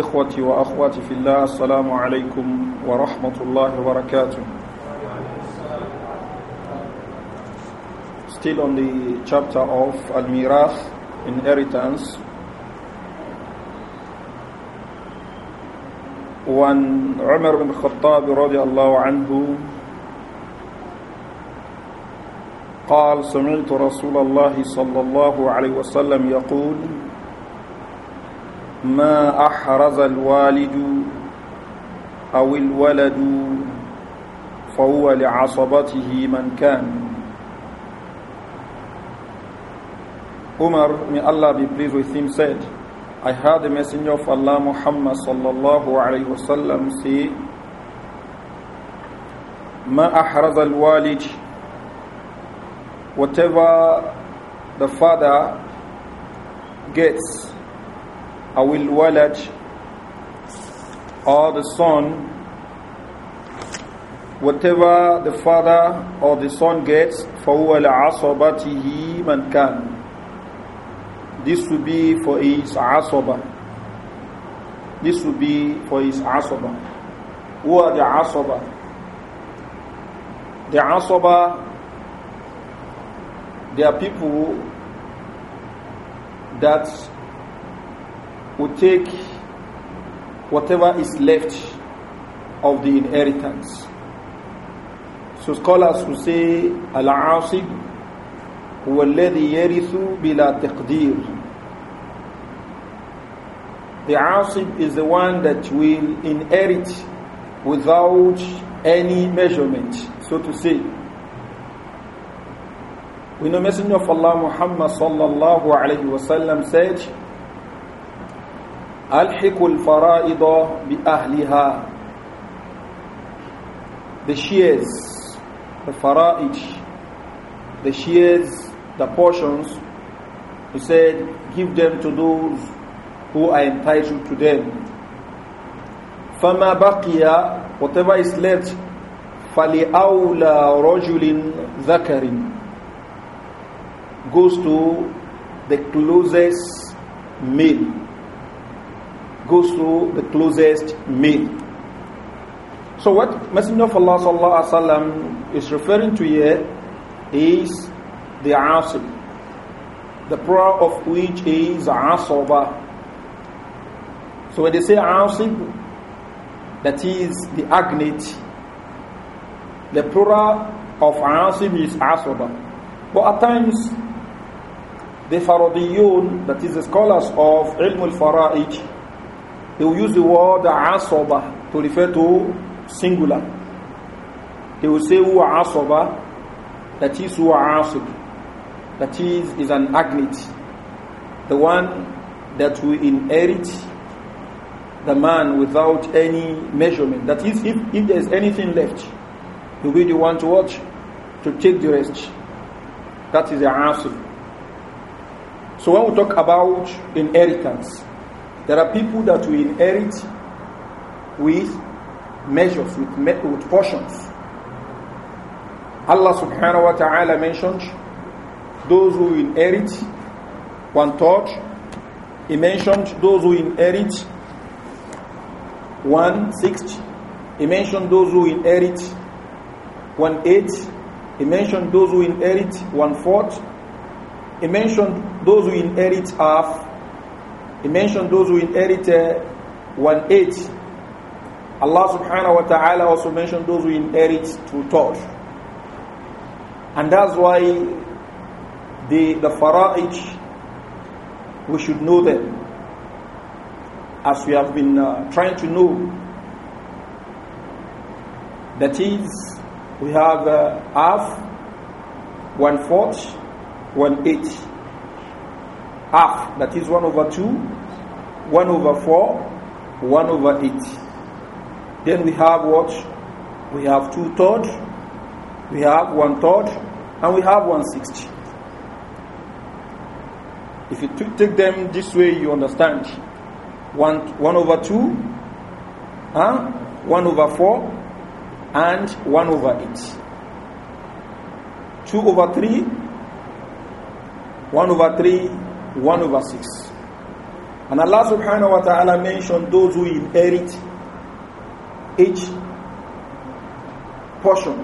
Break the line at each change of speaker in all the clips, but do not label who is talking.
إخوتي وأخواتي في الله السلام عليكم ورحمة الله وبركاته Still on the chapter of Al-Mirath, inheritance وعن عمر بن الخطاب رضي الله عنه قال سمعت رسول الله صلى الله عليه وسلم يقول ما أحرز الوالد أو الولد فهو لعصبته من كان Umar, may Allah be pleased with him, said, I heard the Messenger of Allah Muhammad sallallahu alayhi وسلم say, Ma ahraz al walid, whatever the father gets awil walad or the son whatever the father or the son gets فَهُوَ لَعَصَبَتِهِ مَنْ كَانَ This will be for his asaba. This will be for his asaba. Who are the asaba? The asaba, they are people that would take whatever is left of the inheritance. So scholars who say Al-Asib هو الذي يرث بلا تقدير The Asib is the one that will inherit without any measurement, so to say. We know Messenger of Allah Muhammad sallallahu alayhi wa sallam said, ألحق الفرائض بأهلها the shears the fara'id the shears the portions who said give them to those who are entitled to them فما بقي whatever is left فلأولى رجل ذكر goes to the closest male goes through the closest meal. So what Messenger of Allah sallallahu alaihi wasallam is referring to here is the asr, the prayer of which is asaba. So when they say ansi, that is the agnate. The plural of ansi is asaba. But at times, the Faradiyun, that is the scholars of Ilm al-Fara'ij, they will use the word asoba to refer to singular. They will say are asoba, that is are asib, that is is an agnate, the one that will inherit the man without any measurement. That is, if, if there is anything left, you will be the one to watch, to take the rest. That is the answer. So when we talk about inheritance, there are people that we inherit with measures, with, me with portions. Allah subhanahu wa ta'ala mentioned those who inherit one third. He mentioned those who inherit one sixth. He mentioned those who inherit one eighth. He mentioned those who inherit one fourth. He mentioned those who inherit half. He mentioned those who inherit uh, one eighth. Allah subhanahu wa ta'ala also mentioned those who inherit two thirds. And that's why the, the fara'ij, we should know them. As we have been uh, trying to know. That is, we have uh, half, one fourth, one eighth half, that is one over two, 1 over 4, 1 over 8. Then we have what? We have 2 thirds, we have 1 third, and we have 160. If you take them this way, you understand. 1, one over 2, huh? 1 over 4, and 1 over 8. 2 over 3, 1 over 3, 1 over 6. And Allah subhanahu wa ta'ala mentioned those who inherit each portion.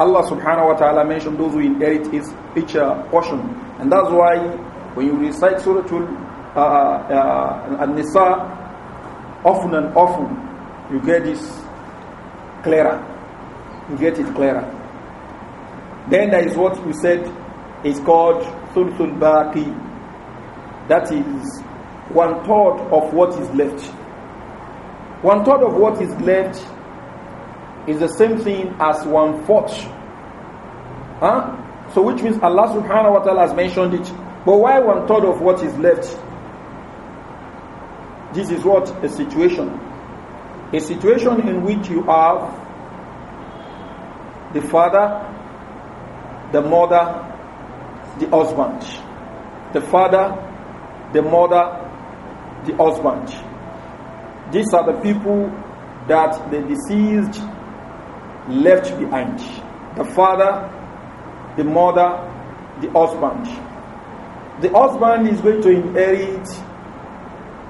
Allah subhanahu wa ta'ala mentioned those who inherit his, each uh, portion. And that's why when you recite Surah uh, uh, uh, An-Nisa often and often, you get this clearer. You get it clearer. Then there is what we said is called Thulthul Baqi. That is one third of what is left. One third of what is left is the same thing as one fourth. Huh? So which means Allah subhanahu wa ta'ala has mentioned it. But why one third of what is left? This is what a situation. A situation in which you have the father, the mother, the husband. The father, the mother, the husband. These are the people that the deceased left behind the father, the mother, the husband. The husband is going to inherit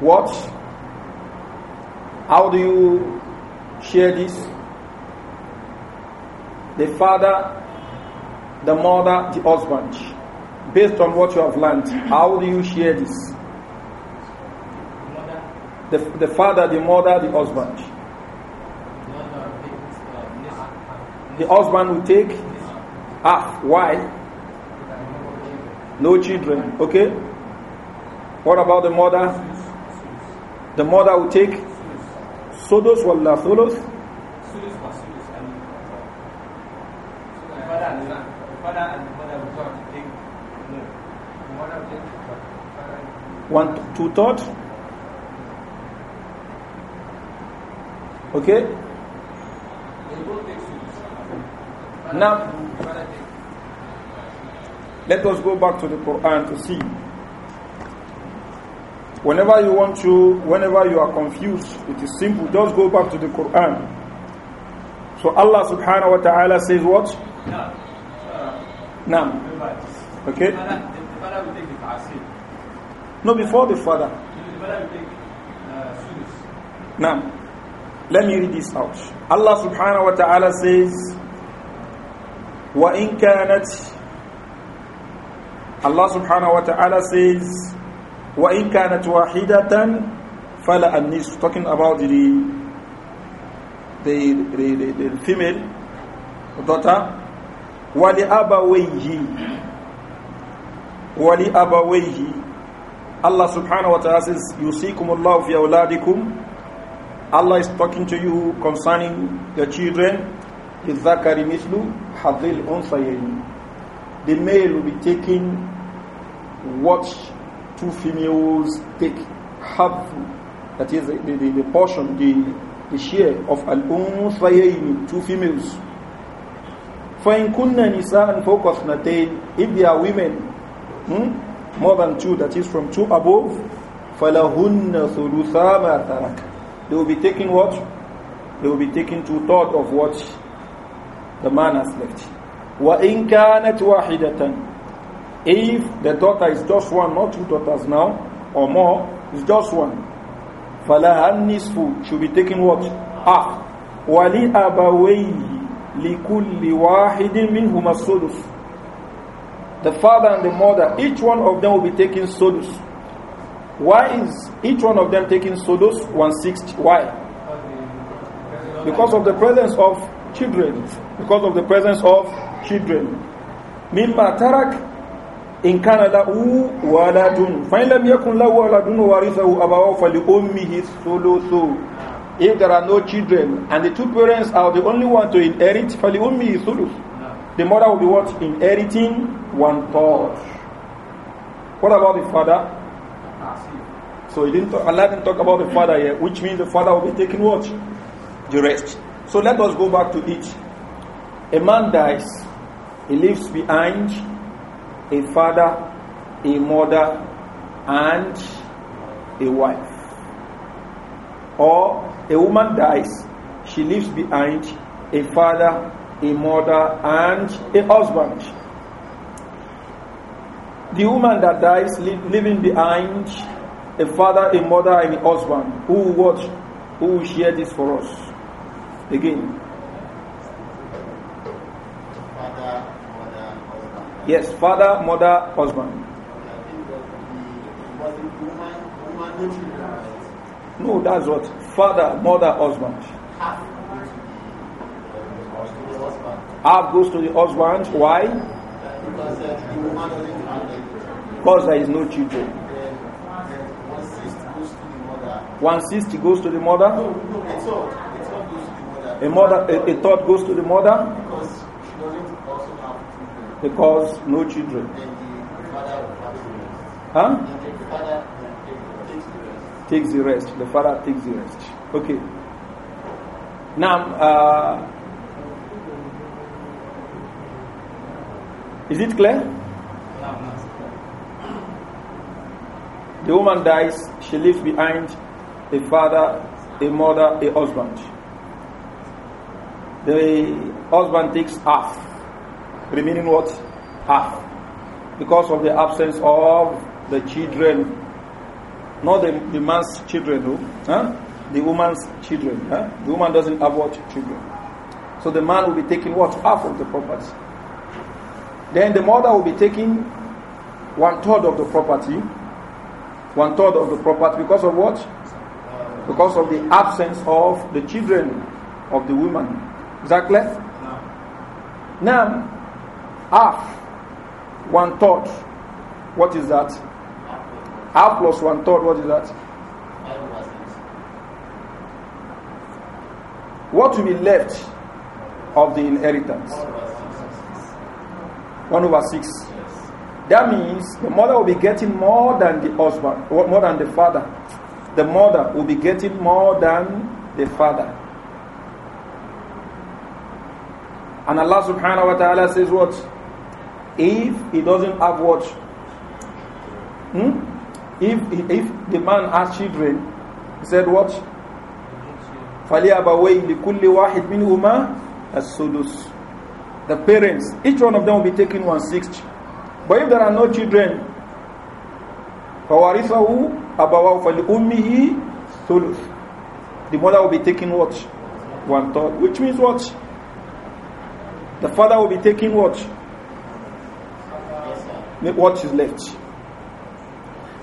what? How do you share this? The father, the mother, the husband. Based on what you have learned, how do you share this? The, the father, the mother, the husband. The husband will take half. Why? No children. Okay? What about the mother? The mother will take sodos wala solos. One two third. Okay? Now, let us go back to the Quran to see. Whenever you want to, whenever you are confused, it is simple. Just go back to the Quran. So Allah subhanahu wa ta'ala says what? Now. Okay? No, before the father. Now. Let me read this out. Allah subhanahu wa ta'ala says, وَإِن كَانَتْ Allah subhanahu wa ta'ala says, وَإِن كَانَتْ وَاحِدَةً فَلَا النِّسُ Talking about the, the, the, the, the female daughter. وَلِأَبَوَيْهِ وَلِأَبَوَيْهِ Allah subhanahu wa ta'ala says, يُسِيكُمُ اللَّهُ فِي أَوْلَادِكُمْ Allah is talking to you concerning your children. The male will be taking what two females take. have, That is the, the, the portion, the, the share of al-unthayayni, two females. in kunna نِسَاءً فَوْقَ اثْنَتَيْنِ If they are women, hmm, more than two, that is from two above, فَلَهُنَّ thulutha مَا تَرَكَ they will be taking what? They will be taking two thirds of what the man has left. وَإِن كَانَتْ وَاحِدَةً If the daughter is just one, not two daughters now, or more, it's just one. فَلَهَا النِّصْفُ Should be taking what? Half. وَلِأَبَوَيْهِ لِكُلِّ وَاحِدٍ مِنْهُمَا السُّدُسُ The father and the mother, each one of them will be taking solus. Why is each one of them taking sodos one sixty? Why? Because of the presence of children. Because of the presence of children. Mimma tarak in kana lahu waladun fa in lam yakun lahu waladun warithahu abawahu faliummihi thuluthu if there are no children and the two parents are the only one to inherit faliummihi thuluth the mother will be what inheriting one third what about the father so he didn't talk, Allah didn't talk about the father yet, which means the father will be taking what? The rest. So let us go back to it. A man dies, he leaves behind a father, a mother, and a wife. Or a woman dies, she leaves behind a father, a mother, and a husband the woman that dies leaving behind a father, a mother, and a husband. Who will watch? Who will share this for us? Again.
Father, mother,
husband. Yes, father, mother, husband. No, that's what. Father, mother, husband. Half goes to the husband. Why? Because there is no children. One sister goes to the mother.
One sixth goes No,
no, a goes to the mother. A, mother, a, a goes to the mother?
Because she doesn't also have children.
Because no children. the
father Huh? takes the rest.
Takes the rest. The father takes the rest. Okay. Now, uh, Is it clear? The woman dies, she leaves behind a father, a mother, a husband. The husband takes half, remaining what? Half. Because of the absence of the children, not the, the man's children, no? Huh? the woman's children. Huh? The woman doesn't have what? Children. So the man will be taking what? Half of the property. Then the mother will be taking one third of the property, one third of the property because of what? Because of the absence of the children of the woman. exactly. No. Now, half, one third. What is that? Half plus one third. What is that? What will be left of the inheritance? 1 over 6. That means the mother will be getting more than the husband, more than the father. The mother will be getting more than the father. And Allah subhanahu wa ta'ala says what? If he doesn't have what? Hmm? If, if the man has children, he said what? فَلِيَبَوَيْ لِكُلِّ وَاحِدْ مِنْهُمَا السُّدُسُ the parents, each one of them will be taking one sixth. But if there are no children, فَوَارِثَهُ أَبَوَهُ فَلِأُمِّهِ ثُلُث The mother will be taking what? One third. Which means what? The father will be taking what? What is left.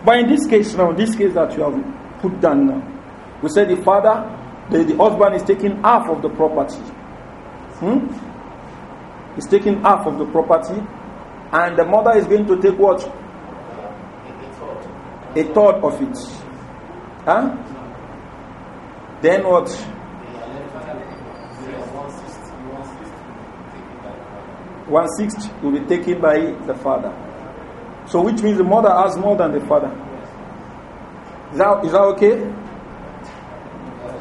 But in this case now, this case that you have put down now, we said the father, the, the husband is taking half of the property. Hmm? is taking half of the property, and the mother is going to take what? A third of it. Huh? Then what? One sixth will be taken by the father. So, which means the mother has more than the father. Is that, is that okay?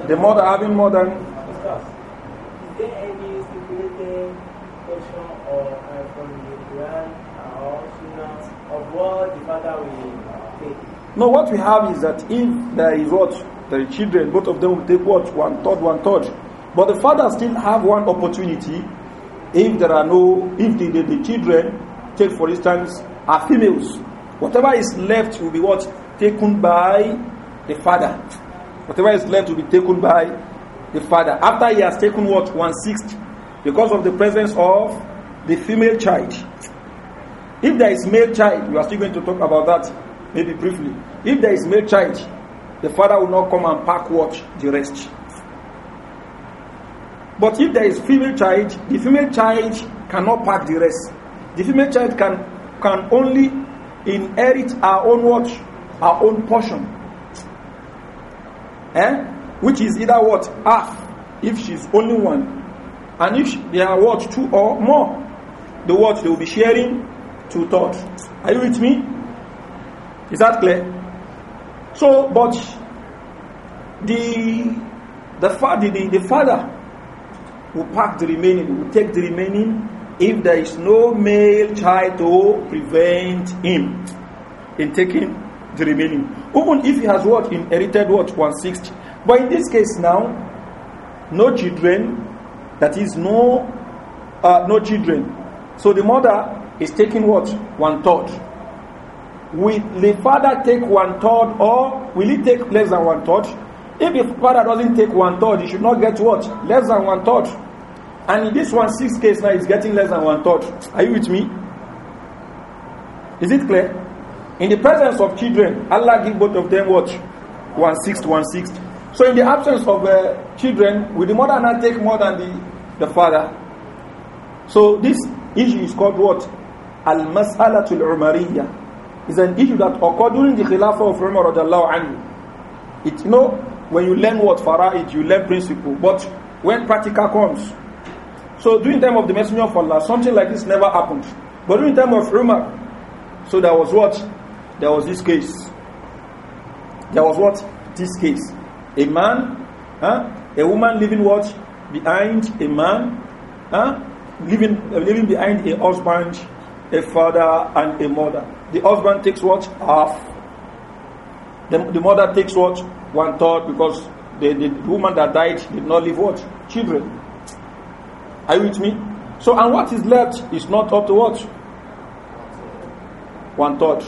The mother having more than.
No, what we have is that if there is what? there are children, both of them will take what? One third, one third. But the father still have one opportunity if there are no, if the, the, the children, take for instance, are females. Whatever is left will be what? Taken by the father. Whatever is left will be taken by the father. After he has taken what? One sixth. Because of the presence of the female child. If there is male child, we are still going to talk about that maybe briefly. If there is male child, the father will not come and pack watch the rest. But if there is female child, the female child cannot pack the rest. The female child can can only inherit our own watch, our own portion. Eh? Which is either what half if she is only one, and if they are what two or more, the what they will be sharing two thoughts. Are you with me? Is that clear? So, but the the father, the, the father will pack the remaining, will take the remaining if there is no male child to prevent him in taking the remaining. Even if he has what? Inherited what? 160. But in this case now, no children, that is no uh, no children. So the mother is taking what? One third. Will the father take one third or will he take less than one third? If the father doesn't take one third, he should not get what? Less than one third. And in this one sixth case now, he's getting less than one third. Are you with me? Is it clear? In the presence of children, Allah give both of them what? One sixth, one sixth. So in the absence of uh, children, will the mother not take more than the, the father? So this issue is called what? Al-Mas'alatul Umariyya is an issue that occurred during the Khilafah of Umar radiallahu anhu. It, you know, when you learn what fara'id, you learn principle. But when practical comes, so during time of the Messenger of Allah, something like this never happened. But during time of Umar, so there was what? There was this case. There was what? This case. A man, huh? a woman leaving what? Behind a man, huh? leaving, uh, behind a husband a father and a mother. The husband takes what? Half. The, the mother takes what? One third because the, the woman that died did not leave what? Children. Are you with me? So, and what is left is not up to what? One third.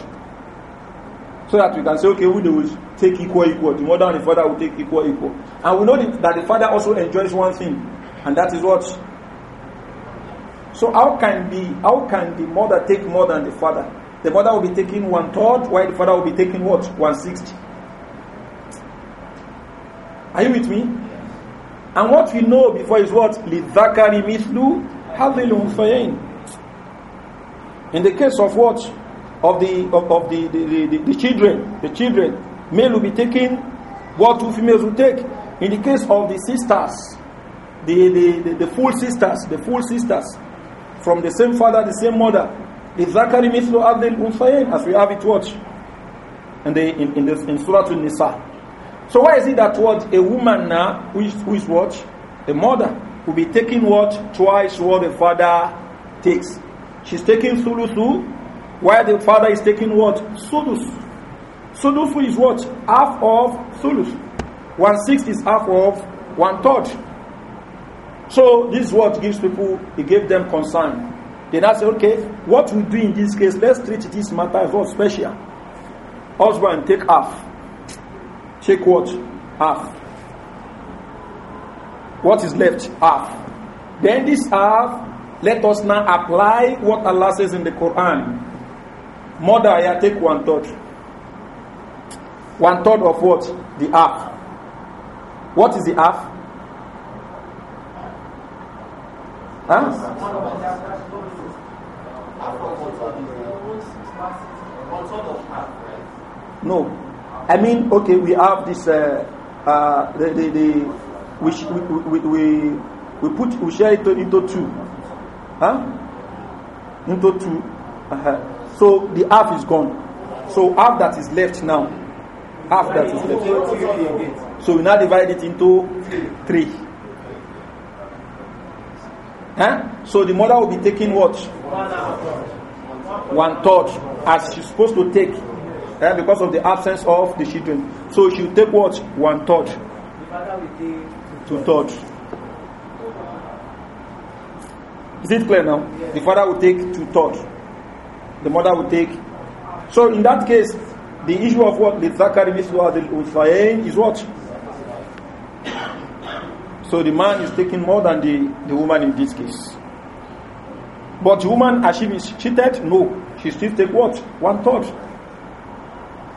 So that we can say, okay, we will take equal, equal. The mother and the father will take equal, equal. And we know that the father also enjoys one thing, and that is what? So how can the how can the mother take more than the father? The mother will be taking one third, while the father will be taking what? One sixty. Are you with me? And what we know before is what? Lidhakari mithlu hadilun fayin. In the case of what? Of the of, of the, the, the, the, children, the children, male will be taking what two females will take. In the case of the sisters, the, the, the, the full sisters, the full sisters, from the same father, the same mother. The Zakari Mithlu Adil Unsayin, as we have it watched in, in, in, the, in Surah Al Nisa. So, why is it that what a woman now, who is, who is what? A mother, will be taking what? Twice what the father takes. She's taking Sulusu, while the father is taking what? Sulus. Sulusu is what? Half of Sulus. One sixth is half of one third. So this is what gives people, it gave them concern. They now say, okay, what we do in this case, let's treat this matter as what special. Husband, take half. Take what? Half. What is left? Half. Then this half, let us now apply what Allah says in the Quran. Mother, I take one third. One third of what? The half. What is the half? Huh? No, I mean, okay, we have this. Uh, uh, the, the, the we, we, we, we put we share it into two, huh? Into two. Uh-huh. So the half is gone. So half that is left now, half that is
left.
So we now divide it into three. Huh? So the mother will be taking what? One third as she's supposed to take because of the absence of the children. So she'll take what? One third. Two thirds. Is it clear now? Yes. The father will take two thirds. The mother will take. So in that case, the issue of what the Zakari Mislu Adil is what? So the man is taking more than the, the woman in this case. But the woman, as she is cheated, no. She still take what? One third.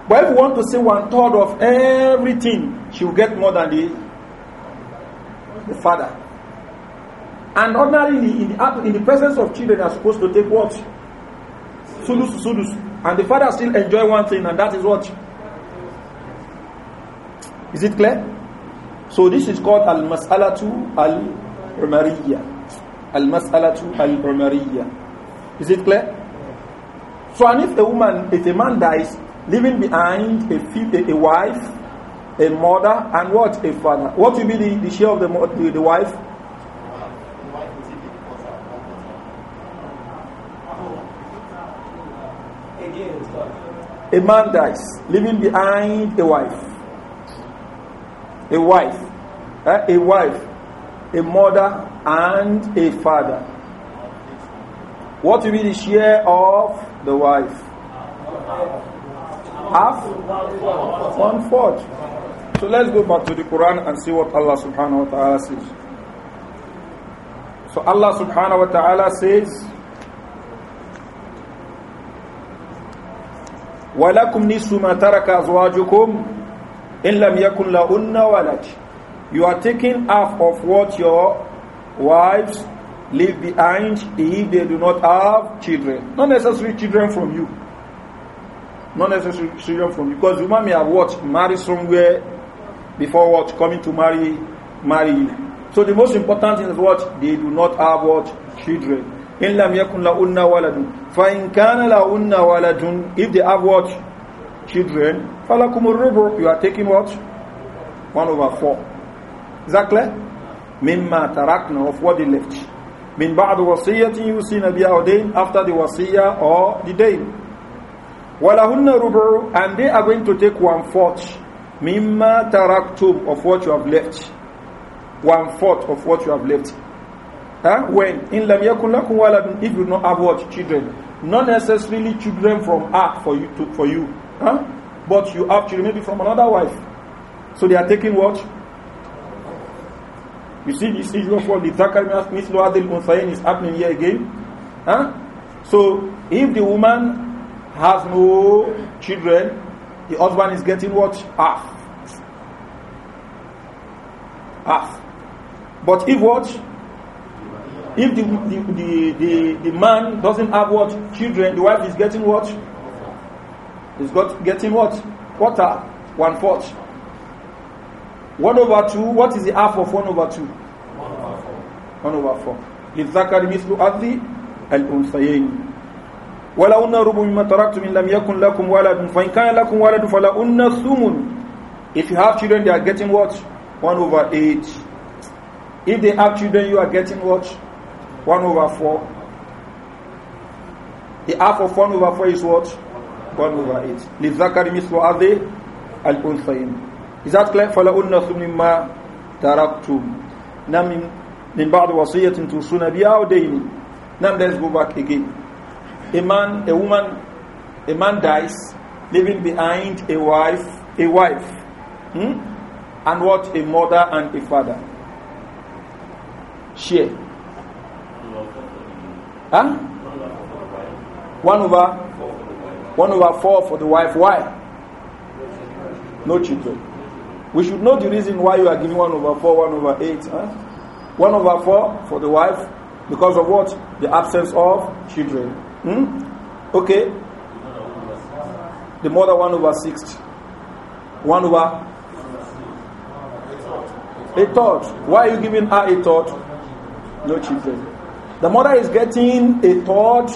But if you want to say one third of everything, she will get more than the, the father. And ordinarily, in the, in the presence of children, are supposed to take what? Sulus, sulus. And the father still enjoy one thing, and that is what? Is it clear? So this is called al-mas'alatu al-umariyya. Al-mas'alatu al-umariyya. Is it clear? So and if a woman, if a man dies, leaving behind a, a wife, a mother, and what? A father. What will be the, the share of the, the, the wife? A man dies, leaving behind a wife. A wife uh, a wife, a mother, and a father. What will be the share of the wife?
Half? One
fourth. So let's go back to the Quran and see what Allah subhanahu wa ta'ala says. So Allah subhanahu wa ta'ala says, وَلَكُمْ نِسُّ مَا تَرَكَ أَزْوَاجُكُمْ إِن لَّمْ يَكُن لَّهُنَّ وَلَدٌ you are taking half of what your wives leave behind if they do not have children. Not necessarily children from you. Not necessarily children from you. Because you may have what? marry somewhere before what? Coming to marry marry you. So the most important thing is what? They do not have what? Children. In Lam yakun la unna waladun. Fa in فإن la unna waladun. if they have what children فلكم الربع you are taking what one over four Is that clear? Mimma tarakna, of what he left. Min ba'd wasiyatin yusina biha dayn, after the wasiya or the day. Walahunna rubu'u, and they are going to take one fourth. Mimma taraktum, of what you have left. One fourth of what you have left. Huh? When? In lam yakun lakum waladun, if you not have what? Children. Not necessarily children from her for you. To, for you. Huh? But you have children maybe from another wife. So they are taking what? You see this issue of for the Zakar Mithlu Adil Unsayin is happening here again. Huh? So if the woman has no children, the husband is getting what? Half. Half. But if what? If the, the, the, the, the man doesn't have what? Children, the wife is getting what? Is got, getting what? Quarter, one fourth. 1 over 2, what is the half of 1 over 2? 1 over 4. One over four. للذكر مثل أذي الأنثيين ولهن ربع مما تركتم إن لم يكن لكم ولد فإن كان لكم ولد فلهن الثمن If you have children, they are getting what? 1 over 8. If they have children, you are getting what? 1 over 4. The half of 1 over 4 is what? 1 over 8. للذكر مثل أذي الأنثيين Is that clear? فَلَأُنَّ ثُمِّمَّا تَرَكْتُمْ Now min, min بَعْدُ وَصِيَّةٍ تُوصُونَ بِهَا وَدَيْنِ Now let's go back again. A man, a woman, a man dies, leaving behind a wife, a wife, hmm? and what? A mother and a father. Share. Huh? One over one over four for the wife. Why? No children. We should know the reason why you are giving 1 over 4, 1 over 8. Huh? 1 over 4 for the wife because of what? The absence of children. Hmm? Okay. The mother 1 over 6. 1 over a thought. Why are you giving her a thought? No children. The mother is getting a thought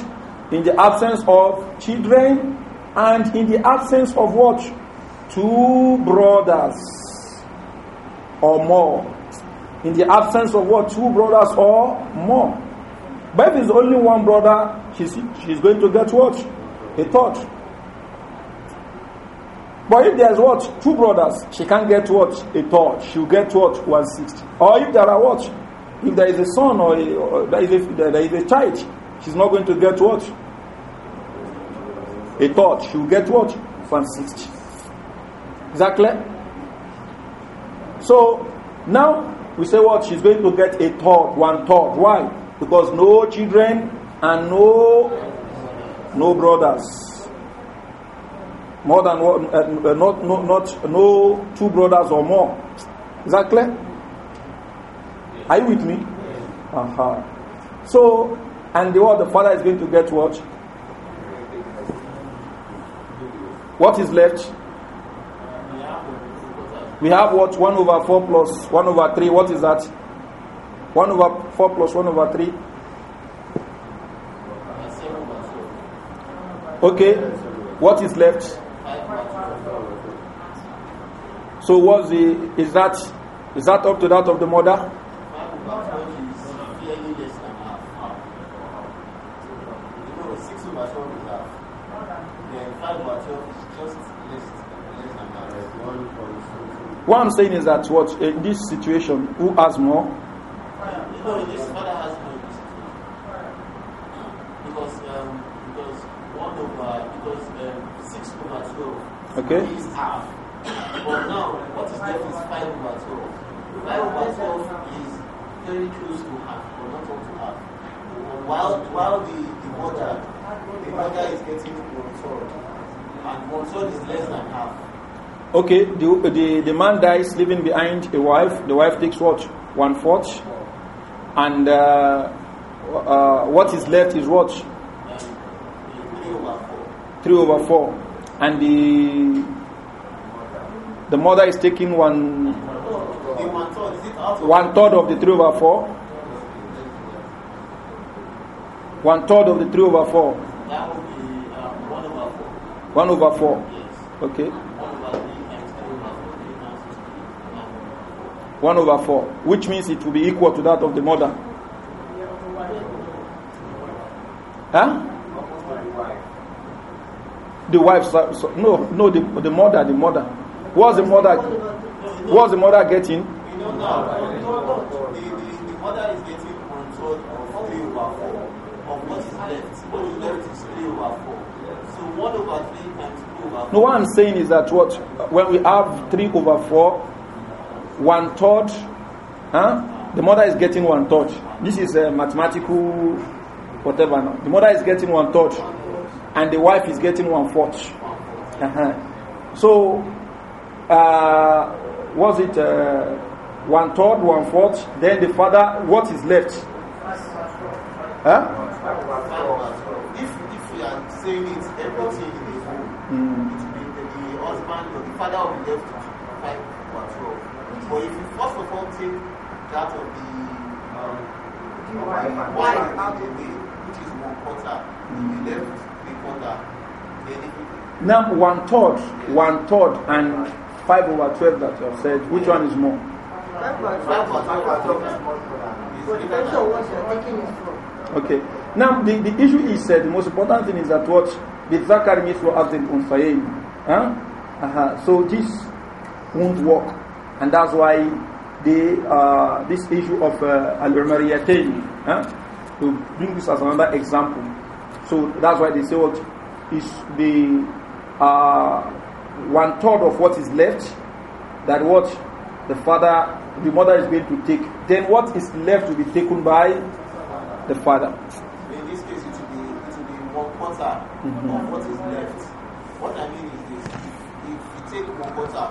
in the absence of children and in the absence of what? Two brothers or more. In the absence of what? Two brothers or more. But if it's only one brother, she's, she's going to get what? A third. But if there's what? Two brothers, she can't get what? A third. She'll get what? 160. Or if there are what? If there is a son or, a, or there, is a, there is a child, she's not going to get what? A third. She'll get what? 160. Is that clear? So now we say what she's going to get a third, one third. Why? Because no children and no no brothers. More than one, uh, uh not, not, not no two brothers or more. Is that clear? Are you with me? Uh-huh. So, and the what the father is going to get what? What is left? We have what? 1 over 4 plus 1 over 3. What is that? 1 over 4 plus 1 over 3. Okay. What is left? So what's the is that is that up to that of the mother? What I'm saying is that what in this situation, who has more?
No, this father has more. Because um, because one over because um, six over twelve. Okay. Is half. But now what is left is five over twelve. Five over twelve is very close to half, but not up to half. While while the the mother the mother is getting one third, and one third is less than half.
Okay, the, the, the man dies leaving behind a wife. The wife takes what? One fourth. And uh, uh, what is left is what? Three over four. Three over four. And the the mother is taking one one third of the three over four. One third of the three over four.
That would be uh, one over four.
One over four. Okay. 1 over 4, which means it will be equal to that of the mother. Huh? The wife, so, no, no, the, the mother, the mother. What's the mother? What's the mother getting? The, mother is getting over 4.
Of what is left. What is left is over 4. So 1 over 3 over
4. No,
what I'm saying is that what when we have 3 over 4, one third, huh? the mother is getting one third. This is a uh, mathematical whatever. The mother is getting one third, and the wife is getting one fourth. Uh-huh. So, uh, was it uh, one third, one fourth? Then the father, what is left? Huh?
If if we are saying it's everything in the home, mm. it means the husband or the father will be left but if you first of all take that of the um, out
the way,
which is one quarter, if you left the quarter, now one third, one third, and five over twelve that you have said. Which one is more?
Five over twelve. is
more.
So depends on what you're taking it from.
Okay. Now the, the issue is that uh, the most important thing is that what the zakar mithlu azil unsayin. Huh? Uh-huh. So this won't work and that's why the, uh, this issue of uh, al-umariyatain, huh? to bring this as another example. So that's why they say what is the uh, one third of what is left that what the father, the mother is going to take. Then what is left to be taken by the father?
In this case, it will be, it will be one quarter mm -hmm. of mm-hmm. what is left. What I mean is this: if you take one quarter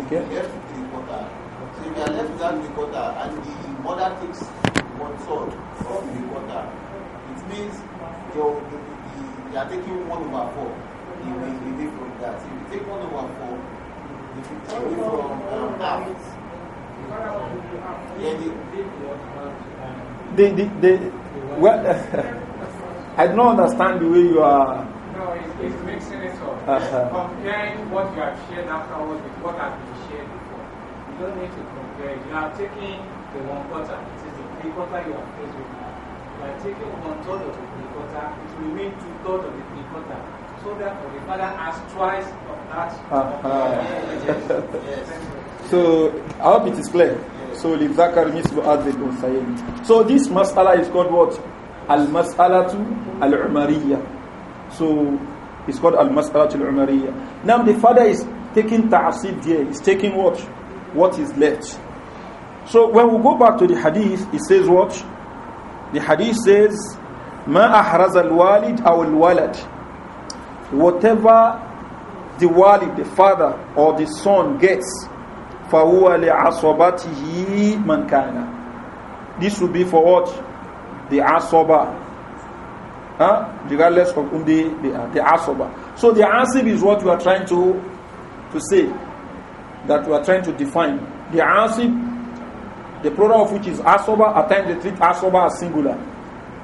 Okay. We left with three quarter. So if you are left with the water and the mother takes one third of the water, it means you're, you are taking one over four. You will be from that. So if you take one over four, if you take it from um, half, yeah,
the, the, the, the, well, I don't understand the way you are
No, it's, it's mixing
it up.
-huh.
Comparing what you have shared afterwards with what has been shared before. You don't need to compare. You are taking the one quarter. It is the three quarter you are faced with now. You are taking one third of the three quarter. It will mean two thirds of the three quarter. So therefore, the father
has twice of
that. Uh-huh. yes. So I hope it is clear. So, So, this mas'ala is called what? Al Mas'ala to Al Umariyah. So it's called Al Mas'alatul Umariya. Now the father is taking ta'asib there, he's taking what? What is left. So when we go back to the hadith, it says what? The hadith says, Ma ahraz al walid al walad. Whatever the walid, the father or the son gets, فَهُوَ لِعَصَبَتِهِ مَنْ كَانَ This will be for what? The asoba, huh? regardless of whom they, uh, they are. They So the asib is what we are trying to to say, that we are trying to define. The asib, the plural of which is asoba, at times they treat asoba as singular.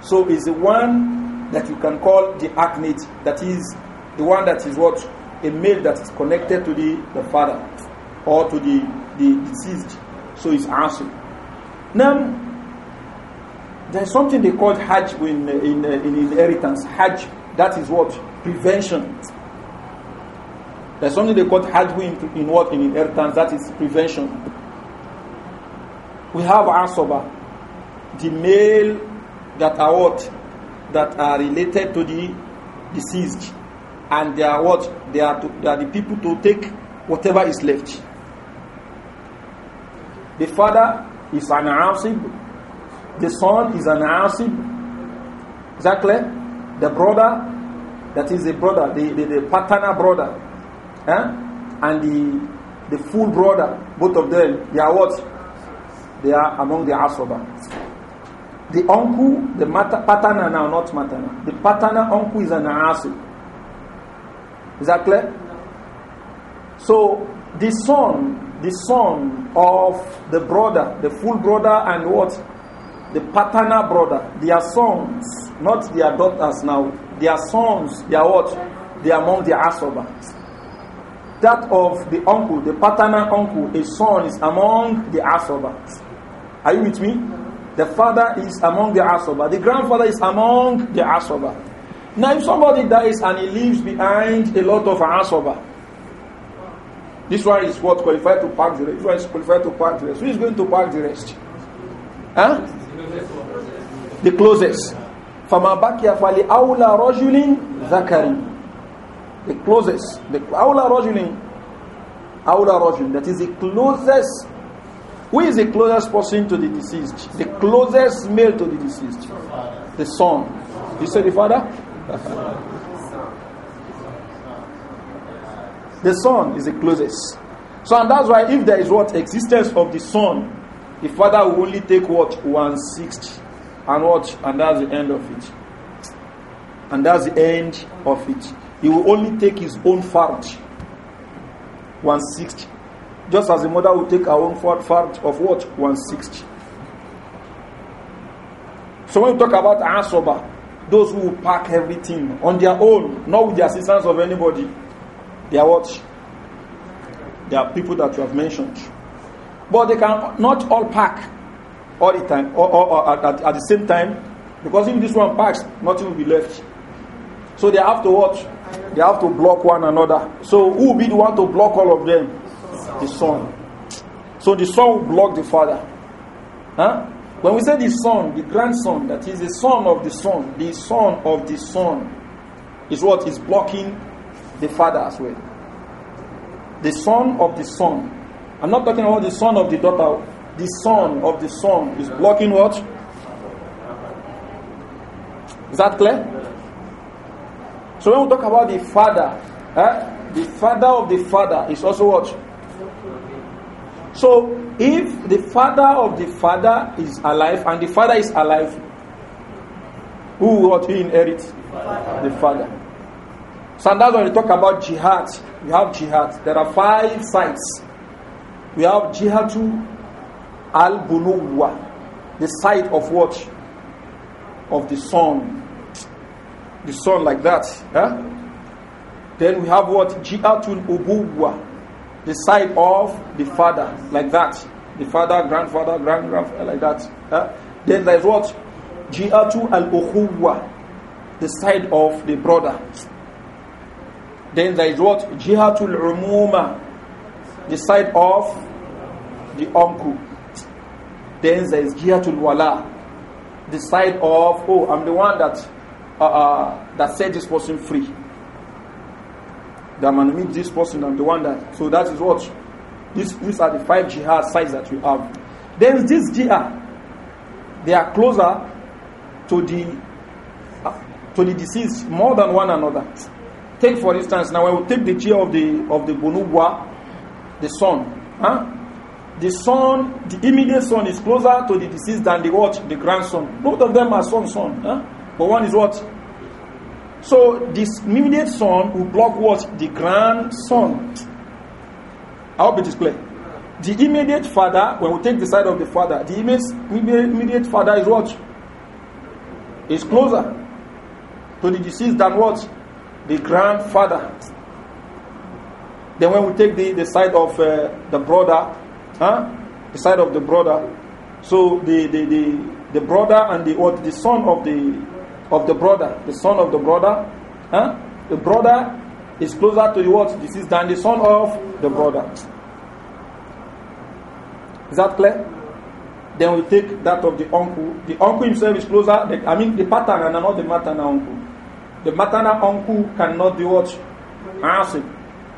So is the one that you can call the acnate, that is the one that is what? A male that is connected to the, the father or to the, the deceased. So it's asib. Now, there's something they call Hajj uh, in, in, uh, in inheritance. Hajj, that is what? Prevention. There's something they call Hajj in, in what? In inheritance, that is prevention. We have Asoba, the male that are what? That are related to the deceased. And they are what? They are, to, they are the people to take whatever is left. The father is an Asib, the son is an asib. Is that clear? The brother, that is the brother, the, the, the paternal brother, eh? and the, the full brother, both of them, they are what? They are among the asoba. The uncle, the mater, paternal now, not maternal. The paternal uncle is an asib. Is that clear? So the son, the son of the brother, the full brother, and what the paternal brother, their sons, not their daughters now, their sons, their what? They are among the Asobans. That of the uncle, the paternal uncle, a son is among the Asobans. Are you with me? The father is among the Asoba. The grandfather is among the Asoba. Now, if somebody dies and he leaves behind a lot of Asoba, this one is what qualified to pack the rest. This one is qualified to pack the rest. Who is going to pack the rest? Huh? The closest. فَمَا بَكِيَ فَلِأَوْلَى رَجُلٍ ذَكَرٍ The closest. The أَوْلَى رَجُلٍ أَوْلَى رَجُلٍ That is the closest. Who is the closest person to the deceased? The closest male to the deceased? The son. You say the father? the son is the closest. So and that's why if there is what existence of the son The father will only take what? One sixth. And what? And that's the end of it. And that's the end of it. He will only take his own fard. One sixth. Just as the mother will take her own fard, fard of what? One sixth. So when we talk about Asoba, those who pack everything on their own, not with the assistance of anybody, they are what? They are people that you have mentioned. But they can not all pack all the time or, or, or at, at, the same time because if this one packs, nothing will be left. So they have to watch. They have to block one another. So who will be the one to block all of them? The son. So the son will block the father. Huh? When we say the son, the grandson, that is the son of the son, the son of the son is what is blocking the father as well. The son of the son I'm not talking about the son of the daughter. The son of the son is blocking what? Is that clear? So when we talk about the father, eh, the father of the father is also what? So if the father of the father is alive and the father is alive, who what he inherit?
The
father. So that's when we talk about jihad. We have jihad. There are five sides we have Jihatu al Buluwa, the side of what? Of the sun. The sun like that. Then we have what? Jihatul Ubuwa, the side of the father, like that. The father, grandfather, grand grandfather, like that. Then there's what? Jihatu al Ukhuwa, the side of the brother. Then there is what? Jihatul Umuma, the side of the uncle. Then there is to Wala, the side of, oh, I'm the one that uh, uh, that set this person free. That i meet this person, I'm the one that. So that is what. This, these are the five jihad sides that we have. Then this jihad, they are closer to the uh, to the deceased more than one another. Take for instance, now I will take the chair of the of the Bonubwa, the son. Huh? the son, the immediate son is closer to the deceased than the what? The grandson. Both of them are son, son. Huh? But one is what? So this immediate son will block what? The grandson. I hope it is clear. The immediate father, when we take the side of the father, the immediate, immediate father is what? Is closer to the deceased than what? The grandfather. Then when we take the, the side of uh, the brother, huh? the side of the brother. So the, the, the, the brother and the what the son of the of the brother, the son of the brother, huh? the brother is closer to the what this is than the son of the brother. Is that clear? Then we take that of the uncle. The uncle himself is closer. I mean, the paternal, not the maternal uncle. The maternal uncle cannot be what? Answered.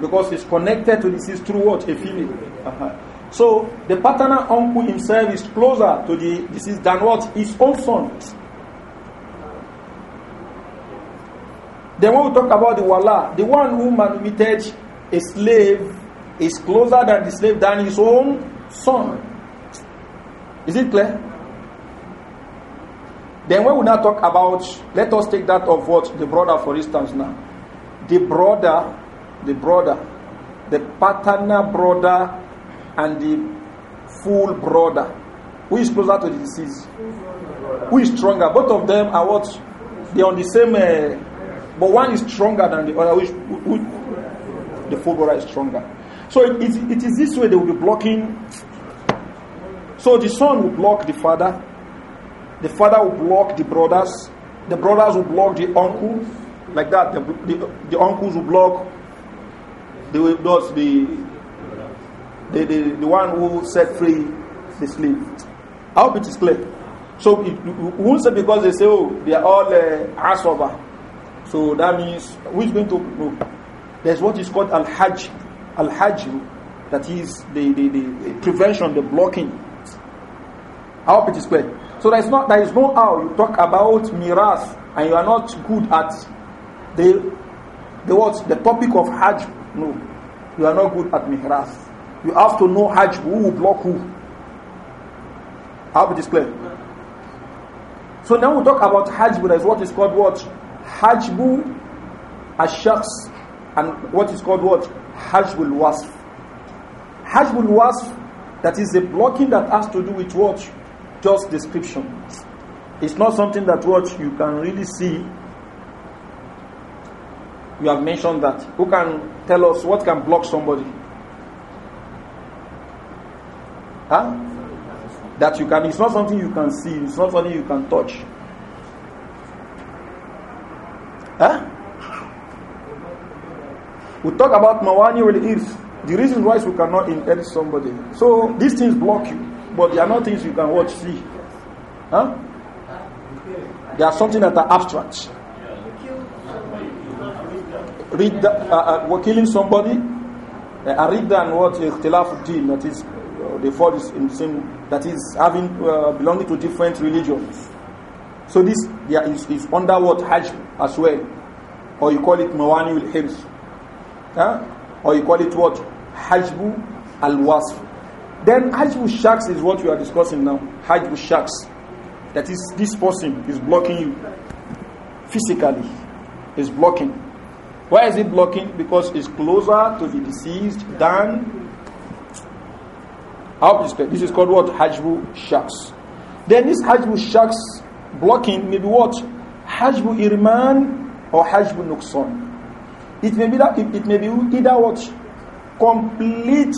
Because it's connected to this is through what? A female. Uh -huh. So the paternal uncle himself is closer to the disease than what his own son. Then when we talk about the wala, the one who manumitted a slave is closer than the slave than his own son. Is it clear? Then when we now talk about, let us take that of what the brother, for instance, now. The brother, the brother, the paternal brother and the full brother. Who is closer to the deceased? Who is stronger? Both of them are what? They are on the same, uh, but one is stronger than the other. Which, who, who, the full brother is stronger. So it, it, it is this way they will be blocking. So the son will block the father, the father will block the brothers, the brothers will block the uncle, like that. The, the, the uncles will block the, the, the, the, the one who set free the slave. I hope it is clear. So it won't say because they say, oh, they are all uh, Asoba. So that means who is going to know? There's what is called Al Hajj, Al Hajj, that is the, the, the prevention, the blocking. I hope it is clear. So there is not there is no how you talk about miras and you are not good at the the what the topic of Hajj. No, you are not good at miras. You have to know Hajj, who will block who. I'll be clear. So now we talk about Hajj, that is what is called what? Hajbu Ashaks and what is called what? Hajbul Wasf. Hajbul Wasf, that is a blocking that has to do with what? Just description. It's not something that what you can really see. You have mentioned that. Who can tell us what can block somebody? Huh? That you can, it's not something you can see, it's not something you can touch. Huh? We talk about Mawani really is the reason why we cannot inherit somebody. So these things block you, but they are not things you can watch, see. Huh? They are something that are abstract. Read that uh, uh, we're killing somebody. Uh, read and what? Ikhtilaf Deen, that is they fall in the same, that is, having uh, belonging to different religions. So this yeah, is, is under what Hajj as well. Or you call it al Hibs. Huh? Or you call it what? Hajbu al Wasf. Then Hajbu Shaks is what we are discussing now. Hajbu Shaks. That is, this person is blocking you physically. Is blocking. Why is it blocking? Because it's closer to the deceased than hope this, this is called what? Hajbu Shaks. Then this Hajbu Shaks blocking may be what? Hajbu Irman or Hajbu Nuksan. It may be that it, it may be either what? Complete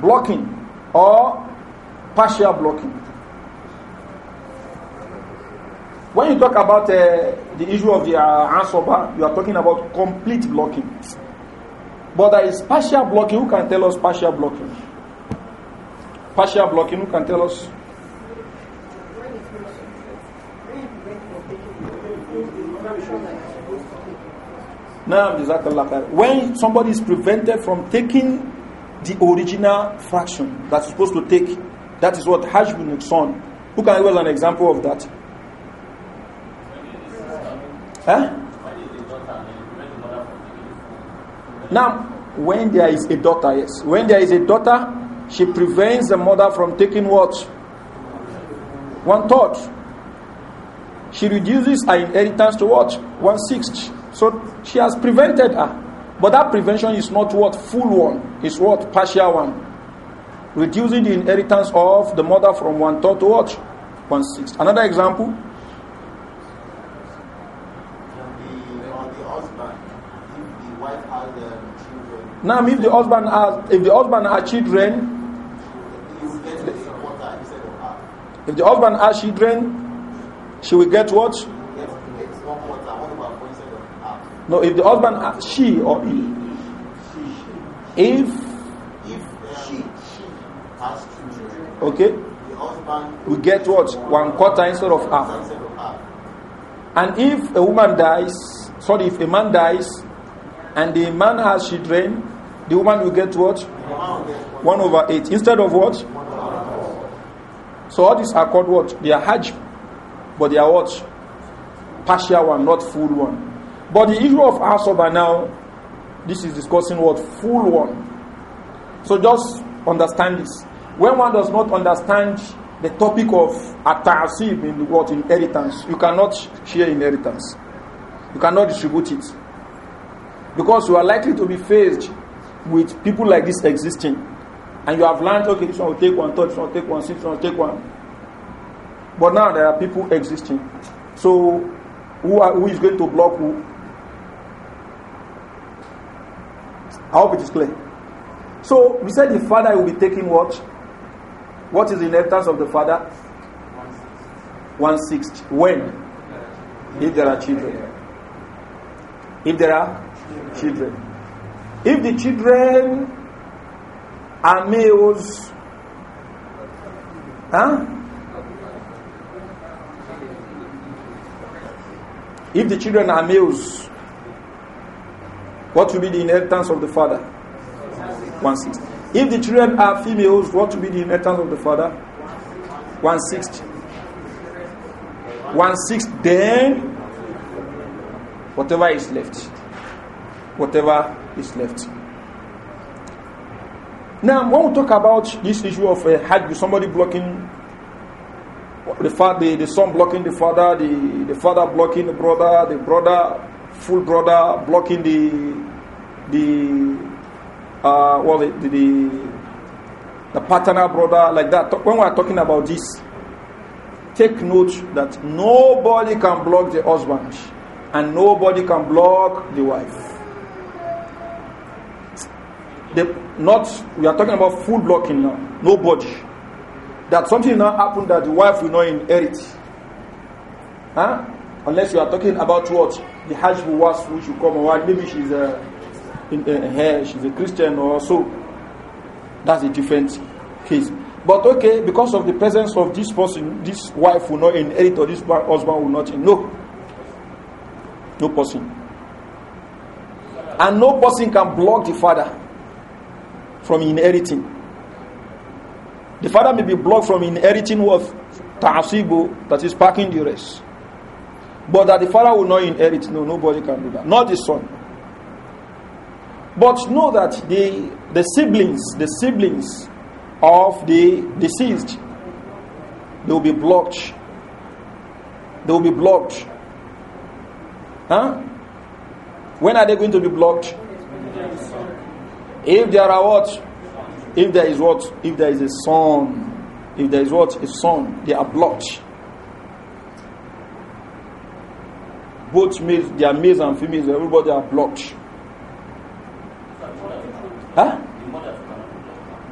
blocking or partial blocking. When you talk about uh, the issue of the uh, Ansoba, you are talking about complete blocking. But there is partial blocking. Who can tell us partial blocking? partial blocking, who can tell us? When somebody is prevented from taking the original fraction that's supposed to take, that is what Hajj bin Nixon. Who can give us an example of that? Huh? Now, when there is a daughter, yes. When there is a daughter, she prevents the mother from taking what? One third. She reduces her inheritance to what? One sixth. So she has prevented her. But that prevention is not what? Full one. It's what? Partial one. Reducing the inheritance of the mother from one third to what? One sixth. Another example. Now, if the husband has, if the husband has children, If the husband has children, she will get what? No, if the husband, has, she or he? If, if uh, she, has
children, okay, the husband
we get what? One quarter instead of half. And if a woman dies, sorry, if a man dies and the man has children, the woman will get what? One over eight. Instead of what? So all these are called what? They are Hajj, but they are what? Partial one, not full one. But the issue of Asoba now, this is discussing what? Full one. So just understand this. When one does not understand the topic of atasib in what inheritance, you cannot share inheritance. You cannot distribute it. Because you are likely to be faced with people like this existing. And you have learned, okay, this one will take one take one, six, one take one. But now there are people existing. So who, are, who is going to block who? I hope it is clear. So we said the father will be taking what? What is the inheritance of the father? One sixth. When? If there are children. If there are children. If the children amigos. Huh? If the children are males, what will be the inheritance of the father? One 160. If the children are females, what will be the inheritance of the father? One One 160. Then, whatever is left. Whatever is left. Now, when we talk about this issue of uh, Hajj, somebody blocking the, father, the son blocking the father, the, the father blocking the brother, the brother, full brother blocking the the uh, well the, the the partner brother like that. When we are talking about this, take note that nobody can block the husband and nobody can block the wife the not we are talking about full blocking now, no That something now happened that the wife will not inherit. Huh? Unless you are talking about what the Hajj was, which will come, or maybe she's a, uh, in, a, uh, she's a Christian or so. That's a different case. But okay, because of the presence of this person, this wife will not inherit, or this husband will not. Inherit. No, no person, and no person can block the father from inheriting. The father may be blocked from inheriting worth ta'asibu, that is parking the rest. But that the father will not inherit, no, nobody can do that. Not the son. But know that the, the siblings, the siblings of the deceased, they will be blocked. They will be blocked. Huh? When are they going to be blocked? If there are what? If there is what? If there is a son, if there is what? A son, they are blocked. Both males, they are males and females, everybody are blocked. Huh?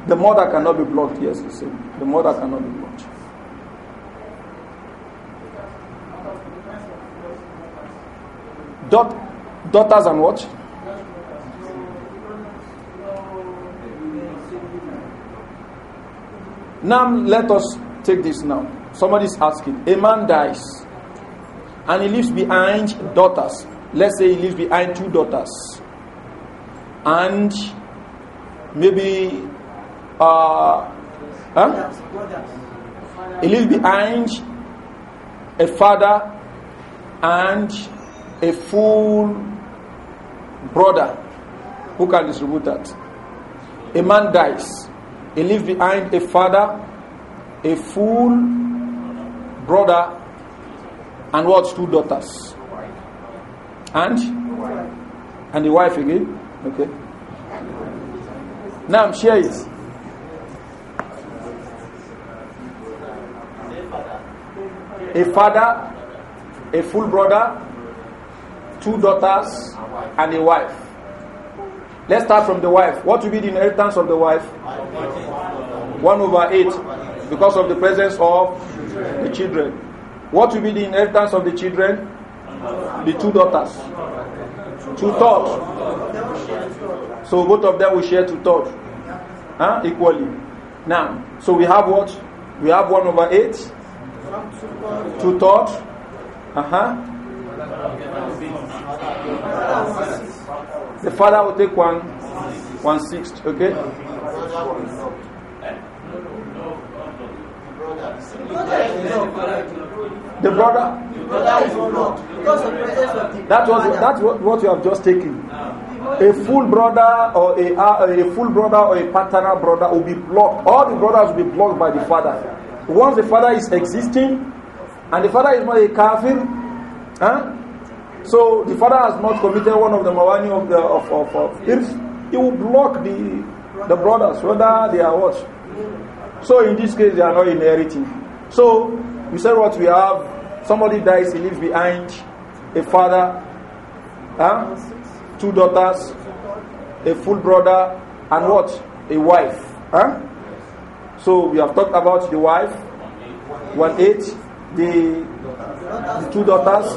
The mother cannot be blocked, yes, you same. The mother cannot be blocked. Daughters and what? Now, let us take this now. Somebody is asking. A man dies and he leaves behind daughters. Let's say he leaves behind two daughters. And maybe. Uh, huh? He leaves behind a father and a full brother who can distribute that. A man dies He leaves behind a father, a full brother, and what? Two daughters. And? And the wife again. Okay. Now I'm share it. A father, a full brother, two daughters, and a wife. Let's start from the wife. What will be the inheritance of the wife? 1 over 8 because of the presence of the children. What will be the inheritance of the children? The two daughters. Two thirds. So both of them will share two thirds huh? equally. Now, so we have what? We have 1 over 8, two thirds. Uh huh. The father will take one one sixth, okay?
The brother. The brother is That was that's
what, what you have just taken. A full brother or a a full brother or a paternal brother will be blocked. All the brothers will be blocked by the father. Once the father is existing, and the father is not a kafir, huh? So the father has not committed one of the mawani of the of, of, of It He will block the the brothers whether they are what. So in this case they are not inheriting. So we said what we have. Somebody dies, he leaves behind a father, huh? two daughters, a full brother, and what? A wife. Huh? So we have talked about the wife, one eight, the, the two daughters,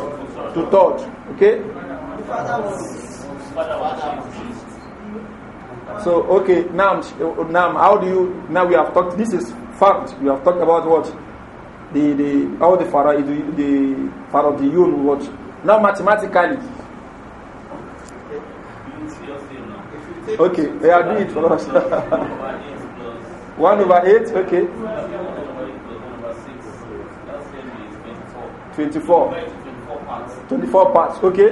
to third. Okay? So, okay, now, now how do you, now we have talked, this is fact, we have talked about what? The, the, how the Farah, the, the of the Yun, what? Now mathematically. Okay, they are doing it for us. 1 over 8, okay.
24 parts.
24 parts, okay.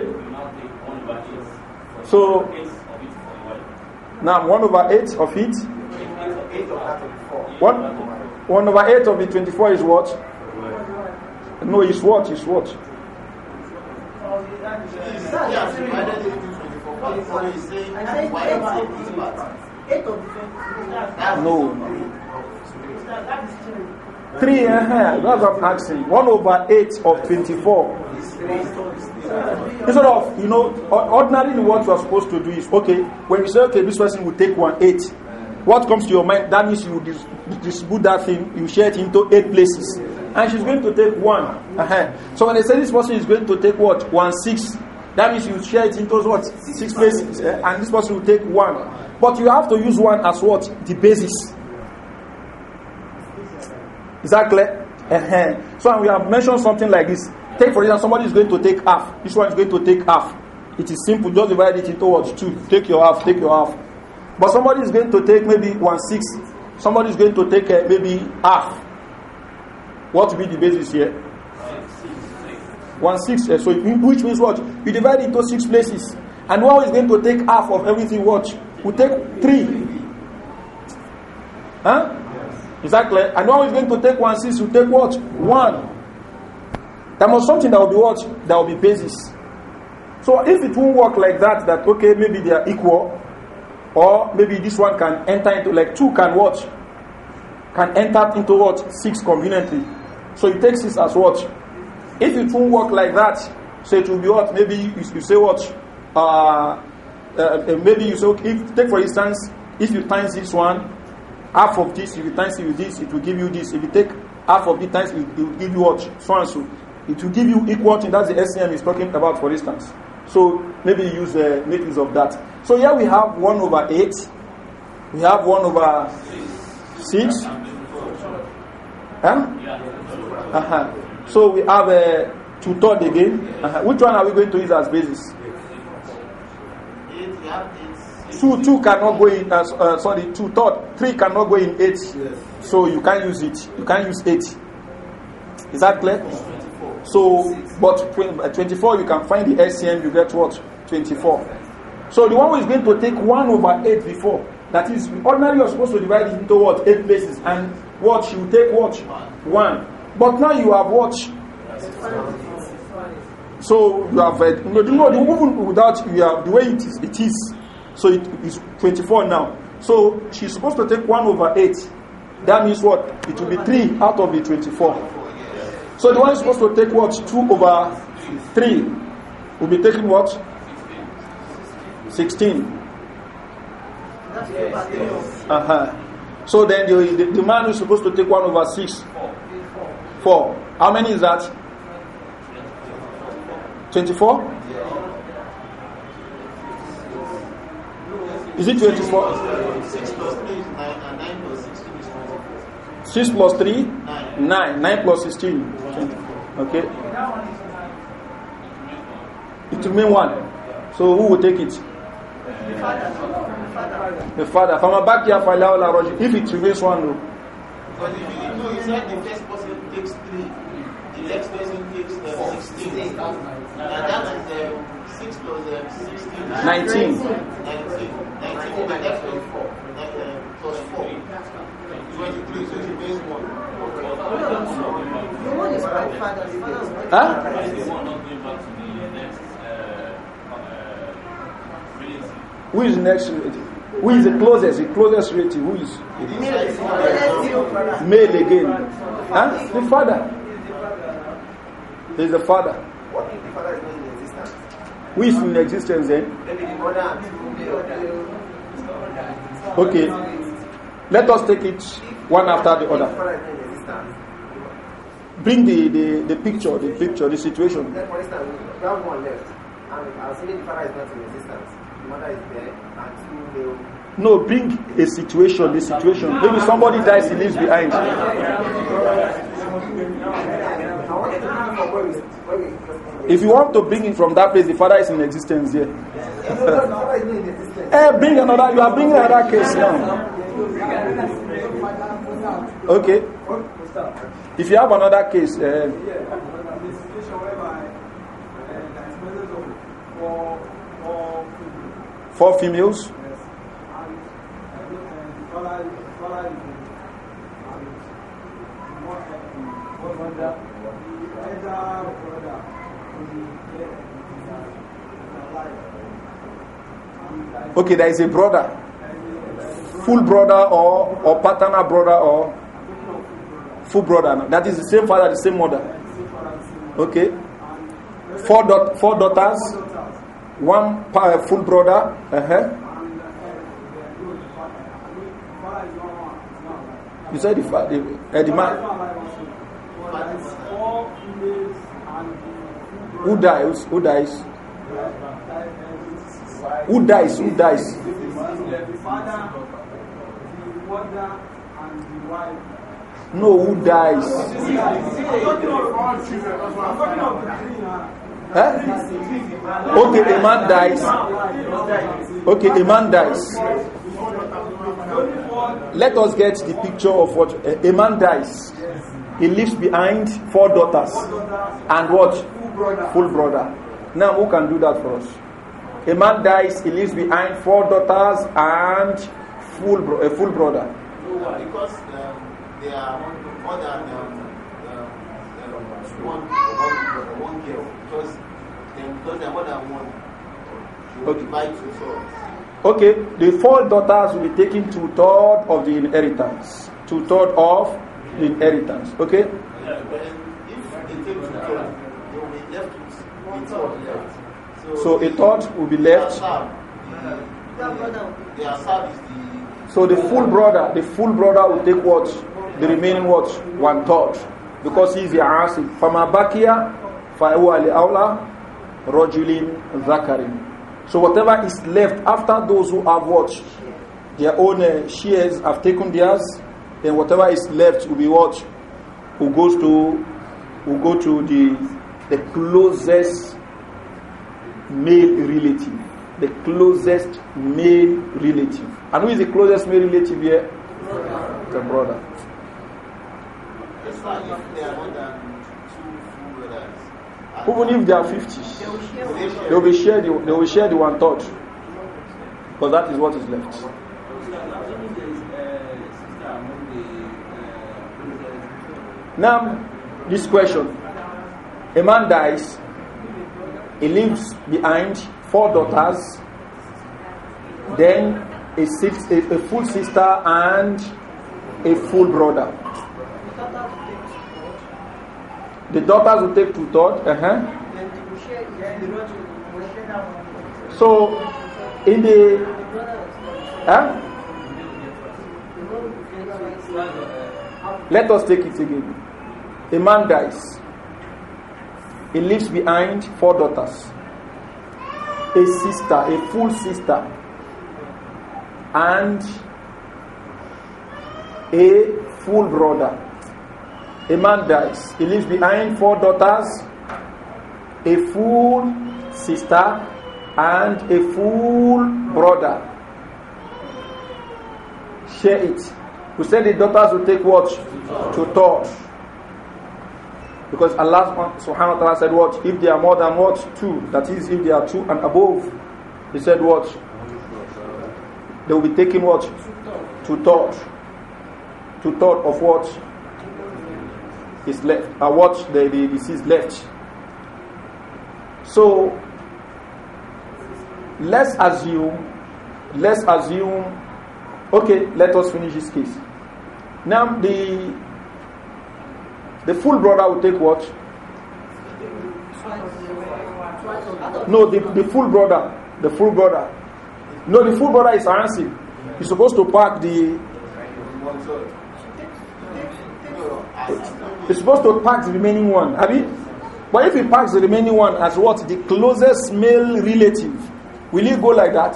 So, now one over eight of it. One. One over eight of the 24 is what? No, it's what? It's what?
no. 3 uh -huh.
that's what I'm asking 1 over 8 of 24 instead of you know ordinarily what you are supposed to do is okay when you say okay this person will take one 8 what comes to your mind that means you dis distribute that thing you share it into 8 places and she's going to take one. uh -huh. so when they say this person is going to take what one 6 that means you share it into what 6 places uh, and this person will take one. but you have to use one as what the basis Is that clear? Uh-huh. So we have mentioned something like this. Take for example, somebody is going to take half. This one is going to take half. It is simple. Just divide it into what two. Take your half. Take your half. But somebody is going to take maybe one six. Somebody is going to take uh, maybe half. What will be the basis here? One six. Yeah. So which means what? You divide it into six places, and one is going to take half of everything. What? We take three. Huh? Is that clear? And one is going to take one six, you take what? One. That must something that will be what? That will be basis. So if it won't work like that, that okay, maybe they are equal, or maybe this one can enter into like two can what? Can enter into what? Six conveniently. So you take six as what? If it won't work like that, so it will be what? Maybe you, you say what? Uh, uh, uh maybe you say, okay, if, take for instance, if you times this one, half of this, if you times it with this, it will give you this. If you take half of the times, it will give you what? So and so. It will give you equal thing. That's the SCM is talking about, for instance. So maybe use uh, make use of that. So here we have one over eight. We have one over six. Huh? Uh-huh. So we have a uh, two third again. Uh -huh. Which one are we going to use as basis? two two cannot go in. Uh, uh, sorry, two third three cannot go in eight. Yes. So you can't use it. You can't use eight. Is that clear? So, but uh, 24 you can find the SCM. You get what 24. So the one who is going to take one over eight before that is ordinarily you're supposed to divide it into what eight places and what you take what one. But now you have what. So you have uh, you know, the woman without you have the way it is. It is So it is 24 now. So she's supposed to take 1 over 8. That means what? It will be 3 out of the 24. So the one is supposed to take what? 2 over 3. Will be taking what? 16. Uh-huh. So then the, the, the man is supposed to take 1 over 6. 4. How many is that? 24? Is it 24? 6 plus 3 is 9, and 9 plus 16 is 24. 6 plus 3? 9. 9, 9 plus 16. Okay. It remains mean 1. So who will take it? The father. From a back here, If it remains 1, no. Because
if you know, you said the first person takes 3, the next person takes uh, 16. And that is uh, um, 6 plus uh, 16. 19. 19. If Huh?
Who is next relative? Who is the closest? The closest relative? Who is?
Male again. Huh?
The father. He's the father. What if
the father is not in existence?
Who is in existence then?
Eh?
Okay,
let us take it one after the other. Bring the, the, the picture, the picture, the situation. for instance,
one left, and I the father is not in existence, the mother is there, and two male.
No, bring a situation, the situation. Maybe somebody dies, he leaves behind. If you want to bring it from that place, the father is in existence there. Eh, bring another, you are bringing another case now. Okay. If you have another case, uh, four females. Yes. Okay, there is a brother. Full brother or, or paternal brother or full brother. That is the same father, the same mother. Okay. Four, dot four daughters, one uh, full brother. Uh -huh. You said the, the, uh, the man. Who dies? Who dies?
Who dies? Who dies?
No, who dies?
Huh? Okay, a man dies. Okay, a man dies.
Let us get the picture of what a, a man dies. He leaves behind four daughters and what? Full brother. Now, who can do that for us? A man dies, he leaves behind four daughters and full bro- a full brother.
No, uh, because um, they are more than um, um, um one, one, one girl. Because, they, because they are more than one. Okay. Divide to four.
Okay, the four daughters will be taking two third of the inheritance. Two third of the inheritance. Okay.
Yeah, but if they take two third, they will be left with one third. So a
third will be left. So the full brother, the full brother will take what? The remaining what? One third. Because he's is the asif. فَمَا بَكِيَ فَأَوَى aula, رَجُلٍ ذَكَرٍ So whatever is left after those who have watched their own uh, shares have taken theirs, then whatever is left will be what? Who goes to, who go to the, the closest male relative. The closest male relative. And who is the closest male relative here? Brother. The brother. Even if they are 50, they will, be share the, they will share the one third. Because that is what is left. Uh,
uh,
now, this question. A man dies, he leaves behind four daughters, then a, six, a, a full sister and a full brother. The daughters will take two thirds. Uh-huh. So, in the. Huh? Let us take it again. A man dies. He leaves behind four daughters, a sister, a full sister, and a full brother. A man dies. He leaves behind four daughters, a full sister, and a full brother. Share it. We said the daughters will take what? To thought Because Allah subhanahu wa ta'ala said what? If there are more than what? Two. That is, if there are two and above. He said what? They will be taking what? to thought. to thought of what is left. Uh, what the, the deceased left. So, let's assume, let's assume, okay, let us finish this case. Now, the The full brother will take what? No, the, the full brother. The full brother. No, the full brother is answered. He's supposed to pack the. He's supposed to pack the remaining one. Have you? But if he packs the remaining one as what? The closest male relative. Will he go like that?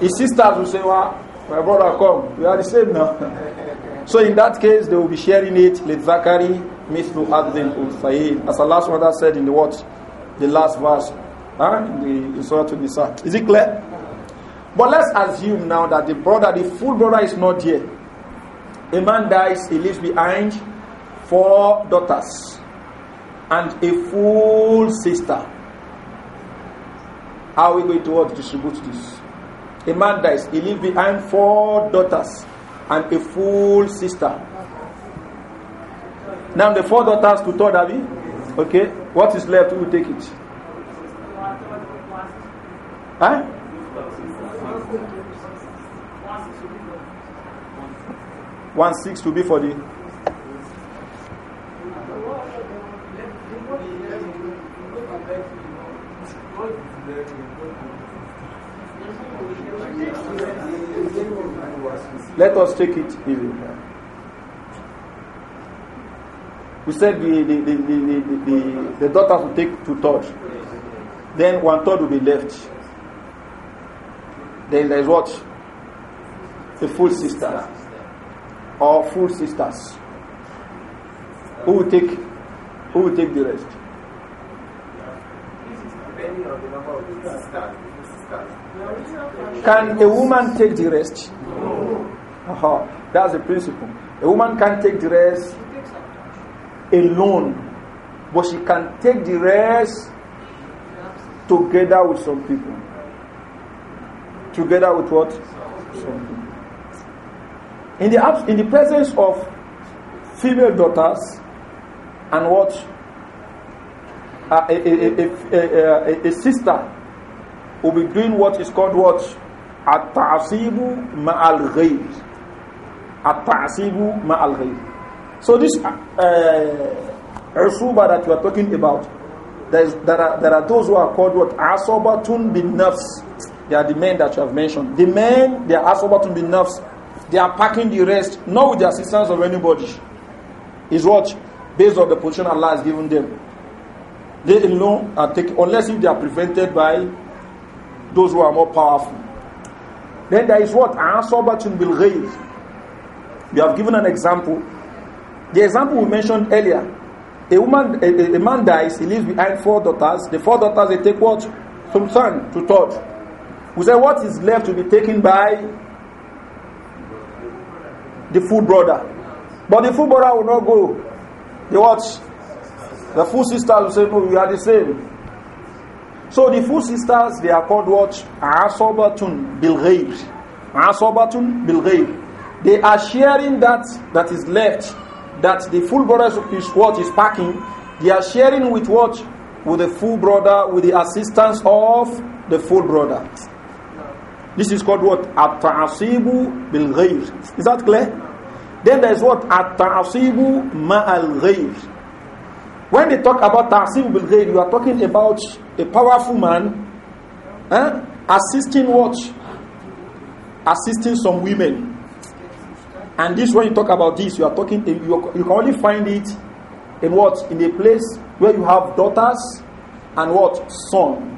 His sisters will say, well, my brother, come. We are the same now. So in that case, they will be sharing it. لِذَّكَرِ مِثْلُ Ul أُلْفَيْهِ As Allah SWT said in the what? The last verse. Huh? In the in Surah Nisa. Is it clear? But let's assume now that the brother, the full brother is not here. A man dies, he leaves behind four daughters and a full sister. How are we going to distribute this? A man dies, he leaves behind four daughters and a full sister. Now the four daughters to third Abi. Okay, what is left? Who will take it? Huh? One six to be for the. Let us take it easy. We said the, the, the, the, the, the daughters will take two thirds. Then one third will be left. Then there is what? The full sister. Or full sisters. Who will take who will take the rest?
Depending on the number of sisters. Can a
woman take the rest? Uh -huh. That's the principle. A woman can take the rest alone, but she can take the rest together with some people. Together with what? Some people. In the, in the presence of female daughters and what? a, a, a, a sister will be doing what is called what? At-ta'asibu ma'al ghayb. At-ta'asibu ma'al ghayb. So this uh, uh usuba that we are talking about, there, is, there, are, there are those who are called what? Asobatun bin nafs. They are the men that you have mentioned. The men, they are asobatun bin nafs. They are packing the rest, not with the assistance of anybody. Is what? Based on the position Allah has given them. They alone are taking, unless if they are prevented by those who are more powerful. Then there is what? Asabatun bil ghayr. We have given an example. The example we mentioned earlier. A woman, a, a man dies, he leaves behind four daughters. The four daughters, they take what? Some son to touch. We say what is left to be taken by the full brother. But the full brother will not go. The what? The full sister will say, no, we are the same. So the four sisters, they are called what? Asobatun bilghayb. Asobatun bilghayb. They are sharing that that is left, that the full brother is what is packing. They are sharing with what? With the full brother, with the assistance of the full brother. This is called what? At-ta'asibu bil -ghayr. Is that clear? Then there is what? At-ta'asibu ma'al ghayr. When they talk about Ta'sim bil you are talking about a powerful man eh? assisting what? Assisting some women. And this, when you talk about this, you are talking, you, you can only find it in what? In a place where you have daughters and what? Son.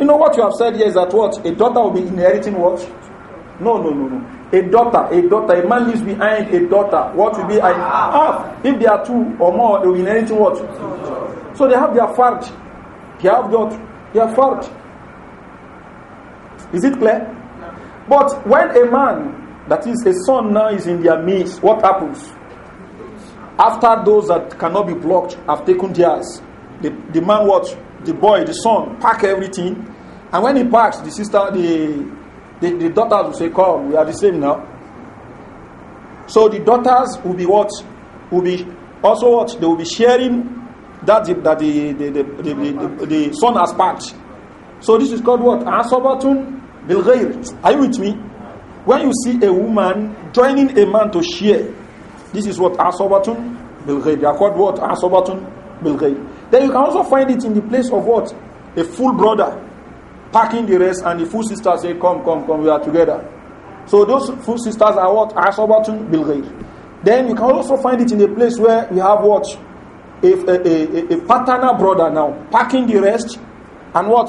You know what you have said here is that what? A daughter will be inheriting what? No, no, no, no. A daughter, a daughter, a man leaves behind a daughter. What will be I have. If there are two or more, they will inherit what? So they have their fard. They have got their fard. Is it clear? But when a man, that is a son now is in their midst, what happens? After those that cannot be blocked have taken theirs, the, the man what? The boy, the son, pack everything. And when he packs, the sister, the the, the daughters will say, Come, we are the same now. So the daughters will be what? Will be also what? They will be sharing that the, that the, the, the, the, the, the son has packed. So this is called what? Asobatun bilghayr. Are you with me? When you see a woman joining a man to share, this is what Asobatun bilghayr. They are called what? Asobatun bilghayr. Then you can also find it in the place of what? A full brother packing the rest, and the full sisters say, Come, come, come, we are together. So those full sisters are what? Asabatun bilgir. Then you can also find it in a place where you have what? A, a, a, a paternal brother now, packing the rest, and what?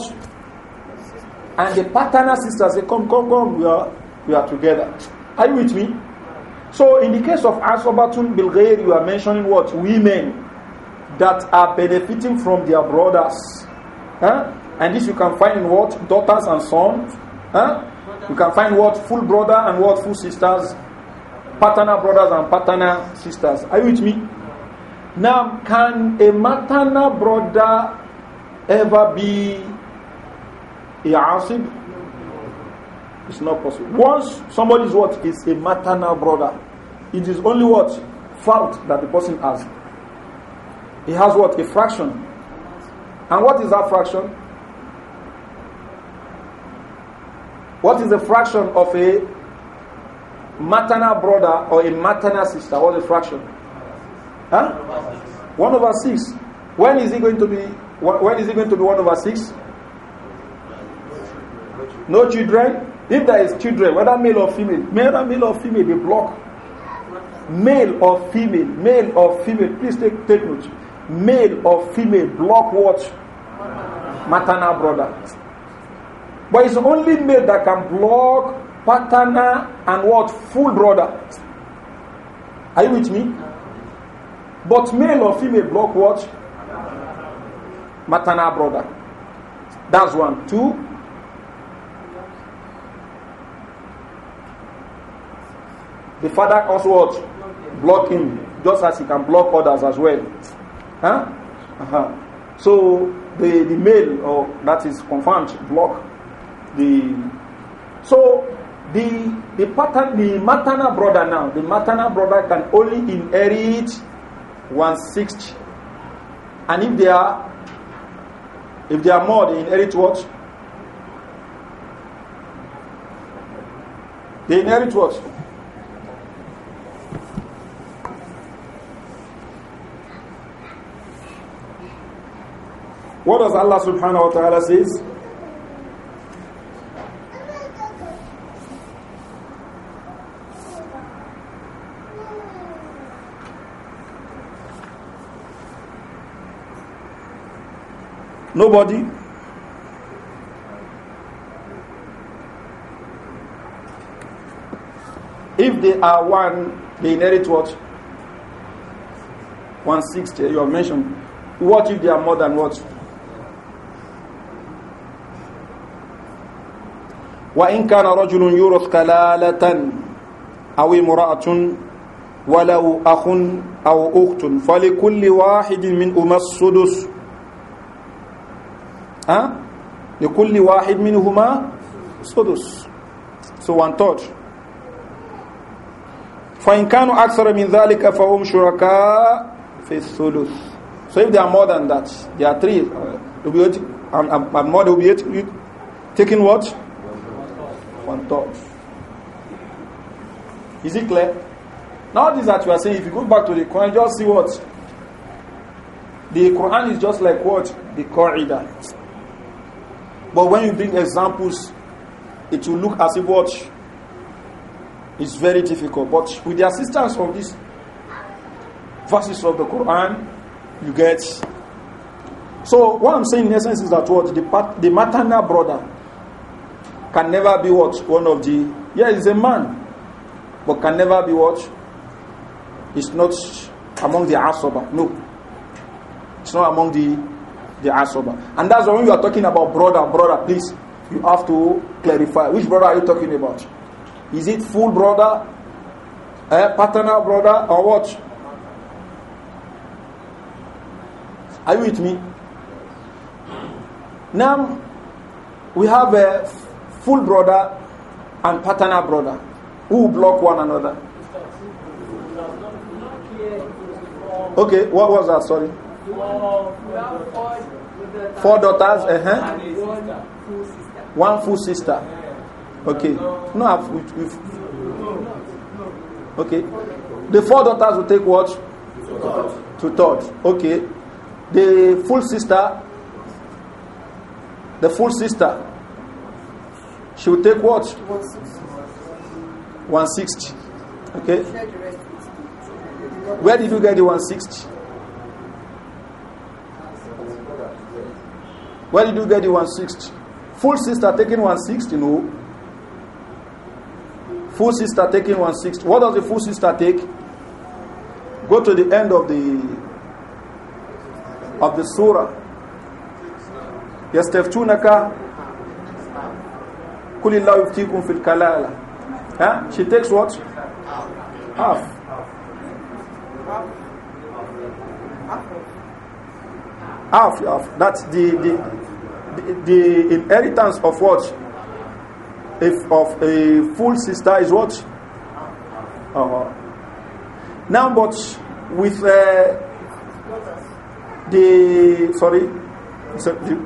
And the paternal sister say, Come, come, come, we are, we are together. Are you with me? So in the case of Asobatun bilgir, you are mentioning what? Women that are benefiting from their brothers. Huh? And this you can find in what? Daughters and sons. Huh? You can find what? Full brother and what? Full sisters. Paternal brothers and paternal sisters. Are you with me? Now, can a maternal brother ever be a asib? It's not possible. Once somebody is what is a maternal brother, it is only what fault that the person has. He has what a fraction, and what is that fraction? What is the fraction of a maternal brother or a maternal sister? What is the fraction? Huh? One over six. When is he going to be? When is he going to be one over six? No children. If there is children, whether male or female, male, male or female, they block. Male or female, male or female. Please take take note. Male or female block what? Maternal brother. But it's only male that can block partner and what? Full brother. Are you with me? But male or female block what? Matana brother. That's one. Two. The father also what? Block him. Just as he can block others as well. Huh? Uh-huh. So the, the male, or oh, that is confirmed, block the so the the pattern the maternal brother now the maternal brother can only inherit one sixth and if they are if they are more they inherit what they inherit what what does allah subhanahu wa ta'ala says Nobody. If they are one, they inherit what? 160, you have mentioned. What if they are more than what? وإن كان رجل يورث كلالة أو امرأة ولو أخ أو أخت فلكل واحد منهما السدس Huh? لكل واحد منهما سدس So one third. فإن كانوا أكثر من fa فهم shuraka في الثلث. So if they are more than that, they are three, uh, they'll and, and, and more, they'll be taking what? One third. Is it clear? Now this that you are saying, if you go back to the Quran, just see what? The Quran is just like what? The Qur'an. But when you bring examples, it will look as if what is very difficult. But with the assistance of these verses of the Quran, you get. So what I'm saying in essence is that what the the maternal brother can never be what one of the yeah he's a man, but can never be what. It's not among the asaba. No, it's not among the the Asoba, And that's when you are talking about brother, brother, please, you have to clarify. Which brother are you talking about? Is it full brother, eh, paternal brother, or what? Are you with me? Now, we have a full brother and paternal brother who block one another. Okay, what was that? Sorry. Four daughters, uh -huh. one full sister. Okay. No, I've, we've, we've, okay. The four daughters will take what? To touch. Okay. The full sister, the full sister, she will take what? One sixty. Okay. Where did you get the one sixty? Where did you get the one sixty? Full sister taking one sixty, no. Full sister taking one sixty. What does the full sister take? Go to the end of the of the surah. يستفتونك قل الله يفتيكم fil kalala, huh? she takes what half half half that's the, the the, inheritance of what? If of a full sister is what? Uh -huh. Now, but with uh, the sorry, the,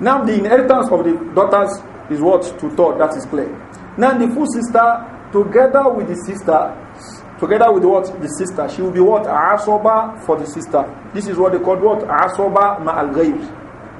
now the inheritance of the daughters is what to thought that is clear. Now the full sister together with the sister, together with what the sister, she will be what asoba for the sister. This is what they call what asoba ma al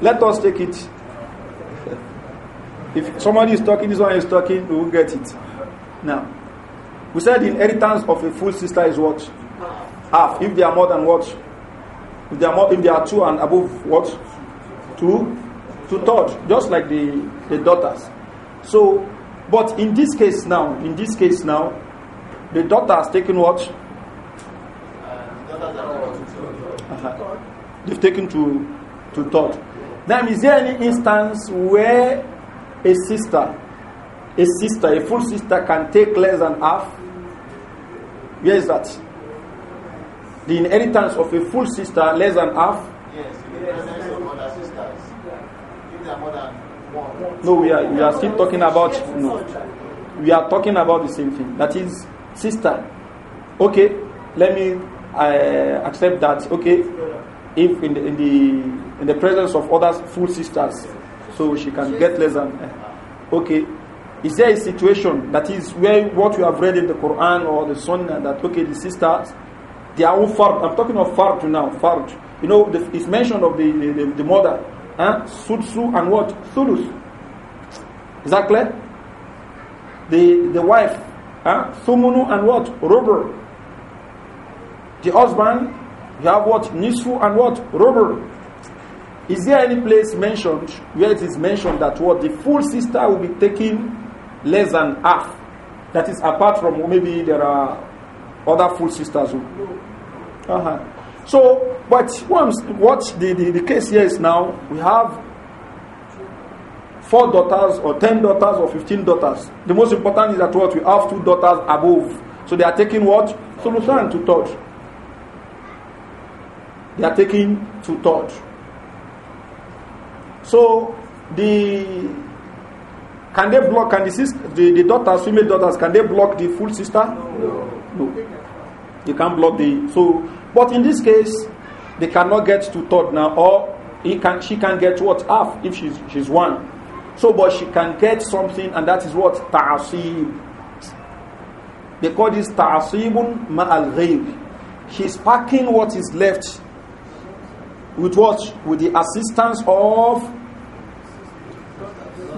Let us take it. if somebody is talking, this one is talking, we will get it. Now, we said the inheritance of a full sister is what? Half. If they are more than what? If they are more, if there are two and above what? Two, two third, just like the the daughters. So, but in this case now, in this case now, the daughter has taken what? Uh, -huh. They've taken to to touch. Now, is there any instance where a sister, a sister, a full sister can take less than half? Where is that? The inheritance of a full sister less than half?
Yes, inheritance of other sisters. If they are more than one. No, we are, we are still talking about. No.
We are talking about the same thing. That is, sister. Okay, let me uh, accept that. Okay, if in the, in the in the presence of other full sisters, so she can get less Okay, is there a situation that is where what you have read in the Quran or the Sunnah that okay, the sisters, they are all fard. I'm talking of fard now, fard. You know, the, it's mentioned of the the, the, the mother, huh? sudsu and what Sudus. Is that clear? The the wife, huh? sumunu and what rubber. The husband, you have what nisfu and what rubber. Is there any place mentioned where it is mentioned that what the full sister will be taking less than half? That is apart from maybe there are other full sisters who. Uh-huh. So, but once what the, the, the case here is now, we have four daughters or ten daughters or fifteen daughters. The most important is that what we have two daughters above. So they are taking what? Solution to touch. They are taking to touch. So the can they block can the sister the, the daughters, female daughters, can they block the full sister? No. no. You can't block the so but in this case they cannot get to third now or he can she can get what half if she's she's one. So but she can get something and that is what ta'asib. They call this ta'asibun ma'al ghayb. She's packing what is left with what? With the assistance of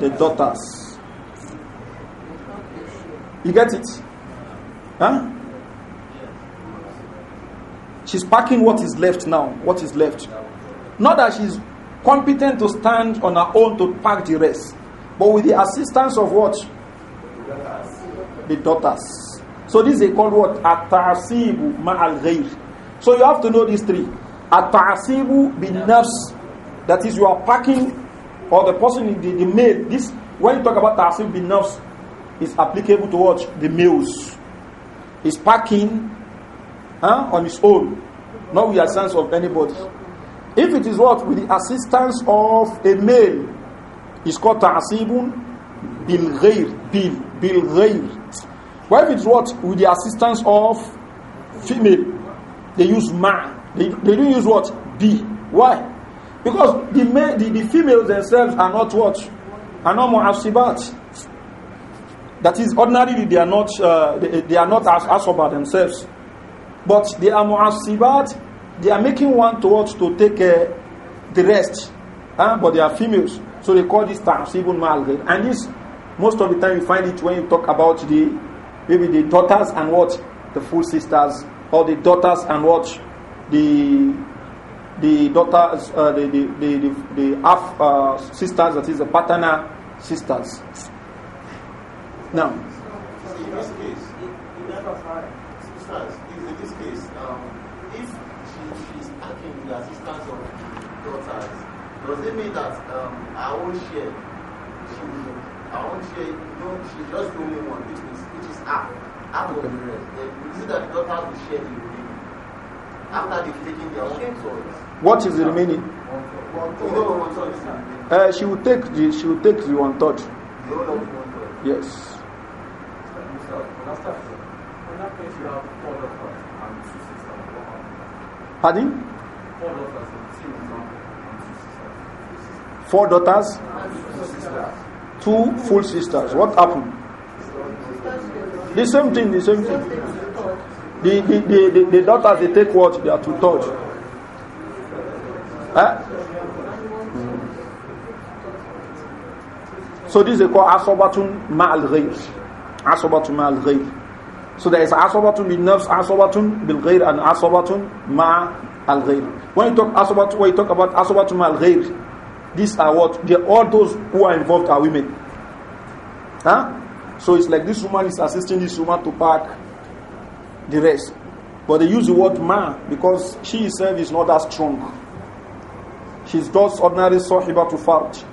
the daughters. You get it? Huh? She's packing what is left now. What is left. Not that she's competent to stand on her own to pack the rest, but with the assistance of what? The daughters. So this is called what? at So you have to know these three. At-ta'asibu bin nafs. That is, you are packing, or the person, in the, the male. This, when you talk about ta'asib bin nafs, is applicable towards the males. Is packing huh, on his own, not with the assistance of anybody. If it is what? With the assistance of a male, it's called ta'asibun bil ghayr, bil, bil But if it's what? With the assistance of female, they use ma. They, they didn't use what? The. Why? Because the, male, the, the females themselves are not what? Are not mu'asibat. That is, ordinarily they are not uh, they, they, are not as about themselves. But they are mu'asibat. They are making one towards to take uh, the rest. Uh, but they are females. So they call this ta'asibun ma'al And this, most of the time you find it when you talk about the, maybe the daughters and what? The full sisters. Or the daughters and what? the the daughters, uh, the, the, the, the, half uh, sisters, that is the paternal sisters. Now, so in this case, in that
sisters, in this case, um, if she, she's taking the assistance of the
daughters, does it mean that um, our own share, she will, our own share, no, she's just the only one, which is, which is half, half okay. of the rest? is it that the daughters will share the after taking their own What is the
remaining? Uh, she will take the she will take the one third. Yes. Pardon? Four daughters, two full sisters. What happened? The same thing. The same thing. The, the, the, the, the daughters, they take what? They are to touch, Eh? So this they call asobatun ma'al ghayr. Asobatun ma'al ghayr. So there is asobatun bil nafs, asobatun bil ghayr, and asobatun ma al ghayr. When you talk asobatun, when you talk about asobatun ma'al ghayr, these are what? They all those who are involved are women. Huh? So it's like this woman is assisting this woman to pack the rest. But they use the word ma because she herself is not that strong. She's just ordinary sahiba to fight.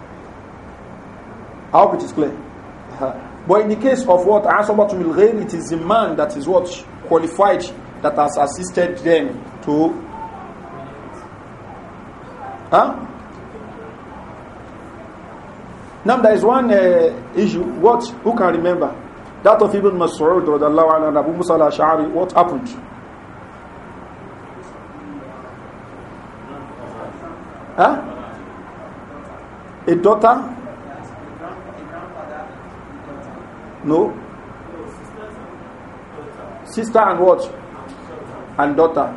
I hope it is clear. Uh-huh. But in the case of what Asabatu will reign, it is the man that is what qualified that has assisted them to. Huh? Now there is one uh, issue. What? Who can remember? That of Ibn Mas'ud radiallahu and Abu Musa al-Ash'ari, what happened? Huh? A daughter? No. Sister and what? And daughter.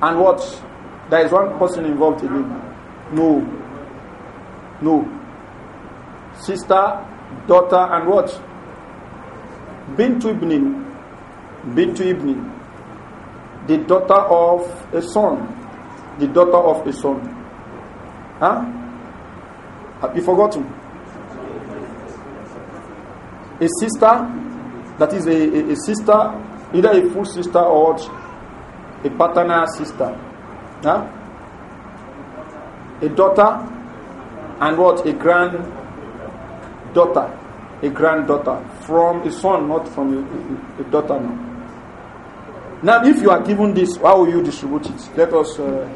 And what? There is one person involved in it. No. No. Sister daughter, and what? Bintu Ibni. Bintu Ibni. The daughter of a son. The daughter of a son. Huh? Have you forgotten? A sister, that is a, a, a sister, either a full sister or a paternal sister. Huh? A daughter and what? A grand daughter, a granddaughter, from a son, not from a, a, a daughter. No. Now, if you are given this, how will you distribute it? Let us. Uh,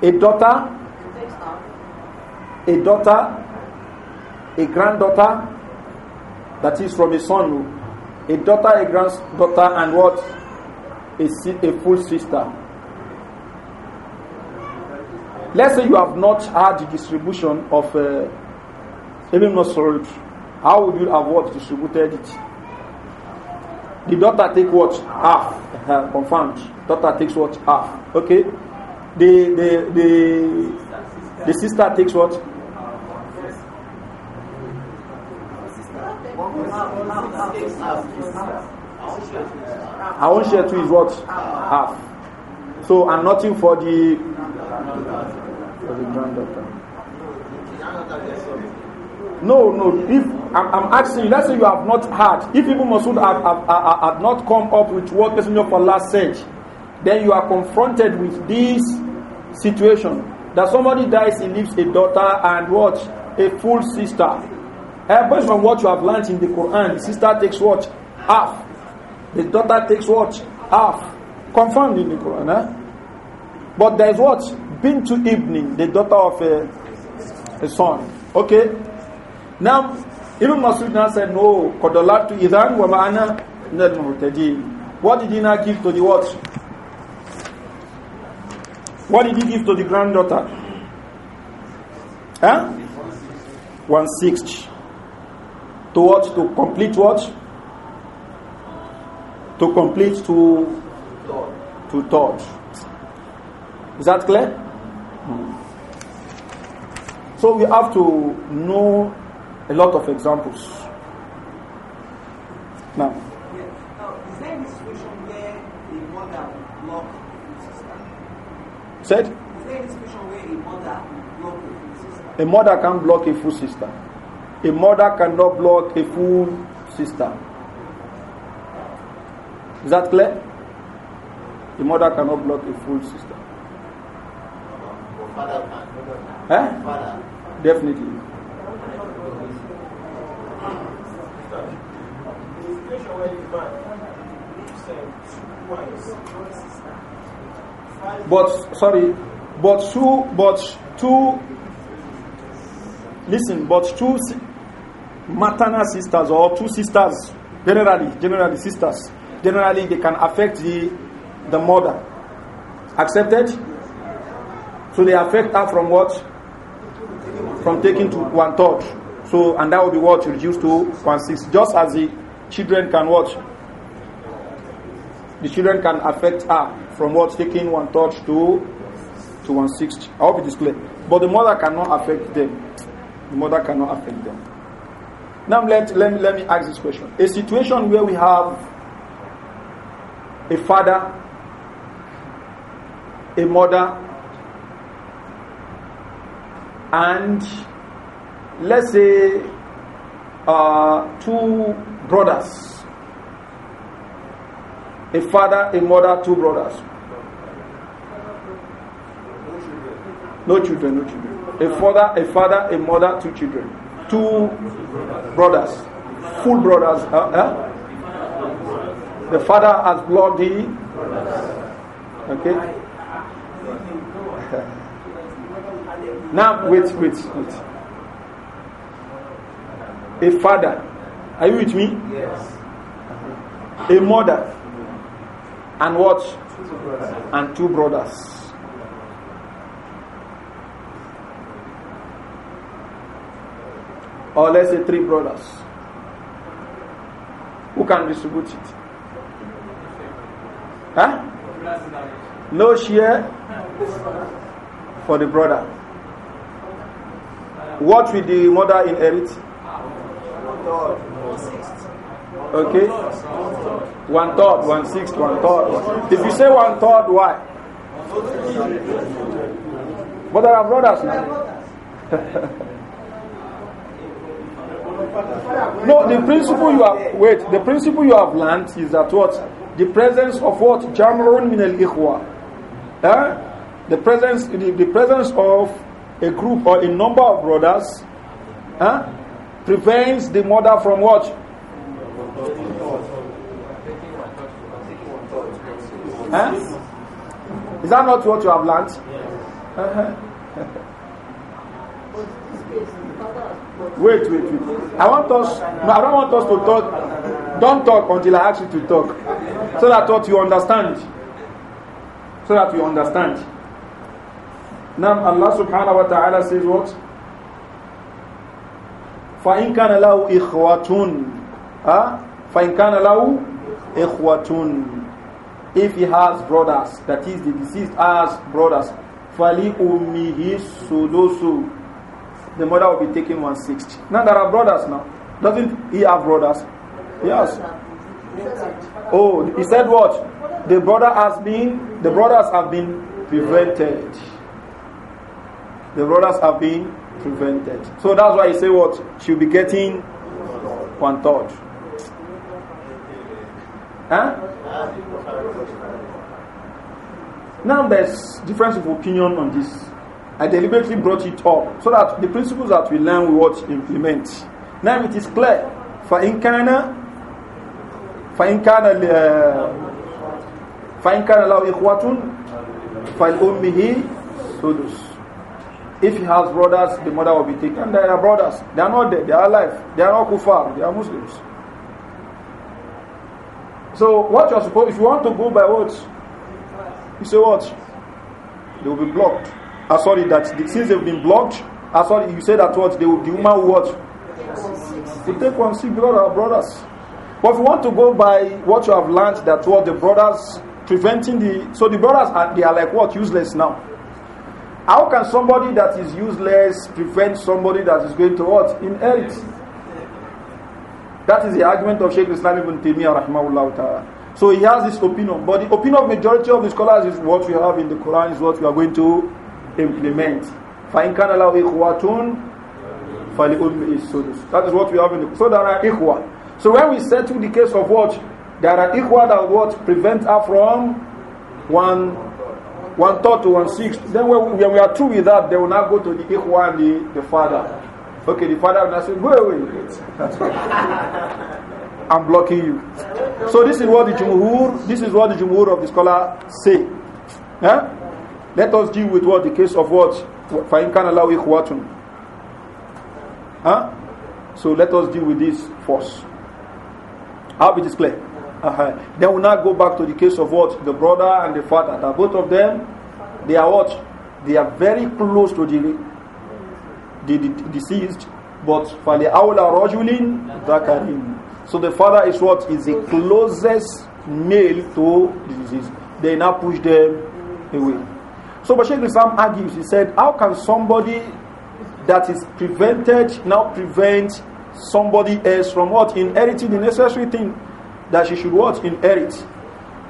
a daughter, a daughter, a granddaughter, that is from a son, a daughter, a granddaughter, and what? a, a full sister. Let's say you have not had the distribution of even not Masrud. How would you have what distributed it? The daughter take what? Half. Uh, confirmed. Daughter takes what? Half. Okay. The the the
the sister takes what? Half. Her own share too is what?
Half. So, and nothing for the for the granddaughter. No, no. If I'm, I'm, asking you, let's say you have not had. if Ibn Masud had, had, had, not come up with what Messenger for last said, then you are confronted with this situation that somebody dies, he leaves a daughter and what? A full sister. based on what you have learned in the Quran, the sister takes what? Half. The daughter takes what? Half. Confirmed in the Quran. Eh? But there's what been to evening the daughter of a, a son. Okay? Now, even Masud now said, No, to Idan wa ma'ana nal muhtadin. What did he now give to the what? What did he give to the granddaughter? Huh? One sixth. To what? To complete what? to complete to, to touch. Is that clear? Hmm. So we have to know a lot of examples. Now. Yes. now is there any situation where a mother block a sister? Said?
Is there any situation where a mother will block a
full sister? A mother can block a full sister. A mother cannot block a full sister. Is that clear? The mother cannot block a full sister. Father, eh? Father. Definitely. But sorry, but two, but two. Listen, but two maternal sisters or two sisters, generally, generally sisters generally they can affect the, the mother. Accepted? So they affect her from what? From taking to one third. So and that will be what reduced to one sixth. Just as the children can watch. The children can affect her from what taking one third to to one sixth. I hope it is clear. But the mother cannot affect them. The mother cannot affect them. Now let, let, me, let me ask this question. A situation where we have a father, a mother, and let's say uh, two brothers. A father, a mother, two brothers. No children, no children. A father, a father, a mother, two children. Two brothers. Full brothers. Huh? Huh? The father has blocked in, Okay. now wait, wait, wait. A father, are you with me? Yes. A mother, and what? Two and two brothers. Or let's say three brothers. Who can distribute it? Huh? No share for the brother. What will the mother inherit? Okay? One third, one sixth, one third. If you say one third, why? But there are brothers now.
no, the principle
you have wait, the principle you have learned is that what the presence of what? Jamrun min al ikhwa. The presence the, the, presence of a group or a number of brothers eh prevents the mother from what? Huh? Is that not what you have learned? Uh -huh. Wait, wait, wait. I want us. I don't want us to talk. Don't talk until I ask you to talk, so that what you understand. So that you understand. Now Allah Subhanahu wa Taala says what? فإن كان له إخوة huh? فإن كان له ikhwatun. if he has brothers that is the deceased has brothers Fali فلأمه sudusu. the mother will be taking one sixty. Now there are brothers now. Doesn't he have brothers? Yes. Oh, he said what? The brother has been, the brothers have been prevented. The brothers have been prevented. So that's why he say what? She'll be getting one third. Huh? Now there's difference of opinion on this. I deliberately brought it up so that the principles that we learn we what implement. Now it is clear. For فإن كان فإن كان فإن كان له إخوة فلأمه سدس If he has brothers, the mother will be taken. They are brothers. They are not dead. They are alive. They are not kufar; They are Muslims. So what you are supposed, if you want to go by what, you say what, they will be blocked. I uh, ah, sorry that the, since they've been blocked, I uh, ah, sorry you said that what they will, the woman will what to take one see brother brothers. But if you want to go by what you have learned, that what the brothers preventing the so the brothers are they are like what useless now. How can somebody that is useless prevent somebody that is going to what inherit? That is the argument of Sheikh Islam ibn Taymiyyah rahmahullah ta'ala. So he has this opinion, but the opinion of majority of the scholars is what we have in the Quran is what we are going to implement. فَإِنْ كَانَ إِخْوَةٌ فَلِأُمِّ السُّدُسُ That is what we have in the... So there are ikhwa. So when we settle the case of what? There are ikhwa that what prevent her from one one third to one sixth. Then when we, are through with that, they will now go to the ikhwa and the, the father. Okay, the father will now say, wait, wait, I'm blocking you. So this is what the Jumhur, this is what the Jumhur of the scholar say. Huh? Let us deal with what the case of what huh? So let us deal with this first. I'll be clear. Uh -huh. Then we now go back to the case of what the brother and the father. That both of them, they are what they are very close to the the, the, the deceased. But فَلِأَوْلَى رَجُلٍ Dakarin, So the father is what is the closest male to the deceased. They now push them away. So Bashir Islam argues, he said, How can somebody that is prevented now prevent somebody else from what? Inheriting the necessary thing that she should what? Inherit.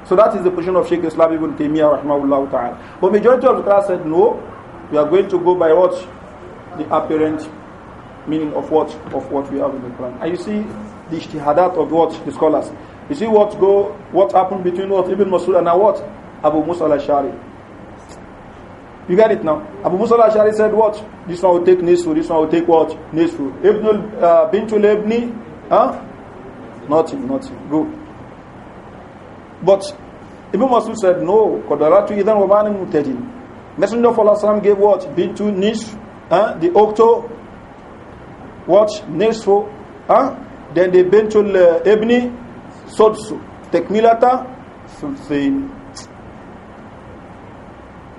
So that is the position of Sheikh Islam ibn Taymiyyah rahmahullah ta'ala. But majority of the class said no, we are going to go by what? The apparent meaning of what of what we have in the Quran. And you see the ijtihadat of what the scholars. You see what go what happened between what Ibn Masud and what? Abu Musa al-Ashari. You get it now? Abu Musa al-Ashari said what? This one will take Nisfu, this one will take what? Nisfu. Ibn uh, Bintul Ibni, huh? Nothing, nothing. Good. But Ibn Masud said, no, Qadaratu idhan wabanim mutajin. Messenger of Allah gave what? Bintu Nisfu, huh? the octo. what? Nisfu, huh? Then the Bintul uh, Ibni, Sodsu. Tekmilata, Sulthain.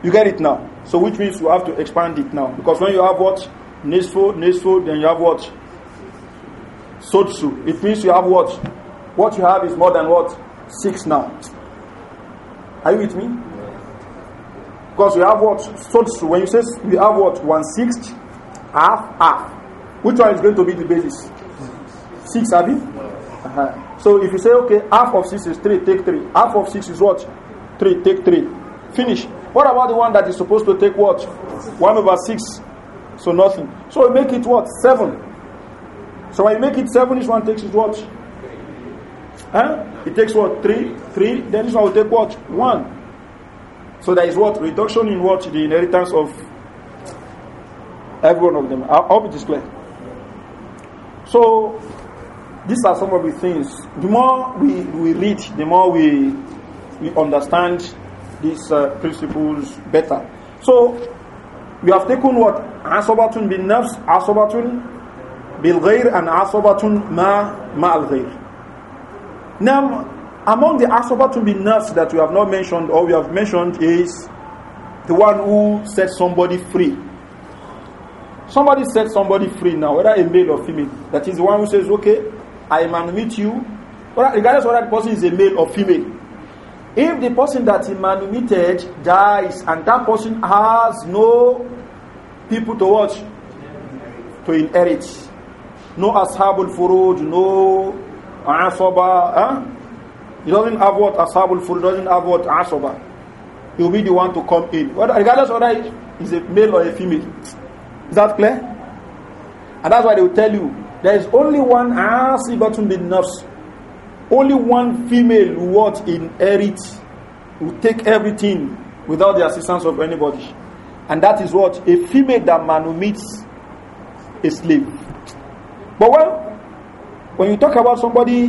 You get it now? So which means you have to expand it now. Because when you have what? Nesfo, Nisfu, then you have what? Sotsu. It means you have what? What you have is more than what? Six now. Are you with me? Because you have what? Sotsu. When you say we have what? One sixth, half, half. Which one is going to be the basis? Six, Abi? Uh-huh. So if you say, okay, half of six is three, take three. Half of six is what? Three, take three. Finish. What about the one that is supposed to take what? 1 over 6. So nothing. So we make it what? 7. So when you make it 7, each one takes it what? Huh? It takes what? 3, 3. Then this one will take what? 1. So there is what? Reduction in what? The inheritance of every one of them. I hope it is clear. So these are some of the things. The more we, we read, the more we, we understand these uh, principles better. So we have taken what asobatun bin nafs, asobatun bil ghair, and asobatun ma ma ghair. Now, among the asobatun bin nafs that we have not mentioned or we have mentioned is the one who sets somebody free. Somebody set somebody free now, whether a male or female. That is the one who says, "Okay, I am admit you." Regardless whether the person is a male or female, If the person that he manumitted dies and that person has no people to watch, to inherit, no Ashabul Furud, no Asaba, huh? he doesn't have what Ashabul Furud, doesn't have what Asaba. He will be the one to come in. Regardless of whether is a male or a female. Is that clear? And that's why they will tell you there is only one Asibatun bin Nafs only one female will what inherit will take everything without the assistance of anybody and that is what a female that manumits a slave but when when you talk about somebody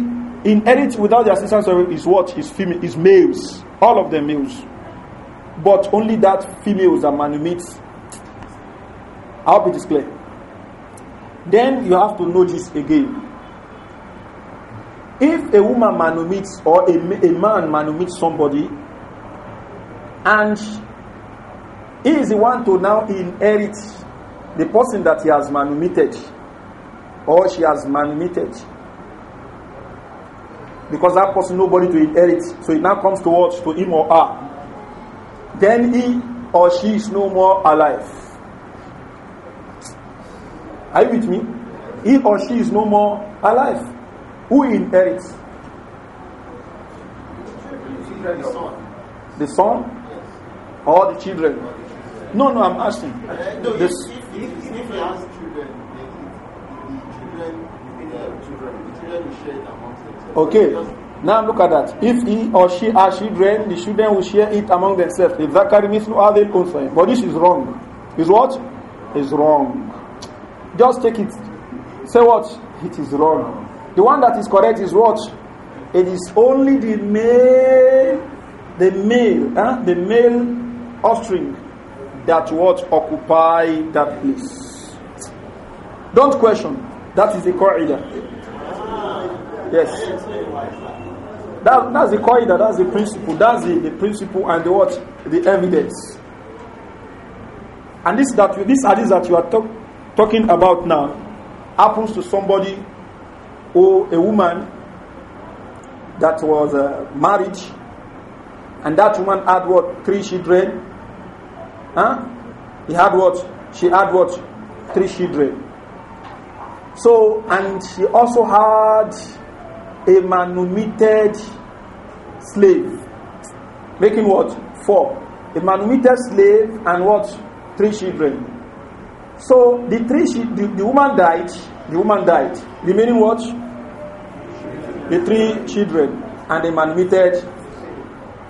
inherit without the assistance of is what is female is males all of them males but only that females that manumits. i hope it is clear then you have to know this again If a woman manumits or a, a man manumits somebody and he is the one to now inherit the person that he has manumitted or she has manumitted because that person nobody to inherit so it now comes towards to him or her then he or she is no more alive are you with me he or she is no more alive who inherits? The son. The son? Or the children? No, no, I'm asking. Uh, no, If, he
has children, the children the children, the children will share it amongst themselves. Okay.
Now look at that. If he or she has children, the children will share it among themselves. If Zakari Mithlu Adil concern, But this is wrong. Is what? Is wrong. Just take it. Say what? It is wrong. The one that is correct is what? It is only the male, the male, huh? the male offspring that what occupy that place. Don't question. That is the idea. Yes. That, that's the idea. that's the principle, that's the, the principle and the what? The evidence. And this that this that you are talk, talking about now happens to somebody or a woman that was uh, married and that woman had what three children huh he had what she had what three children so and she also had a manumitted slave making what four a manumitted slave and what three children so the three the, the woman died the woman died remaining what the three children and the man mated.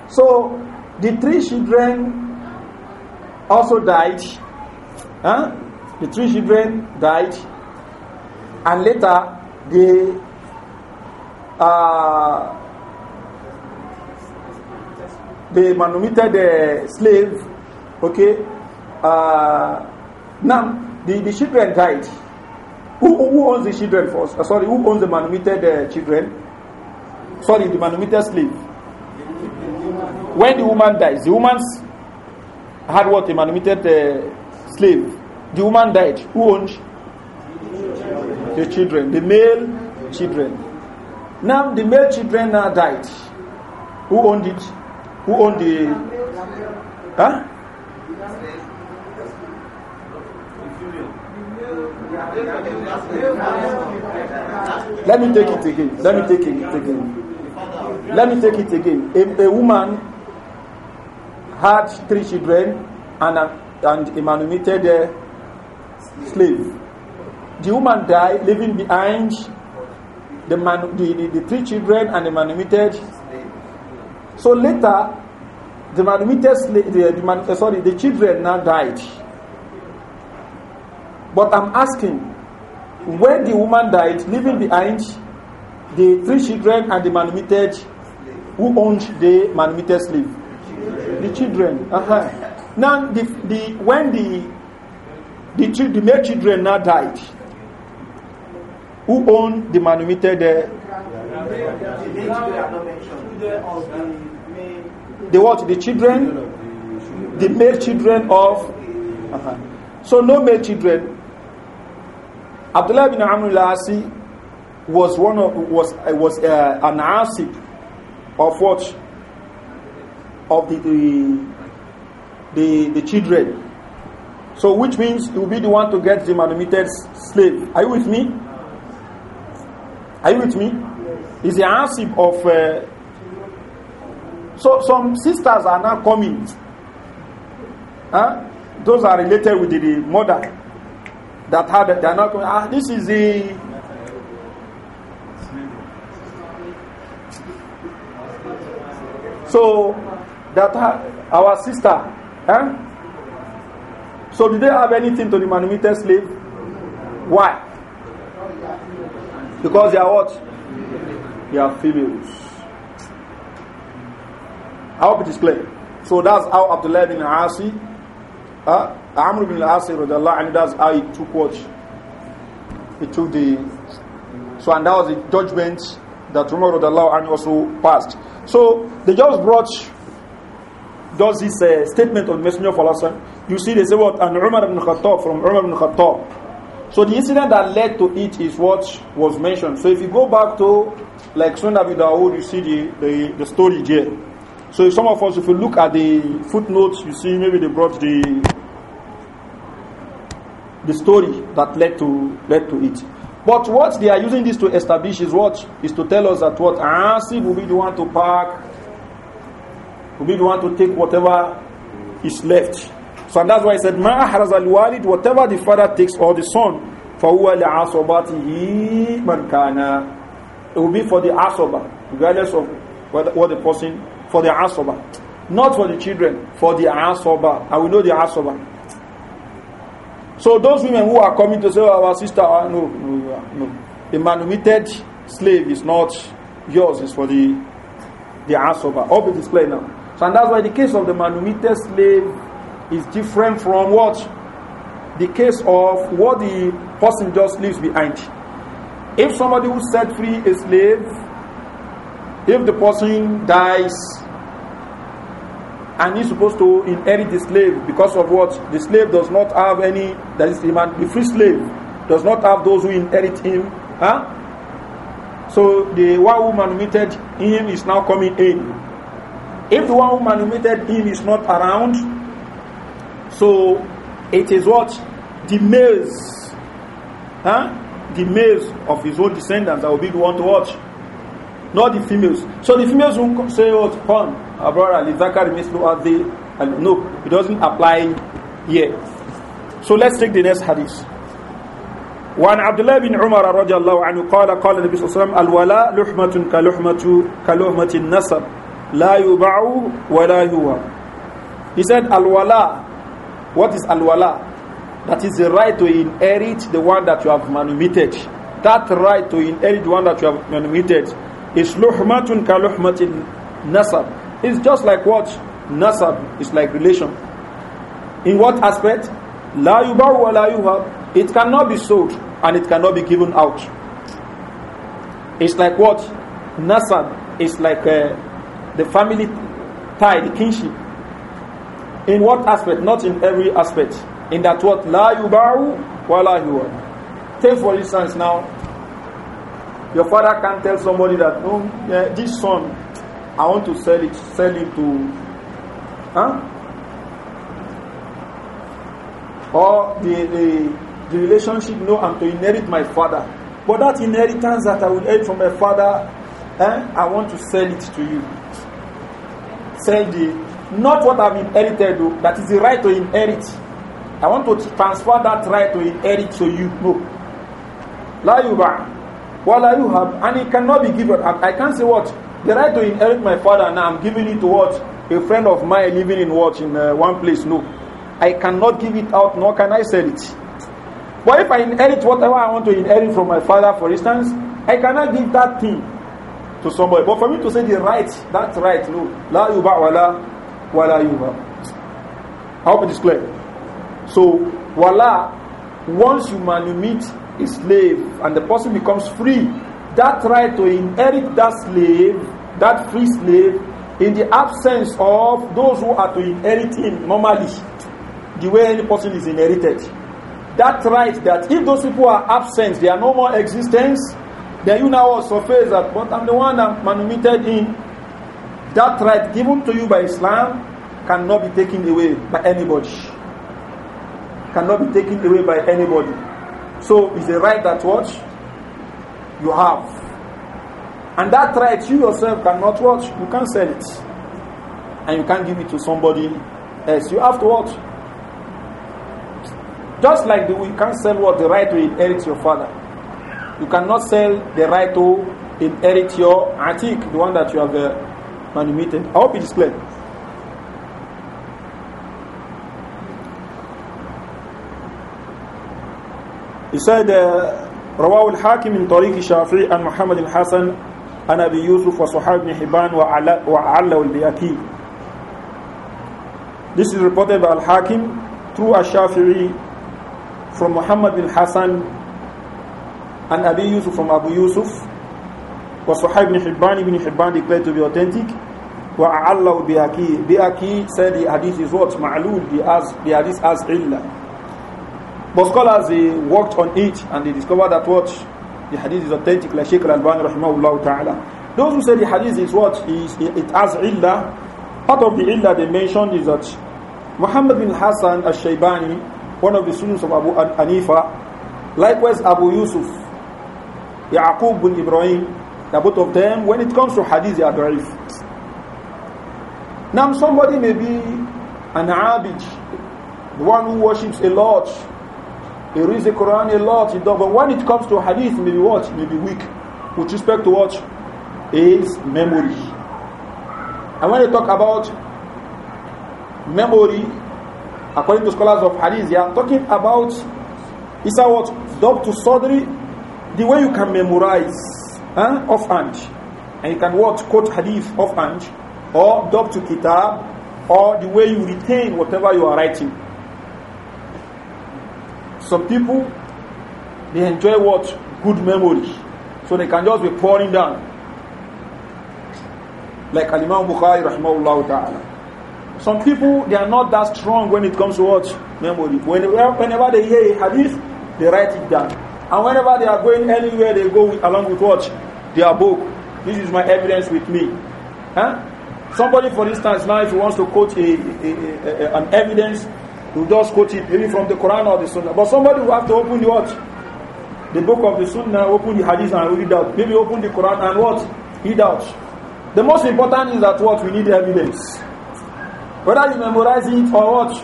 So the three children also died. Huh? The three children died, and later the uh, they manumitted the slave. Okay, uh, now the, the children died. Who, who owns the children first? Uh, sorry, who owns the manumitted uh, children? sorry, the manometer slave. When the woman dies, the woman's had what a manumitted uh, slave. The woman died. Who owned? The children, the male children. Now the male children now died. Who owned it? Who owned the? Huh? Let me take it again. Let me take it again. Let me take it again. A, a woman had three children and a, and a manumitted uh, slave. The woman died, leaving behind the, man, the, the, the three children and the manumitted so later, the manumitted the, the man, uh, sorry, the children now died. But I'm asking, when the woman died, leaving behind the three children and the manumitted who owned the manumitted slave? The children. Uh-huh. Now, the, the, when the, the, two, the male children now died, who owned the manumitted? Uh, the what? The children? The male children of. Uh-huh. So, no male children. Abdullah bin Amr al-Asi was one of was was uh, an asib of what? Of the, the, the, the children. So which means he will be the one to get the manumitted slave. Are you with me? Are you with me? Is the answer of... Uh, so some sisters are now coming. Huh? Those are related with the, the mother that had... They are not coming. Ah, this is the So that our sister, eh? So did they have anything to the manumitted slave? Why? Because they are what? They are females. I hope it is clear. So that's how Abdullah bin Asi, uh, eh? Amr bin Asi, and that's how he took watch. He took the. So, and that was the judgment that Umar and also passed. So they just brought does this uh, statement on Messenger of Allah. You see, they say what? And Umar ibn Khattab from Umar ibn Khattab. So the incident that led to it is what was mentioned. So if you go back to like Sunnah Abu Dawood, you see the, the, the story there. So if some of us, if you look at the footnotes, you see maybe they brought the the story that led to led to it. But what they are using this to establish is what? Is to tell us that what? Asif will be the one to park, will be the one to take whatever is left. So that's why I said, Ma Harazal walid, whatever the father takes or the son, فَهُوَ لَعَصَبَاتِهِ مَنْ كَانَ It will be for the asoba, regardless of what, what the person, for the asoba. Not for the children, for the asoba. I will know the asoba. So those women who are coming to say, oh, our sister, oh, no, no, no. the manumitted slave is not yours, it's for the, the Asoba. All be displayed now. So and that's why the case of the manumitted slave is different from what? The case of what the person just leaves behind. If somebody who set free a slave, if the person dies, and he's supposed to inherit the slave because of what the slave does not have any that is the man the free slave does not have those who inherit him huh? so the one who manumitted him is now coming in if the one who manumitted him is not around so it is what the males huh? the males of his own descendants that will be the one to watch not the females. So the females won't say, oh, fun, brother, Zakari Mislu they? No, it doesn't apply here. So let's take the next hadith. وعن عبد الله بن عمر رضي الله عنه قال قال النبي صلى الله عليه وسلم الولاء لحمة كلحمة كلحمة النسب لا يباع ولا يوهب He said الولاء What is الولاء? That is the right to inherit the one that you have manumitted. That right to inherit the one that you have manumitted it's luhmatun ka luhmatin nasab. It's just like what? Nasab is like relation. In what aspect? La yuba wa la yuhab. It cannot be sold and it cannot be given out. It's like what? Nasab is like uh, the family tie, the kinship. In what aspect? Not in every aspect. In that what? La yubaru wa la yuhab. Take for instance now, Your father can't tell somebody that, no, yeah, this son, I want to sell it, sell it to, huh? Or the, the, the relationship, no, I'm to inherit my father. But that inheritance that I will get from my father, eh, I want to sell it to you. Sell the, not what I've inherited, though, that is the right to inherit. I want to transfer that right to inherit to you. No. La yuba. Well, you have, and it cannot be given. I, I can't say what the right to inherit my father. Now I'm giving it to what a friend of mine living in what in uh, one place. No, I cannot give it out, nor can I sell it. But if I inherit whatever I want to inherit from my father, for instance, I cannot give that thing to somebody. But for me to say the right, that's right. No, la yuba wala wala yuba. I hope it is clear. So wala, once you manumit a slave and the person becomes free, that right to inherit that slave, that free slave, in the absence of those who are to inherit him normally, the way any person is inherited. That right that if those people are absent, they are no more existence, then you now also face that, but I'm the one I'm manumitted in. That right given to you by Islam cannot be taken away by anybody. Cannot be taken away by anybody. So it's a right that what you have. And that right you yourself cannot watch, you can't sell it. And you can't give it to somebody else. You have to watch. Just like the, you can't sell what the right to inherit your father. You cannot sell the right to inherit your antique, the one that you have uh, manumitted. I hope it is clear. He said, رواه الحاكم من طريق الشافعي عن محمد الحسن عن أبي يوسف وصحاب بن حبان وعلّه البياكي. This is reported by Al-Hakim through Al-Shafi'i from Muhammad bin Hassan and Abi Yusuf from Abu Yusuf وصحاب bin حبان ibn Hibban declared to be authentic وعلّه البياكي. Biyaki said the hadith is what? ma'lul The hadith has illah. But scholars they worked on it and they discovered that what the hadith is authentic, like Sheikh Al-Albani rahimahullah ta'ala. Those who say the hadith is what is it has illa part of the illa they mentioned is that Muhammad bin Hassan al-Shaybani, one of the students of Abu Anifa, likewise Abu Yusuf, Yaqub bin Ibrahim, the both of them, when it comes to hadith, they are da'if. Now somebody may be an abid, the one who worships a lot, He reads the Quran a lot, he does, but when it comes to hadith, maybe what? Maybe weak. With respect to what? His memory. And when you talk about memory, according to scholars of hadith, they are talking about is that what? Dub to Sadri, the way you can memorize huh, offhand. And you can what? Quote hadith offhand. Or dub to Kitab, or the way you retain whatever you are writing. Some people, they enjoy what? Good memory. So they can just be pouring down. Like Al-Imam Bukhari, rahmahullah ta'ala. Some people, they are not that strong when it comes to what? Memory. Whenever, whenever they hear a hadith, they write it down. And whenever they are going anywhere, they go with, along with what? Their book. This is my evidence with me. Huh? Somebody, for instance, now if he wants to quote a, a, a, an evidence We'll just quote it maybe from the Quran or the Sunnah. But somebody who have to open the what? The book of the Sunnah, open the Hadith and read out. Maybe open the Quran and what? Read out. The most important is that what? We need evidence. Whether you memorize it or what?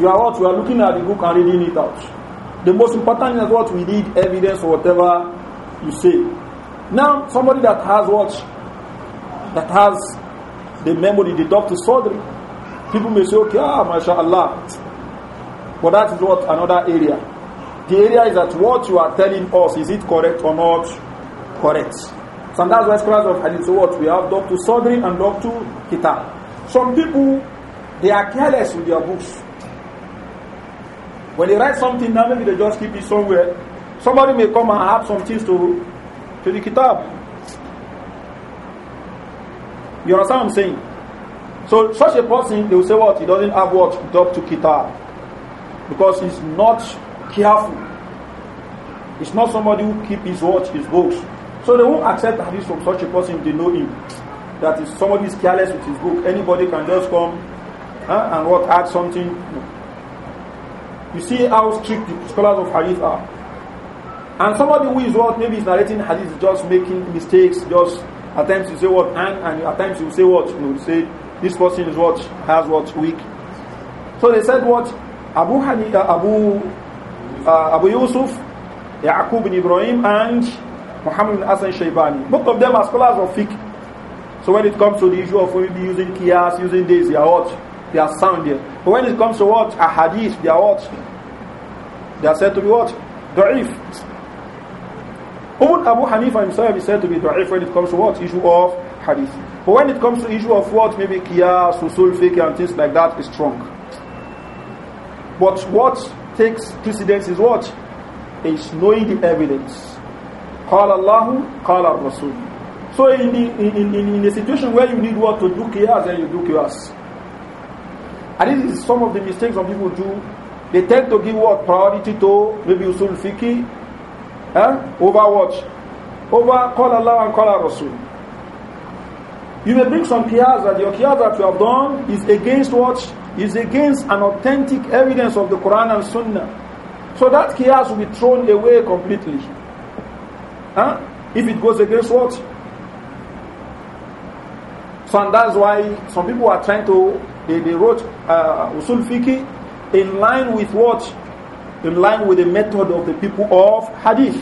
You are what? You are looking at the book and reading it out. The most important is what? We need evidence or whatever you say. Now, somebody that has what? That has the memory, the doctor's surgery People may say, okay, ah, mashallah. But that is what another area. The area is that what you are telling us, is it correct or not correct? So that's why scholars of hadith say what? We have Dr. Sodri and Dr. Kitab. Some people, they are careless with their books. When they write something now, maybe they just keep it somewhere. Somebody may come and add some things to, to the kitab. You understand what I'm saying? So such a person, they will say what? He doesn't have what? Dub to kitab. Because he's not careful. It's not somebody who keep his watch, his books. So they won't accept hadith from such a person if they know him. That is somebody is careless with his book. Anybody can just come huh, and what add something. You see how strict the scholars of hadith are. And somebody who is what maybe is narrating hadith is just making mistakes, just at times you say what and and at times you say what you know, say this person is what has what weak. So they said what Abu Hanifa, Abu uh, Abu Yusuf, Yaqub ibn Ibrahim, and Muhammad ibn Hassan Shaybani. Both of them are scholars of fiqh. So when it comes to the issue of maybe using kias, using this, they are what? They are sound here. But when it comes to what? A hadith, they are what? They are said to be what? Da'if. Even Abu Hanifa himself is said to be da'if when it comes to what? Issue of hadith. But when it comes to issue of what maybe kia, Susul, fiqh and things like that is strong. But what takes precedence is what? Is knowing the evidence. call Allah, qala Rasul. So in, the, in, in, in a situation where you need what to do kiyas, then you do kiyas. And this is some of the mistakes some people do. They tend to give what priority to maybe usul fiqh eh? over what? Over call Allah and qala Rasul. You may bring some kiyas that your kiyas that you have done is against what? Is against an authentic evidence of the Quran and Sunnah. So that kiyas will be thrown away completely. Huh? If it goes against what? So and that's why some people are trying to, they, they wrote uh, Usul Fiqh in line with what? In line with the method of the people of Hadith.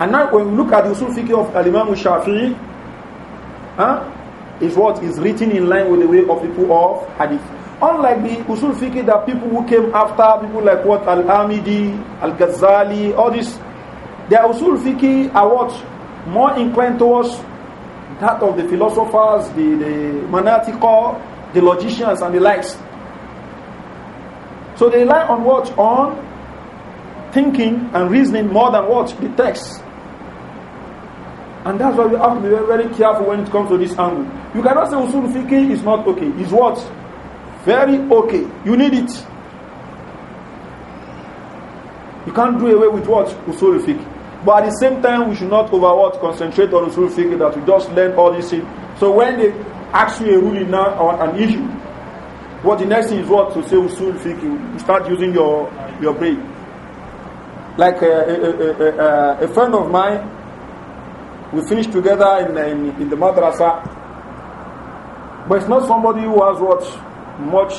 And now when we look at the Usul Fiqh of Al-Imam Shafi'i, huh, is what is written in line with the way of people of hadith. Unlike the usul fiqh that people who came after, people like what Al-Amidi, Al-Ghazali, all this, their usul fiqh are what? More inclined towards that of the philosophers, the, the manatiqa, the logicians and the likes. So they rely on what? On thinking and reasoning more than what? The text. And that's why we have to be very, very careful when it comes to this angle. You cannot say usul fiqh is not okay. It's what? Very okay. You need it. You can't do away with what? Usul fiqh. But at the same time, we should not over what? Concentrate on usul fiqh that we just learn all these things. So when they ask you a ruling now or an issue, what the next thing is what to say usul fiqh. You start using your, your brain. Like a, a, a, a friend of mine We finished together in, in, in the madrasa. But it's not somebody who has what much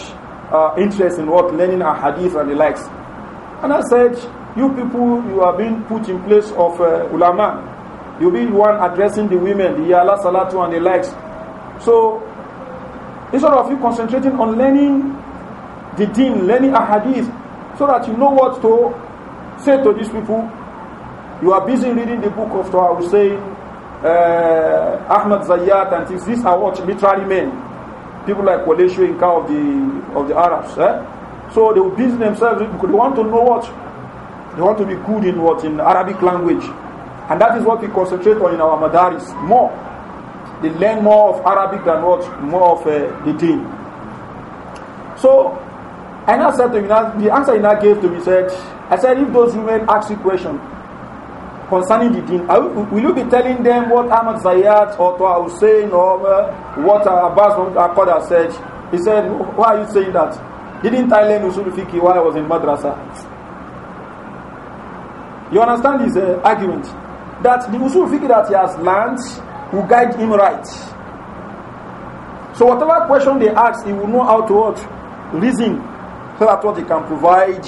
uh, interest in what learning a hadith and the likes. And I said, you people, you are being put in place of uh, ulama. You'll be the one addressing the women, the yala salatu and the likes. So instead of you concentrating on learning the deen, learning a hadith, so that you know what to say to these people, you are busy reading the book of Torah, I will uh, Ahmed and things. These are what literary men, people like Waleshu Inka of the of the Arabs. Eh? So they will busy themselves because they want to know what they want to be good in what in Arabic language, and that is what we concentrate on in our madaris more. They learn more of Arabic than what more of uh, the thing. So I now said to him, the answer he now gave to me said, I said if those women ask you question, concerning the deen? Are, will you be telling them what Ahmad Zayat or Toa Hussein or uh, what Abbas Akkoda said? He said, Why are you saying that? Didn't I learn Usul Fiqh while I was in madrasa? You understand his uh, argument? That the Usul Fiqh that he has learned will guide him right. So whatever question they ask, he will know how to what reason so that what he can provide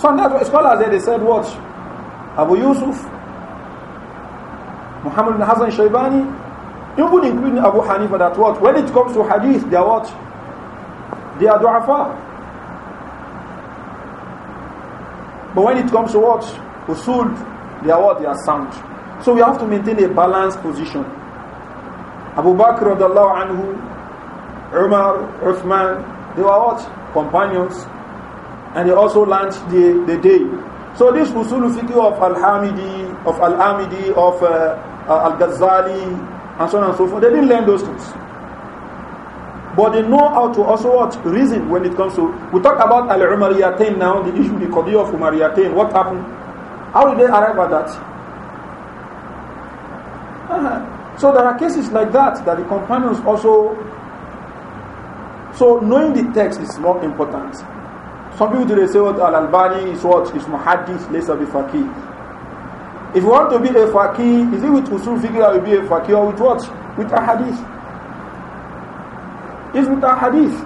Some scholars there, they said what? Abu Yusuf, Muhammad bin Hassan Shaybani, even including Abu Hanifa that what? When it comes to hadith, they are what? They are du'afa. But when it comes to what? Usul, they are what? They are sound. So we have to maintain a balanced position. Abu Bakr radiallahu anhu, Umar, Uthman, they were what? Companions and he also launch the, the day. So this usul fiqh of Al-Hamidi, of Al-Amidi, of uh, uh, Al-Ghazali, and so on and so forth, they didn't learn those things. But they know how to also what reason when it comes to. We talk about Al-Umariyatain now, the issue, the Qadi of Umariyatain, what happened? How did they arrive at that? Uh-huh. So there are cases like that that the companions also. So knowing the text is more important. Some people today say what Al Albani is what is Muhaddith, less of a Faqih. If you want to be a Faqih, is it with Usul Fiqh that will be a Faqih or with what? With a Hadith. It's with a Hadith.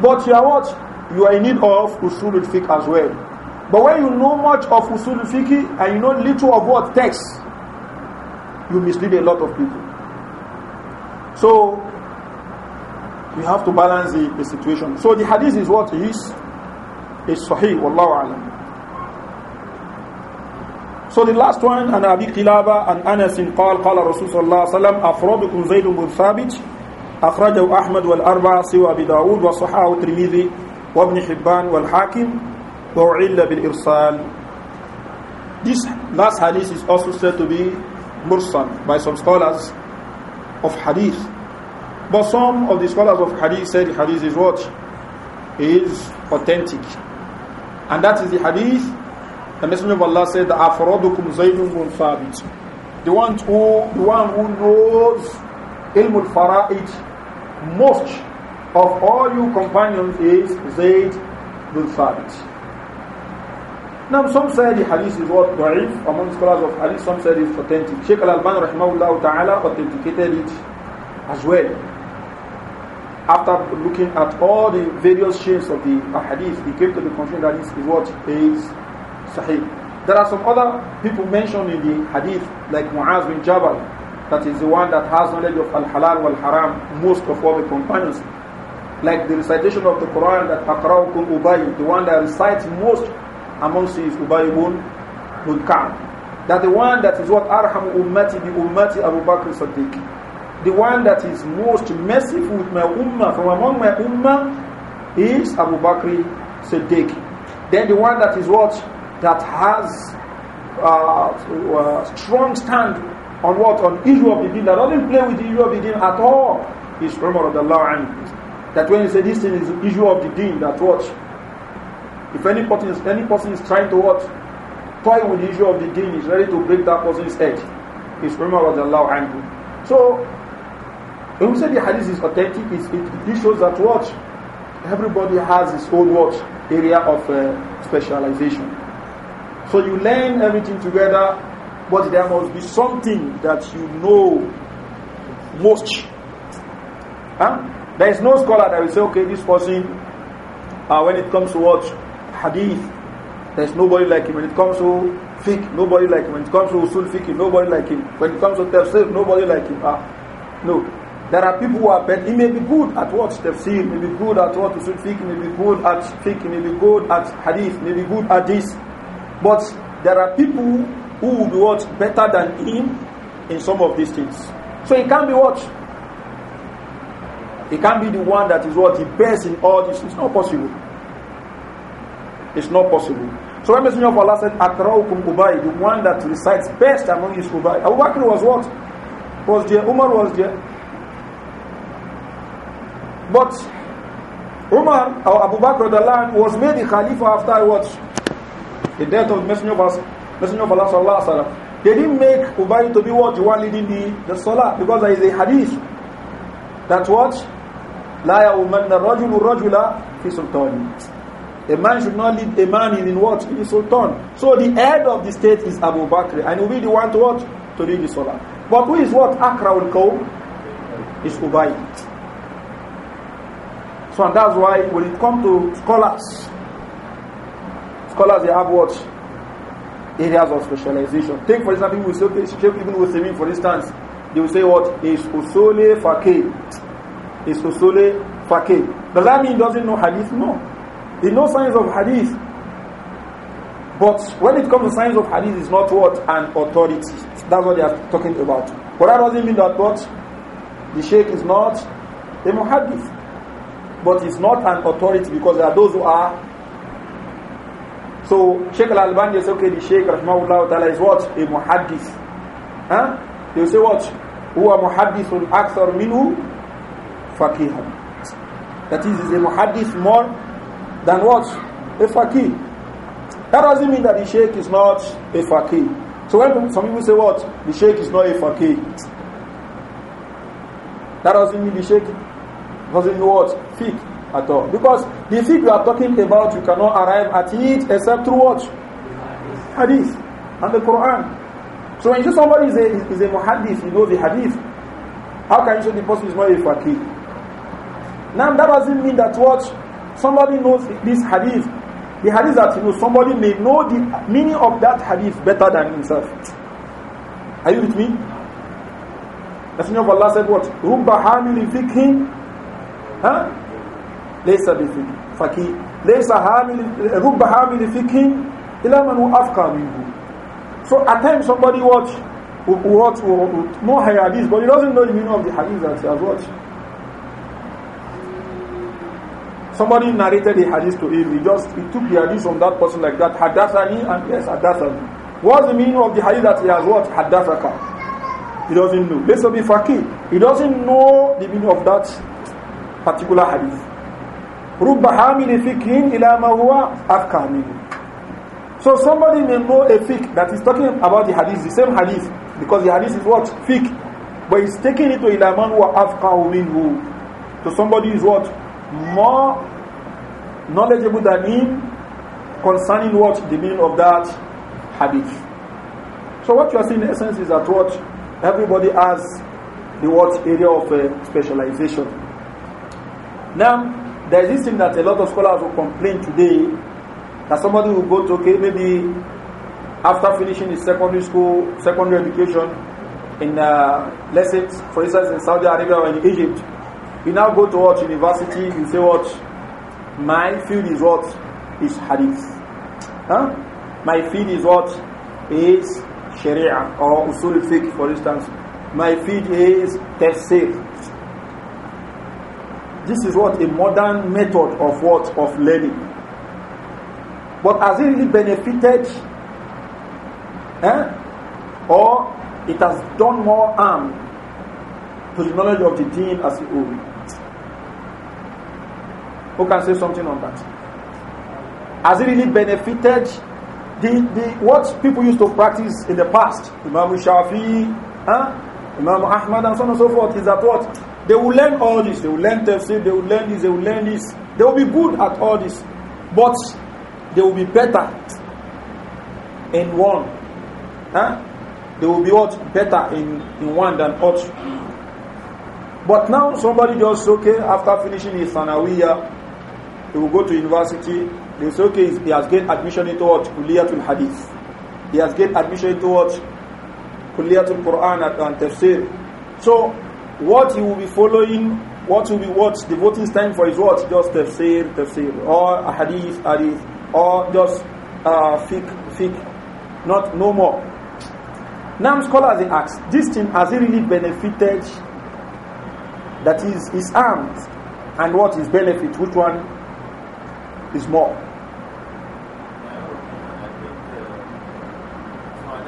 But you are what? You are in need of Usul Fiqh as well. But when you know much of Usul Fiqh and you know little of what text, you mislead a lot of people. So we have to balance the, the situation. So the hadith is what is is sahih, wallahu alam. So the last one, an Abi Qilaba and Anas in Qala Rasulullah رسول صلى الله عليه وسلم أفرادكم زيد بن Abi Dawud wa والأربعة سوى wa داود Hibban wal Hakim wa والحاكم Bil Irsal. This last hadith is also said to be Mursan by some scholars of hadith but some of the scholars of hadith said the hadith is what? Is authentic. And that is the hadith the Messenger of Allah said, The one who the one who knows Ilmul Fara'id most of all you companions is Zayd bin Thabit. Now some say the hadith is what da'if among scholars of hadith, some say it's authentic. Sheikh Al-Alban rahimahullah ta'ala authenticated it as well after looking at all the various chains of the hadith, he came to the conclusion that is what is sahih. There are some other people mentioned in the hadith, like Muaz bin Jabal, that is the one that has knowledge of al halal wal haram, most of all the companions. Like the recitation of the Quran that Akraukum Ubayy, the one that recites most amongst is Ubayy ibn Ka'b. That the one that is what Arham Ummati bi Ummati Abu Bakr Siddiq the one that is most merciful with my ummah, from among my ummah, is Abu Bakr Siddiq. Then the one that is what? That has uh, uh strong stand on what? On issue of the deen, that doesn't play with the issue of the deen at all, is Umar law That when he said this thing is issue of the deen, that what? If any person is, any person is trying to what? Toy with the issue of the deen, is ready to break that person's head. Is Umar anhu. So when we say the hadith is authentic, it, it, shows that what? Everybody has his own what? Area of uh, specialization. So you learn everything together, but there must be something that you know most. Huh? There is no scholar that will say, okay, this person, uh, when it comes to what? Hadith, there's nobody like him. When it comes to fiqh, nobody like him. When it comes to usul fiqh, nobody like him. When it comes to tafsir, nobody like him. Ah, no. There are people who are bad. He may be good at what? Tafsir, may be good at what? Usul fiqh, may be good at fiqh, may be good at hadith, may be good at this. But there are people who will be what? Better than him in some of these things. So he can't be what? He can't be the one that is what? The best in all this. It's not possible. It's not possible. So when Messenger of Allah said, Akraukum Ubay, the one that recites best among his Ubay. Abu Bakr was what? Was there, Umar was there, but Umar or Abu Bakr the land was made the Khalifa after what? The death of Messenger of, Messenger of Allah Sallallahu They didn't make Ubayy to be what you one leading the, the Salah because there is a hadith that what? لا يؤمن the الرجل في سلطان A man should not lead a man in, in what? In the sultan. So the head of the state is Abu Bakr and he will be the one to what? To lead the Salah. But who is what? Akra will call? Is Ubayy. So and that's why when it comes to scholars, scholars they have what? Areas of specialization. Take for example, we say, okay, Sheikh Ibn Uthaymeen for instance, they will say what? Is usole faqih. Is usole faqih. Does that mean he doesn't know hadith? No. He knows science of hadith. But when it comes to science of hadith, it's not what? An authority. That's what they are talking about. But that doesn't mean that what? The sheikh is not a muhaddith. but it's not an authority because there are those who are. So Sheikh Al Albani says, okay, the Sheikh Rahmahullah Ta'ala is what? A muhaddis. Huh? They say what? Who Huwa muhaddisun Aksar minhu faqihan. That is, is a muhaddis more than what? A faqih. That doesn't mean that the sheikh is not a faqih. So when some people say what? The sheikh is not a faqih. That doesn't mean the sheikh doesn't know what fiqh at all. Because the fit we are talking about, you cannot arrive at it except through what? Hadith and the Quran. So when you say somebody is a, is a muhadith, you know the hadith. How can you say the person is not a faqih? Now that doesn't mean that what? Somebody knows this hadith. The hadith that you know, somebody may know the meaning of that hadith better than himself. Are you with me? Messenger of Allah said what? Rubba hamilin fiqhin ها ليس بفقيه ليس حامل رب حامل فقه إلا من هو أفقى منه so at times somebody watch who, who, watch, who, who hadith but he doesn't know the meaning of the hadith that he has watched somebody narrated a hadith to him he just he took the hadith from that person like that hadathani and yes hadathani what's the meaning of the hadith that he has watched hadathaka he doesn't know this will be faqih he doesn't know the meaning of that particular hadith rubba hamili fiqhin ila ma huwa afka so somebody may know a fiqh that is talking about the hadith the same hadith because the hadith is what fiqh but he's taking it to ila man huwa afqa minhu so somebody is what more knowledgeable than him concerning what the meaning of that hadith so what you are seeing in essence is that what everybody has the what area of uh, specialization Now, there is this thing that a lot of scholars will complain today that somebody will go to, okay, maybe after finishing his secondary school, secondary education, in, uh, let's say, for instance, in Saudi Arabia or in Egypt, you now go to what university, you say what? My field is what? Is hadith. Huh? My field is what? Is sharia or usul fiqh, for instance. My field is tafsir. This is what a modern method of what of learning. But has it really benefited? Eh? Or it has done more harm to the knowledge of the deen as a whole. Who can say something on that? Has it really benefited the, the what people used to practice in the past? Imam Shafi, huh? Eh? Imam Ahmad, and so on and so forth. Is that what They will learn all this. They will learn tafsir. They will learn this. They will learn this. They will be good at all this. But they will be better in one. Huh? They will be what? Better in, in one than others. But now somebody just, okay, after finishing his Sanawiya, he will go to university. They say, okay, he has get admission into what? Kuliyatul Hadith. He has get admission into what? Kuliyatul Quran and Tafsir. So what you will be following, what will be what devoting time for is what? Just tafsir, tafsir, or hadith, hadith, or just uh, fiqh, fiqh, not no more. Now scholars they ask, this thing has it really benefited that is his arms and what is benefit, which one is more? Uh,
uh,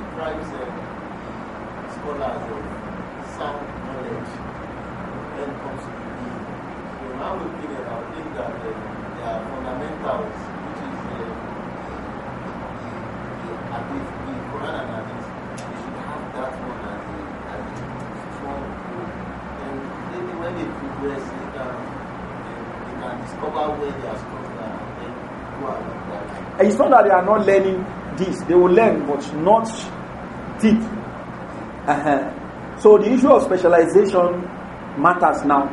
deprives them scholars of sound knowledge when comes to the deen. So now we think about think that uh, there are fundamentals, which is uh, the, the, the Quran and Hadith. We should have that one as a, as a strong group. And then when they progress, they can, they, they can discover where they are strong and then go
along that. It's not that they are not learning this, they will learn, but not deep Uh-huh. So the issue of specialization matters now.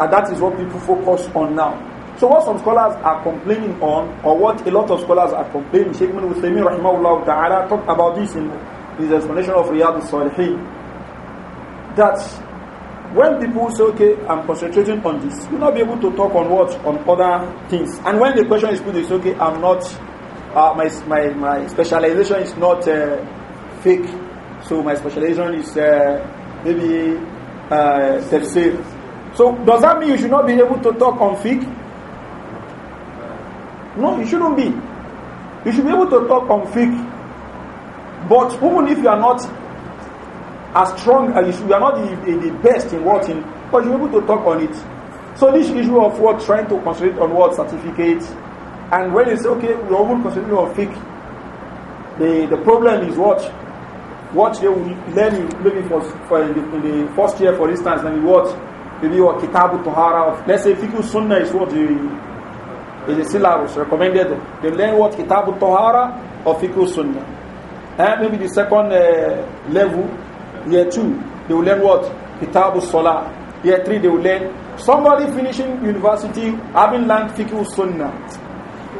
And that is what people focus on now. So what some scholars are complaining on, or what a lot of scholars are complaining, Sheikh Ibn Uthaymeen rahimahullah ta'ala talked about this in his explanation of Riyadh al-Salihin, that when people say, okay, I'm concentrating on this, you'll not be able to talk on what? On other things. And when the question is put, it's okay, I'm not, uh, my, my, my specialization is not uh, fake. So my specialization is uh, maybe uh, tafsir. So does that mean you should not be able to talk on fiqh? No, you shouldn't be. You should be able to talk on fiqh. But even if you are not as strong, as uh, you, you are not the, the, best in what in, but you're able to talk on it. So this issue of what trying to concentrate on what certificate, and when you say okay, we are only concentrating on fiqh, the, the problem is what what they will learn maybe for, for in the, in the first year, for instance, maybe what maybe what kitabu tahara of let's say fiqh sunnah is what the is the syllabus recommended. They learn what kitabu tahara or fiqh sunnah. And eh, maybe the second uh, level, year two, they will learn what kitabu salah. Year three, they will learn. Somebody finishing university having learned fiqh sunnah.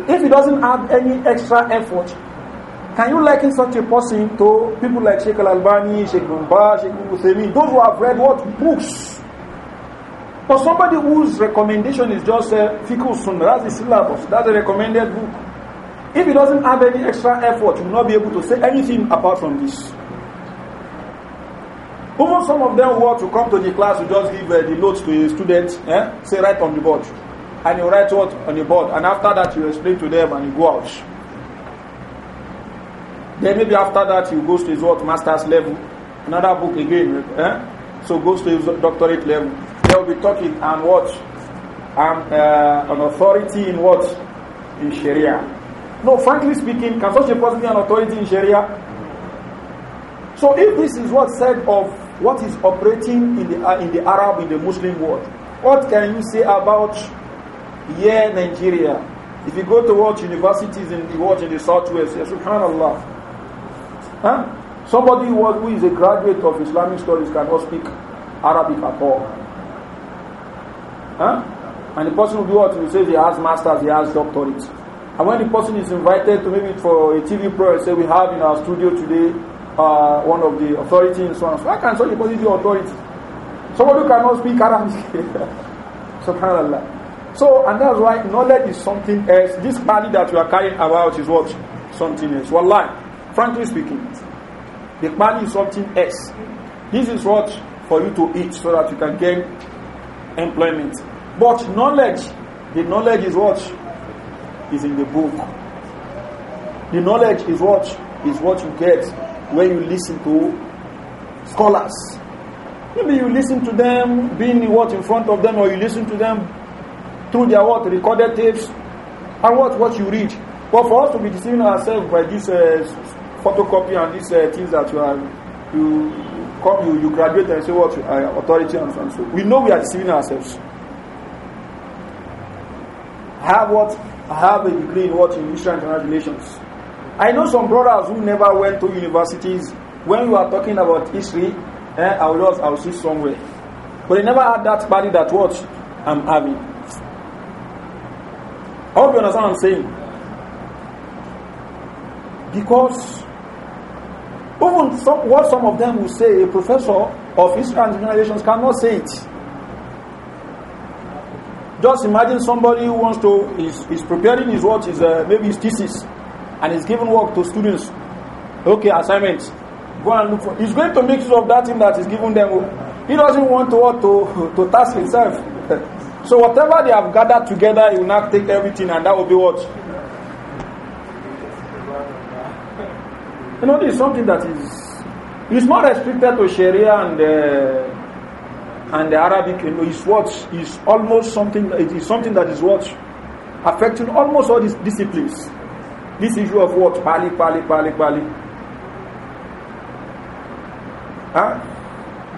If he doesn't have any extra effort Can you liken such a person to people like Sheikh Al-Albani, Sheikh Bumba, Sheikh Uthemi, those who have read what? Books. For somebody whose recommendation is just uh, Fiqh Sunnah, that's the syllabus, that's a recommended book. If he doesn't have any extra effort, he will not be able to say anything apart from this. Even some of them who want to come to the class, will just give uh, the notes to a student, eh? say, write on the board. And you write what on the board. And after that, you explain to them and you go out. Then maybe after that, he goes to his what master's level, another book again. Eh? So goes to his doctorate level. They will be talking and what and uh, an authority in what in Sharia. No, frankly speaking, can such a person be an authority in Sharia? So if this is what said of what is operating in the uh, in the Arab in the Muslim world, what can you say about here Nigeria? If you go to what universities in the world in the southwest, yeah, subhanallah. Huh? Somebody who, who is a graduate of Islamic studies cannot speak Arabic at all. Huh? And the person will do what? He says he has masters, he has doctorates. And when the person is invited to maybe for a TV program, say we have in our studio today uh, one of the authority and so on. So I can such a person the authority? Somebody who cannot speak Arabic. Subhanallah. So, and that's why knowledge is something else. This body that you are carrying about is what? Something else. Wallahi. Frankly speaking, the money is something else. This is what for you to eat so that you can gain employment. But knowledge, the knowledge is what is in the book. The knowledge is what is what you get when you listen to scholars. Maybe you listen to them being what in front of them, or you listen to them through their what recorded tapes, and what what you read. But for us to be deceiving ourselves by these uh, photocopy and these uh, things that you are you come you you graduate and say what you are uh, authority and so, and so we know we are deceiving ourselves have what have a degree in what in Israel international relations I know some brothers who never went to universities when you are talking about history eh, I will not I will see somewhere but they never had that body that what I'm having I hope you understand what I'm saying because Even some, what some of them will say, a professor of history and relations cannot say it. Just imagine somebody who wants to, is, is preparing his what is uh, maybe his thesis, and is giving work to students. Okay, assignments. Go and look for. He's going to make use of that thing that is given them. He doesn't want to what to to task himself. so whatever they have gathered together, he will not take everything, and that will be what You know, this is something that is is not restricted to Sharia and uh, and the Arabic. You know, it's what is almost something. It is something that is what affecting almost all these disciplines. This issue of what Bali Bali Bali Bali. Huh?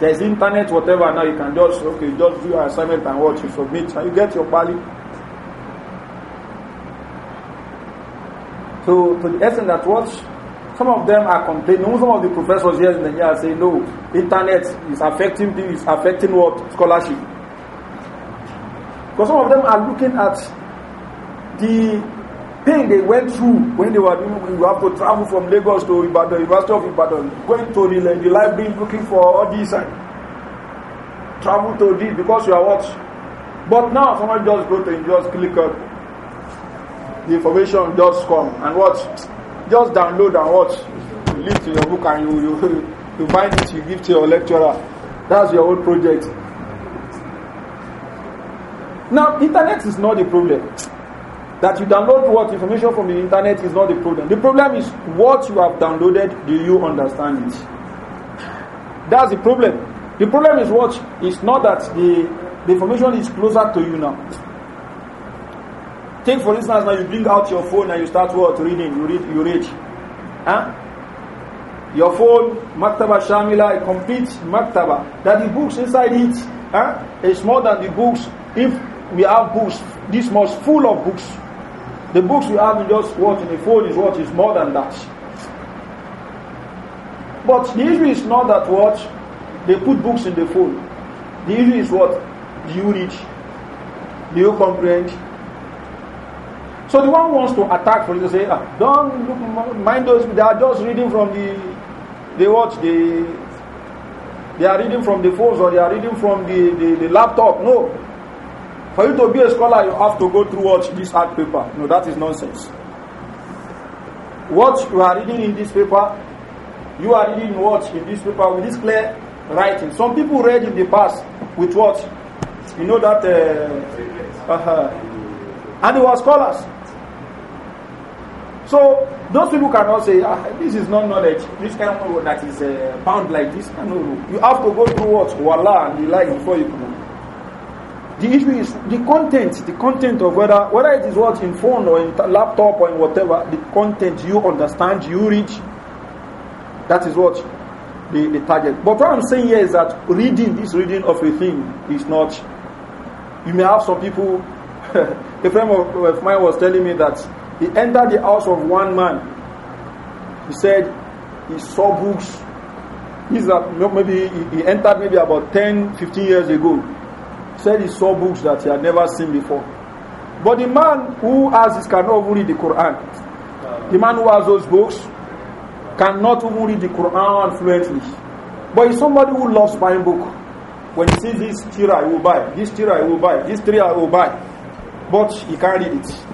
There's internet, whatever. Now you can just okay, just do your assignment and what you submit, and you get your pali. So to the essence that what Some of them are complaining. Some of the professors here in Nigeria say, no, internet is affecting this, is affecting what? Scholarship. Because some of them are looking at the pain they went through when they were doing, you have to travel from Lagos to Ibadan, University of Ibadan, going to the, the library looking for all these and travel to this because you are what? But now someone just go to and just click up the information just come and what just download and watch. You link to your book and you, you, you find it, you give to your lecturer. That's your own project. Now, internet is not the problem. That you download what information from the internet is not the problem. The problem is what you have downloaded, do you understand it? That's the problem. The problem is what? It's not that the, the information is closer to you now. Take for instance now you bring out your phone and you start what reading. You read, you read. Huh? Your phone, Maktaba Shamila, a complete Maktaba. That the books inside it huh, is more than the books. If we have books, this much full of books. The books we have in just what in the phone is what is more than that. But the issue is not that what they put books in the phone. The issue is what do you read? Do you comprehend? So the one who wants to attack for you to say, ah, don't look, mind those, they are just reading from the, they watch, the, they are reading from the phones or they are reading from the, the, the laptop. No. For you to be a scholar, you have to go through watch this hard paper. No, that is nonsense. What you are reading in this paper, you are reading what in this paper with this clear writing. Some people read in the past with what? You know that. Uh, uh -huh. And they were scholars. So those people cannot say, ah, this is not knowledge. This kind of knowledge that is uh, bound like this. No, no. You have to go through what? Wallah and the like before you can. The issue is the content, the content of whether whether it is what in phone or in laptop or in whatever, the content you understand, you read, that is what the, the target. But what I'm saying here is that reading this reading of a thing is not. You may have some people. a friend of, of mine was telling me that He entered the house of one man. He said he saw books. He's that maybe he entered maybe about 10, 15 years ago. said he saw books that he had never seen before. But the man who has this cannot even read the Quran. The man who has those books cannot even read the Quran fluently. But he's somebody who loves buying book. When he sees this tira, I will buy. This tira, I will buy. This tira, I will buy. But he can't read it.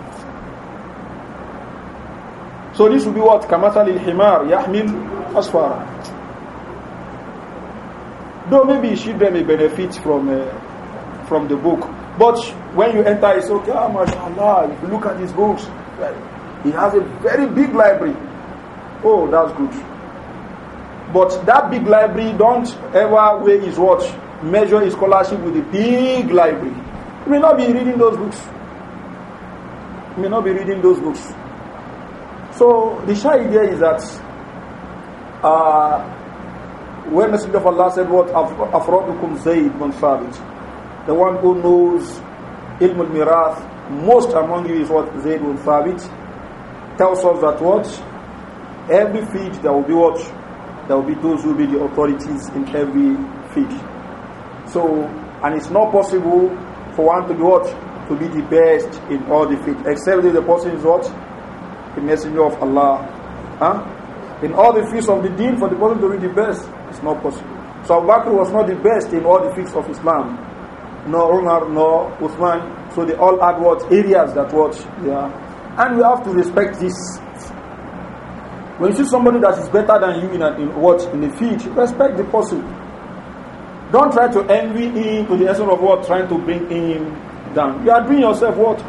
So this will be what? كَمَثَلِ himar Yahmil أَسْفَارًا Though maybe children may benefit from, uh, from the book. But when you enter, it's okay, ah, mashallah, if you look at these books, he has a very big library. Oh, that's good. But that big library, don't ever weigh his watch, measure his scholarship with a big library. You may not be reading those books. You may not be reading those books. So the shy idea is that uh, when Messenger of Allah said, What Afradukum Zayd bin Thabit, the one who knows Ilm al Mirath, most among you is what Zayd bin Thabit tells us that what every field there will be what there will be those who will be the authorities in every field. So, and it's not possible for one to be what to be the best in all the field, except if the person is what the messenger of Allah. Huh? In all the fields of the deen, for the person to be the best, it's not possible. So Abu Bakr was not the best in all the fields of Islam. Nor Umar, nor Uthman. So they all had what? Areas that watch. Yeah. And we have to respect this. When you see somebody that is better than you in, a, in what? In the field, respect the person. Don't try to envy him to the essence of what? Trying to bring him down. You are doing yourself what?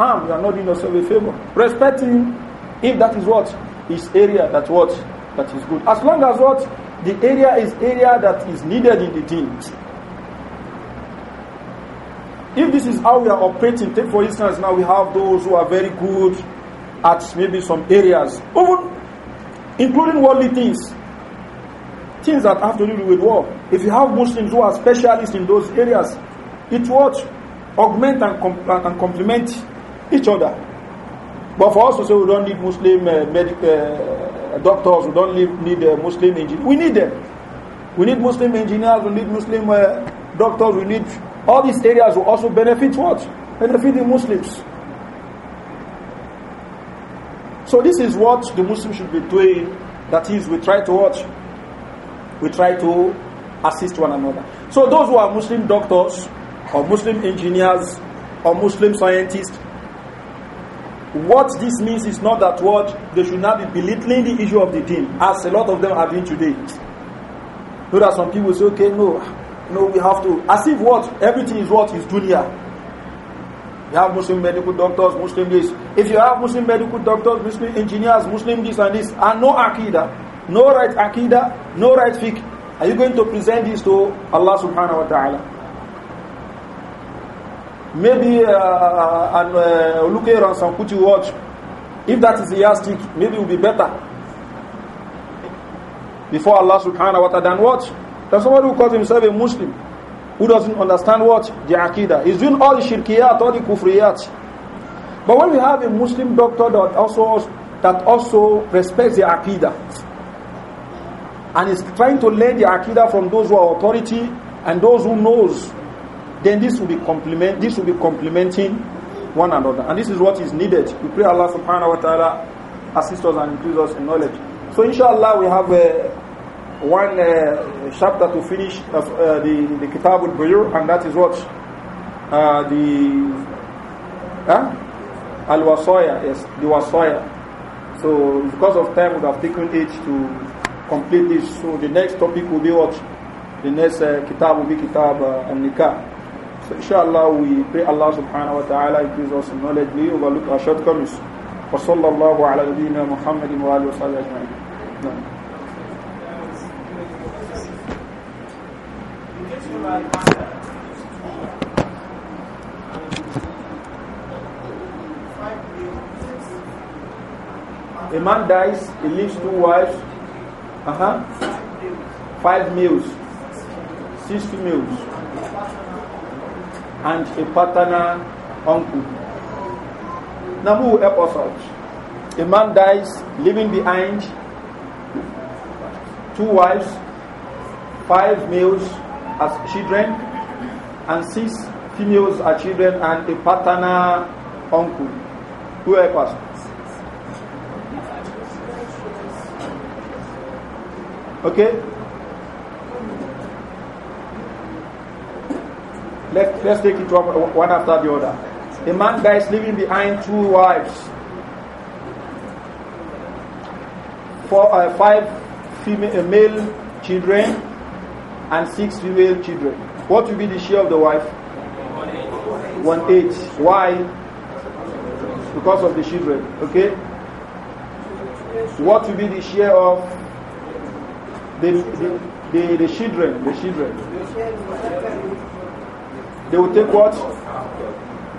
Harm. You are not doing yourself a favor. Respect him. If that is what is area that what that is good. As long as what the area is area that is needed in the deen. If this is how we are operating, take for instance now we have those who are very good at maybe some areas, even including worldly things, things that have to do with war. If you have Muslims who are specialists in those areas, it will augment and, and complement each other. But for us to say we don't need Muslim uh, medic, uh, uh doctors, we don't leave, need uh, Muslim engineers, we need them. We need Muslim engineers, we need Muslim uh, doctors, we need all these areas will also benefit what? Benefit the Muslims. So this is what the Muslims should be doing. That is, we try to watch, we try to assist one another. So those who are Muslim doctors, or Muslim engineers, or Muslim scientists, what this means is not that what they should not be belittling the issue of the team, as a lot of them have been today. Know that some people say, okay, no, no, we have to. As if what everything is what is dunya. You have Muslim medical doctors, Muslim this. If you have Muslim medical doctors, Muslim engineers, Muslim this and this, and no akida, no right akida, no right fiqh, are you going to present this to Allah subhanahu wa ta'ala? maybe uh, an uh, some uh, Ransankuchi watch, if that is the yardstick, maybe it will be better before Allah subhanahu wa ta'ala than what? There's somebody who calls himself a Muslim who doesn't understand what? The Aqidah. He's doing all the shirkiyat, all the kufriyat. But when we have a Muslim doctor that also that also respects the Aqidah and is trying to learn the Aqidah from those who are authority and those who knows then this will be complement this will be complementing one another. And this is what is needed. We pray Allah subhanahu wa ta'ala assist us and increase us in knowledge. So inshallah we have uh, one uh, chapter to finish of uh, the, the Kitab al-Buyur and that is what? Uh, the Al-Wasaya, yes, the Wasaya. So because of time we have taken it to complete this. So the next topic will be what? The next uh, kitab will be Kitab uh, al-Nikah. So inshallah we pray Allah subhanahu wa ta'ala increase us in knowledge, we overlook our shortcomings. وصلى الله على نبينا محمد وآله وصحبه أجمعين. A man dies, he leaves two wives, uh -huh, five males, six females. and a paternal uncle. Now, who will help us out? A man dies, leaving behind two wives, five males as children, and six females as children, and a paternal uncle. Who will help us? Okay? Let, let's take it one, after the other. A man dies leaving behind two wives, four, uh, five female, uh, male children, and six female children. What will be the share of the wife? One eight. Why? Because of the children. Okay. What will be the share of the, the, the, the children? The children. They will take what?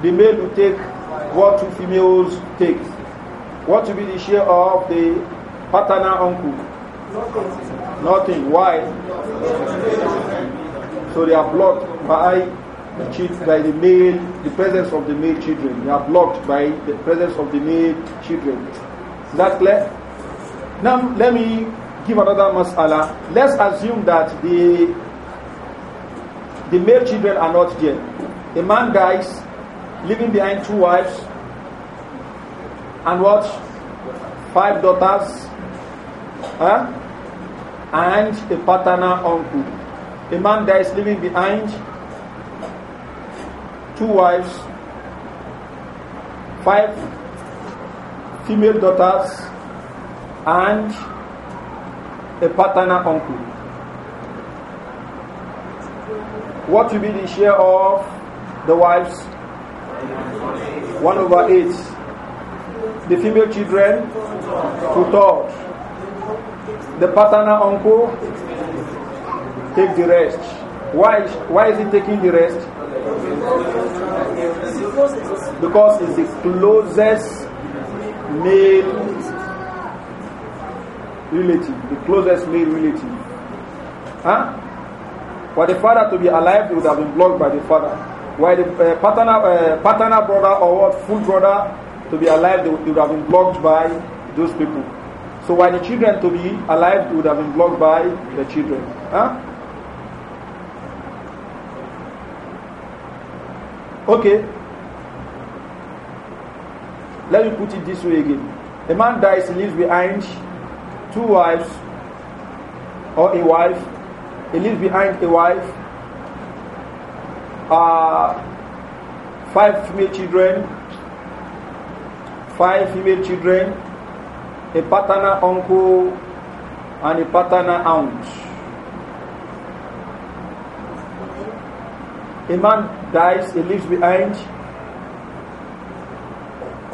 The male will take what two females take. What will be the share of the paternal uncle? Nothing. Why? So they are blocked by the by the male, the presence of the male children. They are blocked by the presence of the male children. Is that clear? Now let me give another masala. Let's assume that the The male children are not there. A man dies, leaving behind two wives and what? Five daughters huh? and a paternal uncle. A man dies, leaving behind two wives, five female daughters, and a paternal uncle. What will be the share of the wives? One over eight. The female children?
Two
thirds. The paternal uncle? Take the rest. Why, why is he taking the rest? Because it's the closest male relative. The closest male relative. Huh? For the father to be alive, he would have been blocked by the father. While the uh, paternal, uh, paternal brother or what, full brother to be alive, they would, they would have been blocked by those people. So while the children to be alive, they would have been blocked by the children. Huh? Okay. Let me put it this way again. A man dies, he leaves behind two wives or a wife he leaves behind a wife, uh, five female children, five female children, a paternal uncle, and a paternal aunt. A man dies, he leaves behind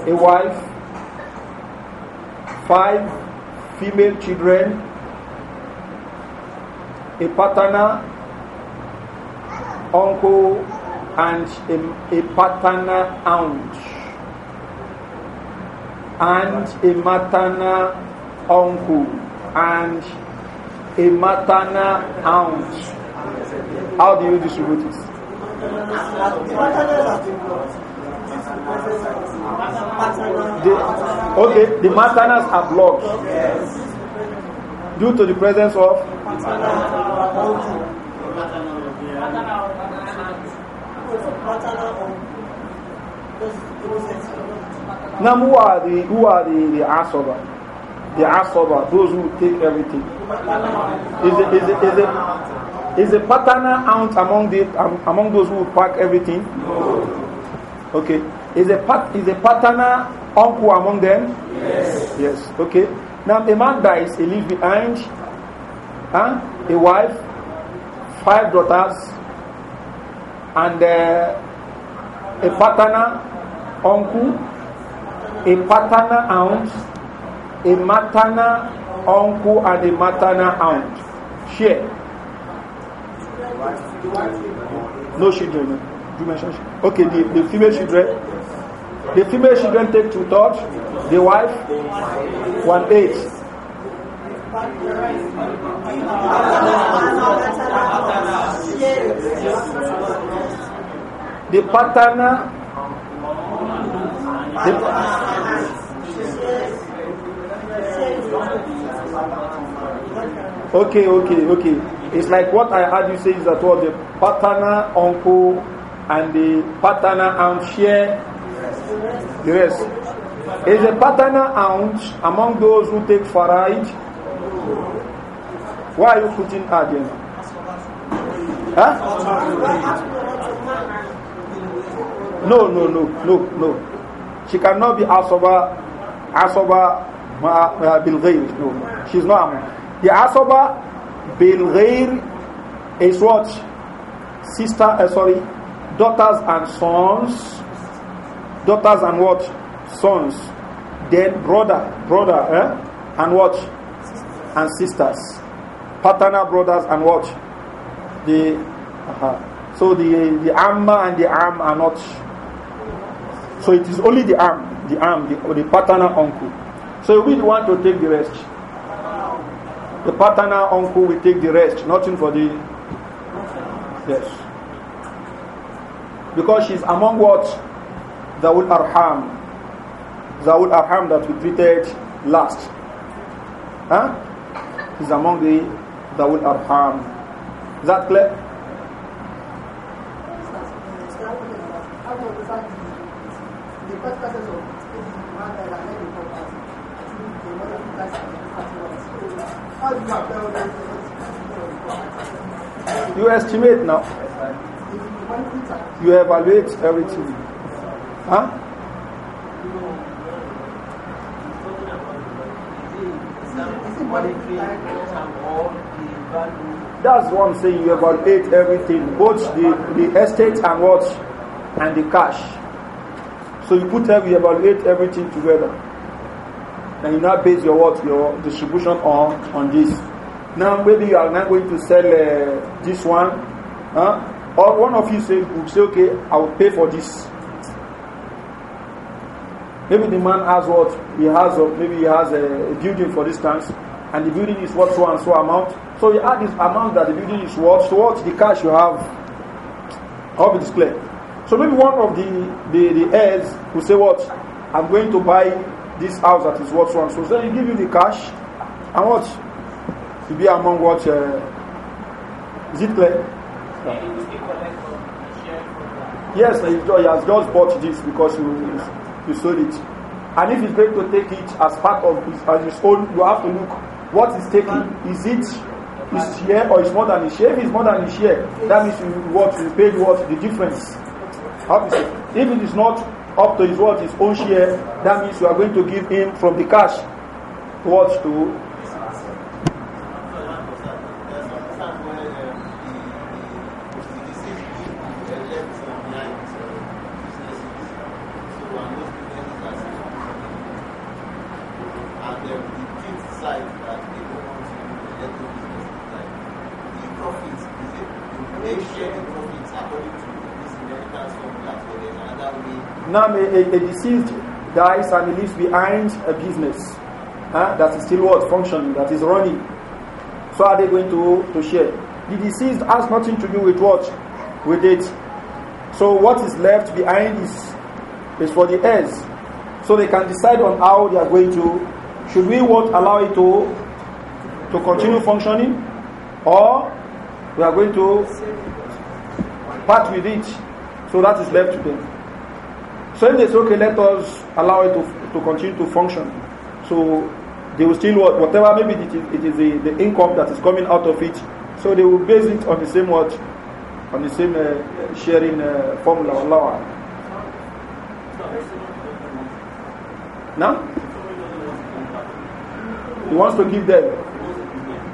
a wife, five female children, a paternal uncle and a, a paternal aunt and a maternal uncle and a maternal aunt. How do you distribute it? The, okay, the maternals are blocked due to the presence of Now, who are the who are the the The Asaba, those who take everything.
Is it is it is it
is a patana aunt among the um, among those who pack everything? No. Okay. Is a pat is a patana uncle among them? Yes. Yes. Okay. Now a man dies, he leaves behind huh? a wife, five daughters, and uh, a paternal uncle, a paternal aunt, a maternal uncle, and a maternal aunt. Share. No children. You mentioned okay. The, the female children. The female children take two thirds. The wife one eight. Le Patana Ok, okay, okay, okay. It's like what I heard you say is that what the patana uncle and the patana aunt share
the Is the
patana aunt among those who take Why are you putting her there? Huh? No, no, no, no, no. She cannot be asoba, asoba bin ghayr. No, she's not. Among. The asoba bin ghayr is what sister, uh, sorry, daughters and sons, daughters and what sons, then brother, brother, eh? and what and sisters, paternal brothers and what? The uh -huh. so the the amma and the arm are not. So it is only the arm, the arm, the, the paternal uncle. So we want to take the rest. The paternal uncle will take the rest, nothing for the yes. Because she's among what? Zawul Arham. Zawul Arham that we treated last. Huh? is among the Dawul Arham. Is that clear? You estimate now. You evaluate everything. Huh? That's what I'm saying. You evaluate everything, both the, the estate and what? And the cash. So you put every, you evaluate everything together. And you now base your what? Your distribution on, on this. Now maybe you are not going to sell uh, this one. Huh? Or one of you say, would say, okay, I will pay for this. Maybe the man has what? He has, or uh, maybe he has a, uh, a building for this times and the building is what so and so amount. So you add this amount that the building is worth, towards the cash you have? I hope it's clear. So maybe one of the, the, the heirs will say, What? I'm going to buy this house that is worth so and so. So he give you the cash and what? To be among what? Uh, is it clear? Yes, he has just bought this because you, you sold it. And if he's going to take it as part of his, as his own, you have to look what is taken? Is it his share or is more than his share? If it's more than his share, that means you what you paid what the difference. Obviously, if it is not up to his what his own share, that means you are going to give him from the cash what to Now, a, a, a deceased dies and he leaves behind a business huh, that is still what? Functioning, that is running. So are they going to, to share? The deceased has nothing to do with what? With it. So what is left behind is, is for the heirs. So they can decide on how they are going to. Should we what allow it to to continue functioning, or we are going to part with it? So that is left to them. So they say, okay, let us allow it to, to continue to function. So they will still, whatever, maybe it is, it is the, the income that is coming out of it. So they will base it on the same what? On the same uh, uh sharing uh, formula. Allah. Now? He wants to give them.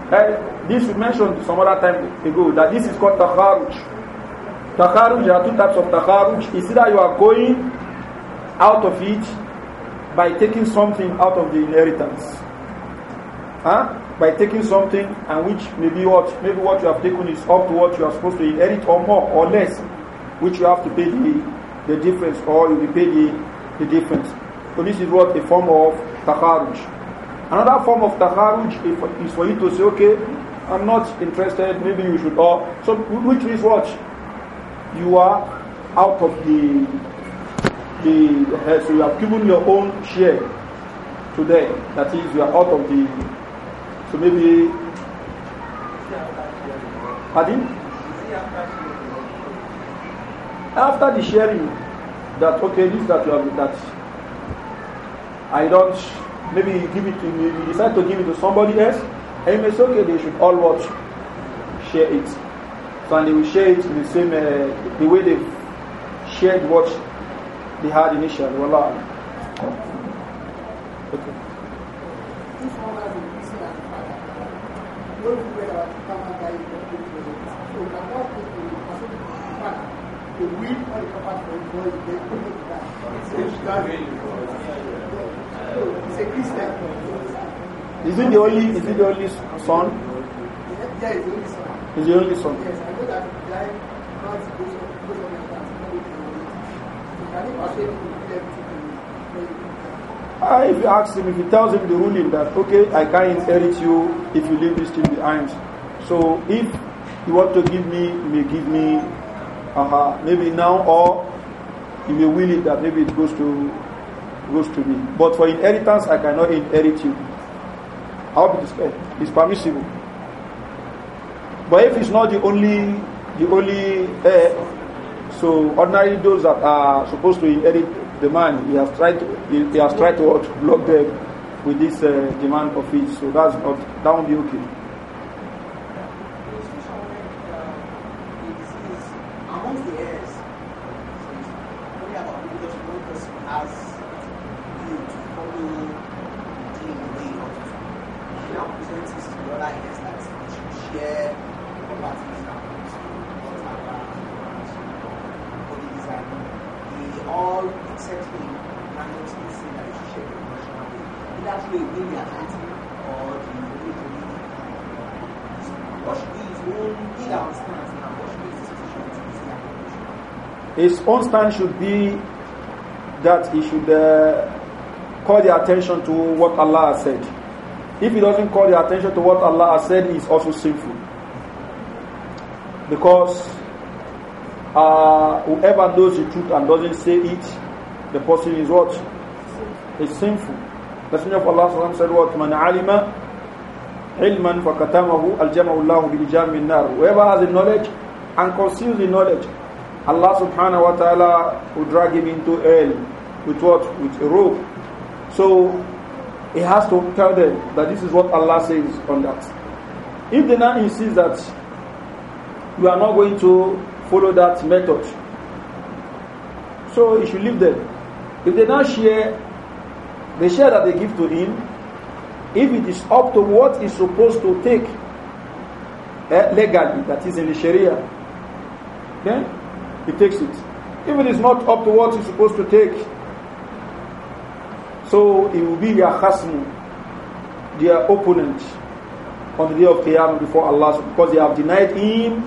And eh, this we mentioned some other time ago that this is called takharuj. Takharuj, there are two types of takharuj. It's either you are going out of it by taking something out of the inheritance. Huh? By taking something and which maybe what maybe what you have taken is up to what you are supposed to inherit or more or less, which you have to pay the, the difference or you will pay the, the difference. So this is what a form of takharuj. Another form of takharuj is for you to say, okay, I'm not interested, maybe you should or so which is what? You are out of the the so you have given your own share to them. That is, you are out of the. So maybe. Pardon? After the sharing, that okay, this that you have that I don't. Maybe you give it to me. You decide to give it to somebody else, and it's okay. They should all watch, share it. So and they will share it in the same uh, the way they shared what had initially. Wallah. Okay. Is it the only is it the only son?
Yeah, it's the only son.
Is the only son. Yes, I
know that Uh,
if you ask him, if he tells him the ruling that, okay, I can't inherit you if you leave this thing behind. So if you want to give me, you may give me, uh maybe now, or you may will it that maybe it goes to goes to me. But for inheritance, I cannot inherit you. How will fair? Eh, it's permissible. But if it's not the only the only heir, eh, So ordinarily those that are supposed to inherit the man, he has tried to, he, he has tried to block them with this uh, demand of his. So that's not, that won't be okay. own stand should be that he should uh, call their attention to what Allah has said. If he doesn't call their attention to what Allah has said, he's also sinful. Because uh, whoever knows the truth and doesn't say it, the person is what? Is sinful. The Messenger of Allah said what? Man alima ilman fakatamahu aljama'ullahu bilijam min nar. Whoever has the knowledge and conceals the knowledge, Allah subhanahu wa ta'ala will drag him into hell with what? With a rope. So he has to tell them that this is what Allah says on that. If they now insist that you are not going to follow that method, so you should leave them. If they now share the share that they give to him, if it is up to what he's supposed to take eh, legally, that is in the Sharia, then he takes it. if it's not up to what he's supposed to take, so he will be their khasm, their opponent on the day of Qiyamah before Allah because they have denied him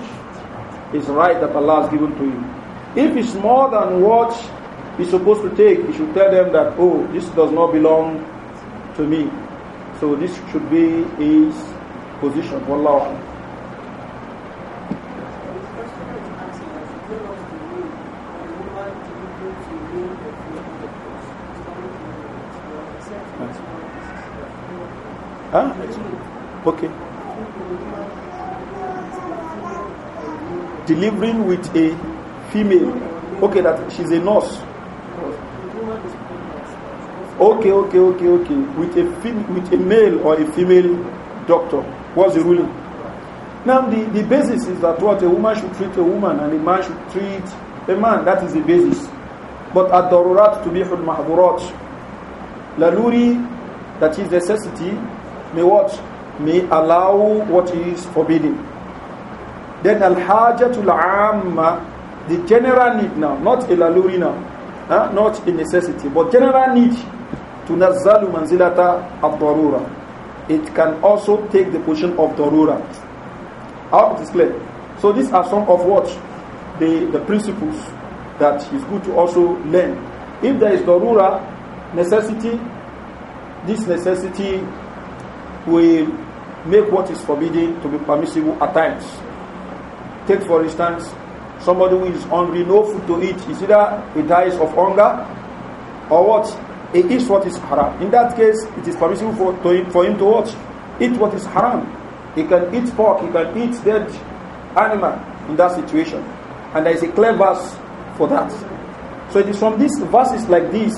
his right that Allah has given to him. If it's more than what he's supposed to take, he should tell them that, oh, this does not belong to me. So this should be his position. Wallahu Ah, Okay. Delivering with a female. Okay, that she's a nurse. Okay, okay, okay, okay. With a fem- with a male or a female doctor. What's the ruling? Now the, the basis is that what a woman should treat a woman and a man should treat a man. That is the basis. But at darurat to be mahdurat. Laluri, that is necessity, may what? May allow what is forbidden. Then al-hajatul amma, the general need now, not a now, huh? not a necessity, but general need to nazalu manzilata al-darura. It can also take the position of darura. How it is clear? So these are some of what the, the principles that is good to also learn. If there is darura, necessity, this necessity will make what is forbidden to be permissible at times. Take, for instance, somebody who is hungry, no food to eat, is either he dies of hunger or what? He eats what is haram. In that case, it is permissible for, him, for him to watch, eat what is haram. He can eat pork, he can eat dead animal in that situation. And there is a clear verse for that. So it is from these verses like this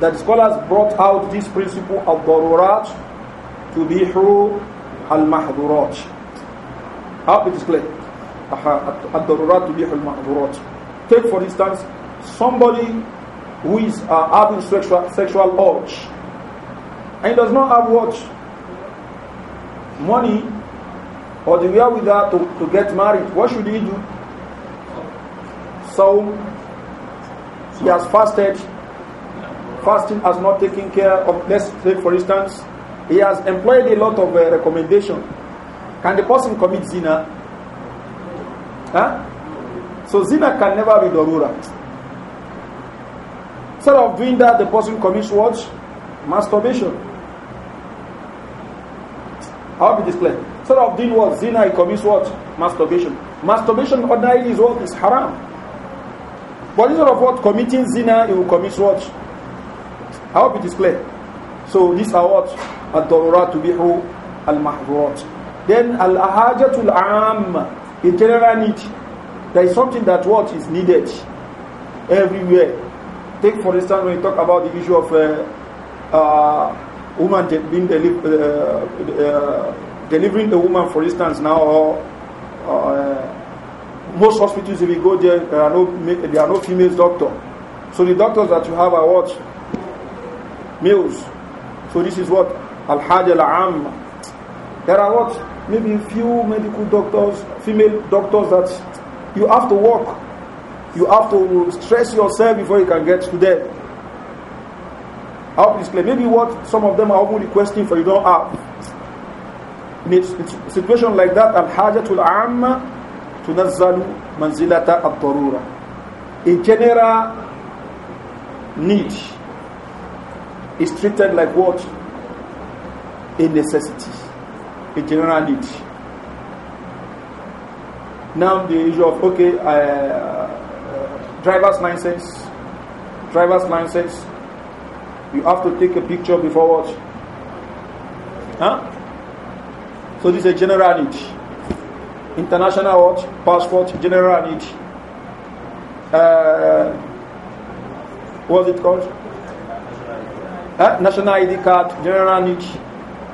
that scholars brought out this principle of Dorurat tubihu al-mahdurat. How it is clear? Ad-darurat tubihu al-mahdurat. Take for instance, somebody who is uh, having sexual, sexual urge and does not have what? Money or the way that to, to get married. What should he do? So he has fasted fasting has not taken care of, let's take for instance, he has employed a lot of uh, recommendation. Can the person commit zina? Huh? So zina can never be darura. Instead of doing that, the person commits what? Masturbation. I'll be displayed. Instead of doing what? Zina, he commits what? Masturbation. Masturbation ordinarily is what? Is haram. But instead of what? Committing zina, he will commit what? I hope it is displayed. So these are what الضرورات تبيح المحظورات then الحاجة العامة a general need there is something that what is needed everywhere take for instance when you talk about the issue of uh, uh, woman being deli uh, uh, delivering a woman for instance now or uh, most hospitals if you go there there are no there are no female doctor so the doctors that you have are what males so this is what Al-Hajj al There are what? Maybe a few medical doctors, female doctors that you have to work. You have to stress yourself before you can get to them. I'll please Maybe what some of them are only requesting for you don't have. In a situation like that, al hajjatul Amma tunazzalu manzilata al-darura. A general need is treated like what? a necessity, a general need. Now the issue of okay, uh, uh, driver's license, driver's license. You have to take a picture before what? Huh? So this is a general need. International what? Passport, general need. Uh, what's it called? Huh? National ID card, general need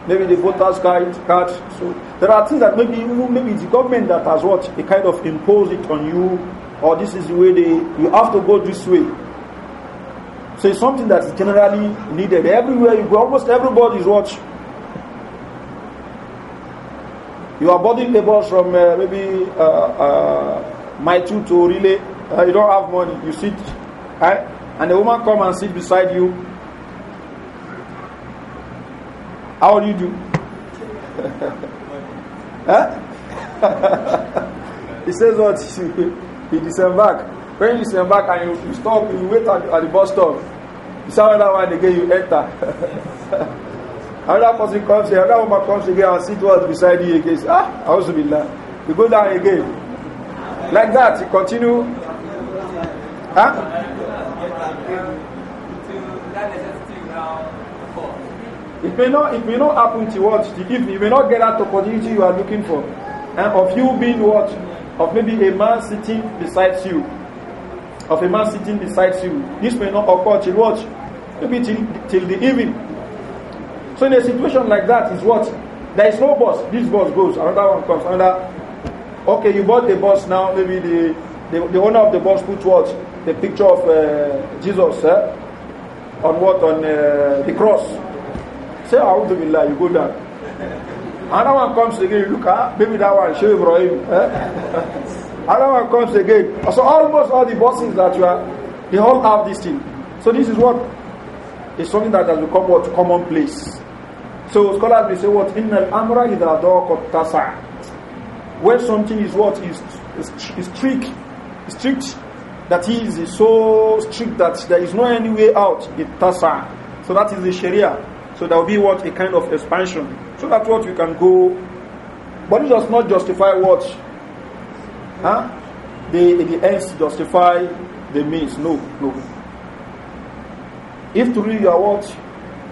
maybe the voters card, card. So there are things that maybe maybe it's the government that has what a kind of imposed it on you, or this is the way they you have to go this way. So it's something that's generally needed everywhere you go. Almost everybody is watch. You are boarding the bus from uh, maybe uh, uh, my two to relay. Uh, you don't have money. You sit, right? Eh? and the woman come and sit beside you How do you do? Huh? he says what? he disembark. When you disembark and you, stop, you wait at, at the bus stop. You saw that one again, you enter. another person comes here, another woman comes again and sit was beside you again. Ah, I also be there. You go down again. Like that, you continue. Huh? It may not it may not happen to what the evening. You may not get that opportunity you are looking for. And of you being what? Of maybe a man sitting beside you. Of a man sitting beside you. This may not occur till what? Maybe till, till the evening. So in a situation like that is what? There is no bus. This bus goes, another one comes, another okay, you bought the bus now, maybe the, the, the owner of the bus put what? The picture of uh, Jesus eh? on what? On uh, the cross. Say, Alhamdulillah, you go down. Another one comes again, you look at, ah, maybe that one, Sheikh Ibrahim. Eh? Another one comes again. So almost all the bosses that you are, they all have this thing. So this is what is something that has become what commonplace. So scholars will say what in al amra idha daqat tasa. When something is what is is, is strict, strict that is, is so strict that there is no any way out. It tasa. So that is the Sharia. So there will be what? A kind of expansion. So that what you can go. But it does not justify what? Huh? The, the ends justify the means. No, no. If truly you are what?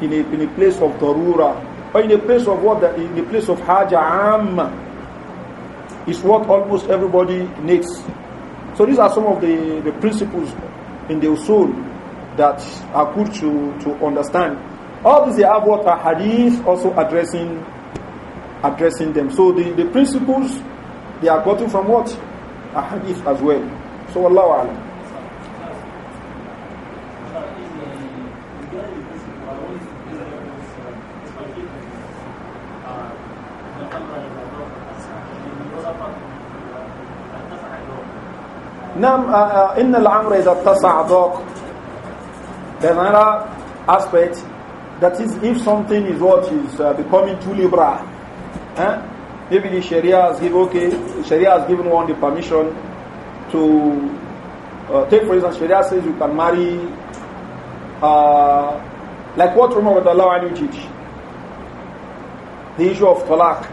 In a, in a place of Darura, or in a place of what? In the place of Hajja'am, is what almost everybody needs. So these are some of the, the principles in the soul that are good to, to understand. All these they have what are hadith also addressing addressing them. So the, the principles they are gotten from what? A hadith as well. So Allah Alam. نعم إن الأمر إذا اتسع ضاق. Then another aspect that is, if something is what is uh, becoming too liberal, eh? maybe the Sharia has given okay, Sharia has given one the permission to uh, take for instance, Sharia says you can marry uh, like what Umar with Allah and you teach. The issue of talak,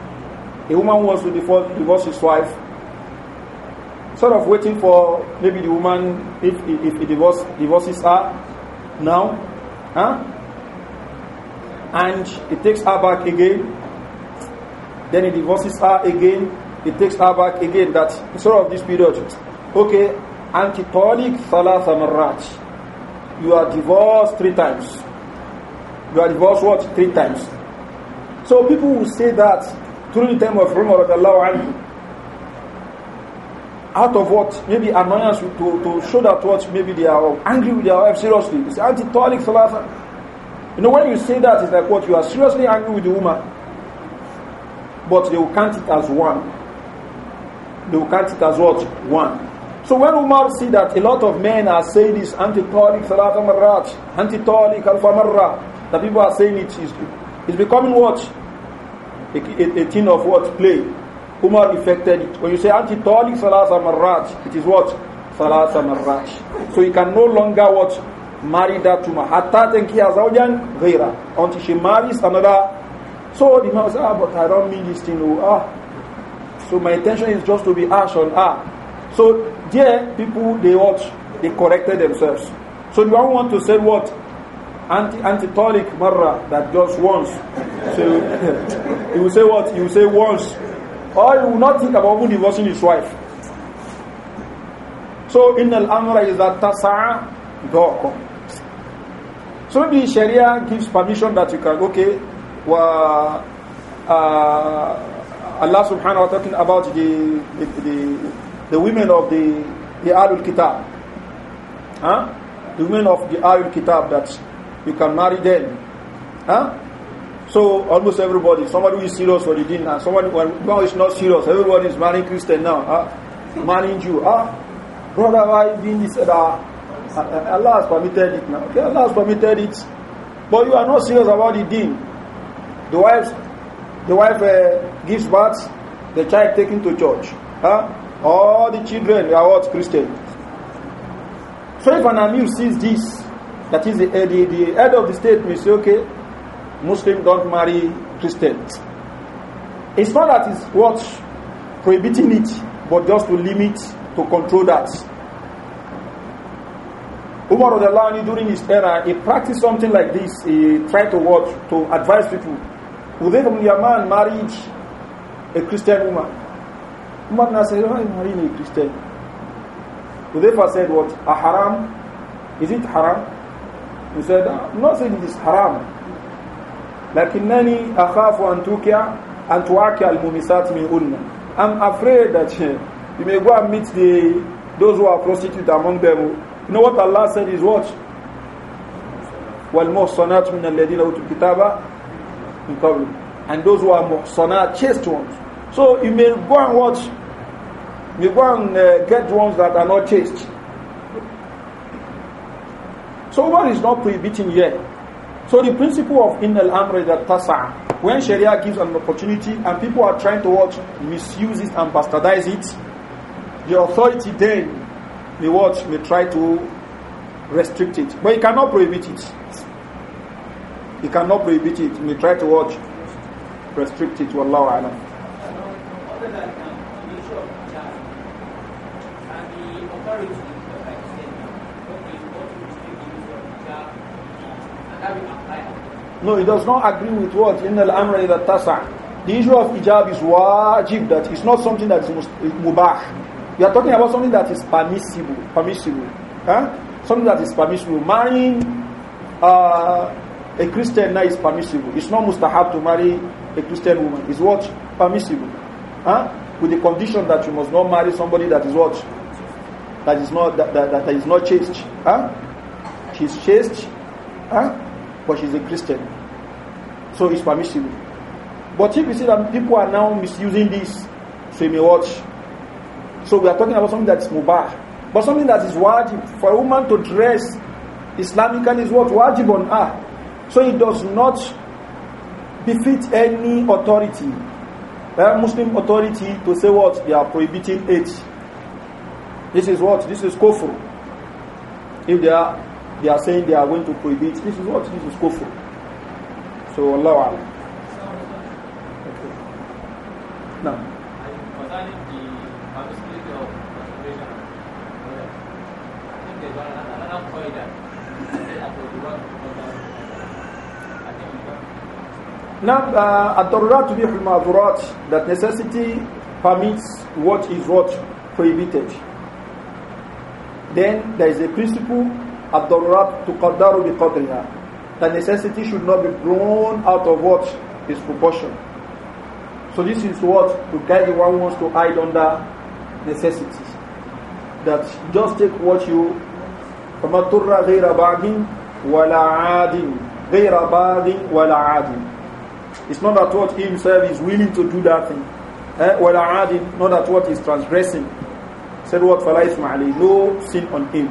A woman wants to divorce, divorce his wife, sort of waiting for maybe the woman if if, if he divorce, divorces her now, huh? and he takes her back again. Then he divorces her again. He takes her back again. That sort of this period. Okay, antitonic salah marrat. You are divorced three times. You are divorced what? Three times. So people will say that during the time of Umar out of what? Maybe annoyance to, to show that what? Maybe they are angry with their wife seriously. It's antitonic salah. You know, when you say that, it's like what? You are seriously angry with the woman. But they will count it as one. They will count it as what? One. So when Umar see that a lot of men are saying this, anti tolik salata marrat, anti tolik alfa marra, that people are saying it is it's becoming what? A, a, a thing of what? Play. Umar affected it. When you say anti tolik salata marrat, it is what? Salata marrat. So he can no longer what? marry that woman. Hatta tenkiya zawjan ghaira. Until she marries another. So the man says, ah, but I don't mean this thing. Oh, ah. So my intention is just to be harsh on her. So there, people, they watch. They corrected themselves. So the one want to say what? Anti, antitolic marra, that just once. So he will say what? He will say once. Or he will not think about even divorcing his wife. So in al-amra is that tasa'a dokum. So maybe Sharia gives permission that you can, okay, wa, uh, Allah subhanahu wa ta'ala talking about the, the, the, the, women of the, the Ahlul Kitab. Huh? The women of the Ahlul Kitab that you can marry them. Huh? So almost everybody, somebody who is serious for the Din, and somebody who is not serious, everybody is marrying Christian now, huh? marrying Jew. Huh? Ah, brother, why being this? Uh, Uh, Allah has permitted it now. Okay, Allah has permitted it. But you are not serious about the deen. The wife, the wife uh, gives birth, the child taken to church. Huh? All the children are what? Christian. So if an Amir sees this, that is the, uh, the, the head of the state may say, okay, Muslim don't marry Christians. It's not that it's what prohibiting it, but just to limit, to control that. Umar of during his era, he practiced something like this. He tried to what? To advise people. Udayr ibn Yaman married a Christian woman. Umar said, why marrying a Christian? Udayfa said what? A haram? Is it haram? He said, ah, I'm not saying it is haram. لكنني أخاف أن توقع أن تواقع الممسات منهن. I'm afraid that you may go and meet the those who are prostitutes among them you know what Allah said is what? وَالْمُحْصَنَاتُ مِنَ الَّذِينَ أُوتُوا الْكِتَابَ مِنْ قَبْلِ And those who are muhsanat, chaste ones. So you may go and watch, you go and uh, get ones that are not chaste. So what is not prohibiting yet. So the principle of in al amr that tasa, when Sharia gives an opportunity and people are trying to watch, misuse it and bastardize it, the authority then may what may try to restrict it, but he cannot prohibit it. He cannot prohibit it. He may try to watch restrict it. to Allah alam. No, it does not agree with what in the amr ila tasa. The issue of hijab is wajib that it's not something that is mubah. You are talking about something that is permissible, permissible, huh? Something that is permissible. Marrying uh, a Christian now is permissible. It's not mustahab to marry a Christian woman. It's what permissible, huh? With the condition that you must not marry somebody that is what that is not that, that, that is not chaste, huh? She's chaste, huh? But she's a Christian, so it's permissible. But if you see that people are now misusing this, so me watch So we are talking about something that is mubah. But something that is wajib. For a woman to dress Islamically is what? Wajib on her. So it does not befit any authority, uh, Muslim authority, to say what? They are prohibiting it. This is what? This is kufr. If they are they are saying they are going to prohibit, this is what? This is kufr. So Allah. Okay. Now. Now, uh, at-tarurat bihul ma'zurat, that necessity permits what is what prohibited. Then there is a principle, at-tarurat bi biqadriha, that necessity should not be blown out of what is proportion. So this is what to guide the one wants to hide under necessity. That just take what you فَمَا تُرَّ غَيْرَ بَعْدٍ وَلَا عَادٍ غَيْرَ بَعْدٍ وَلَا عَادٍ it's not that what he himself is willing to do that thing. Eh? Not that what he's transgressing. Said what? No sin on him.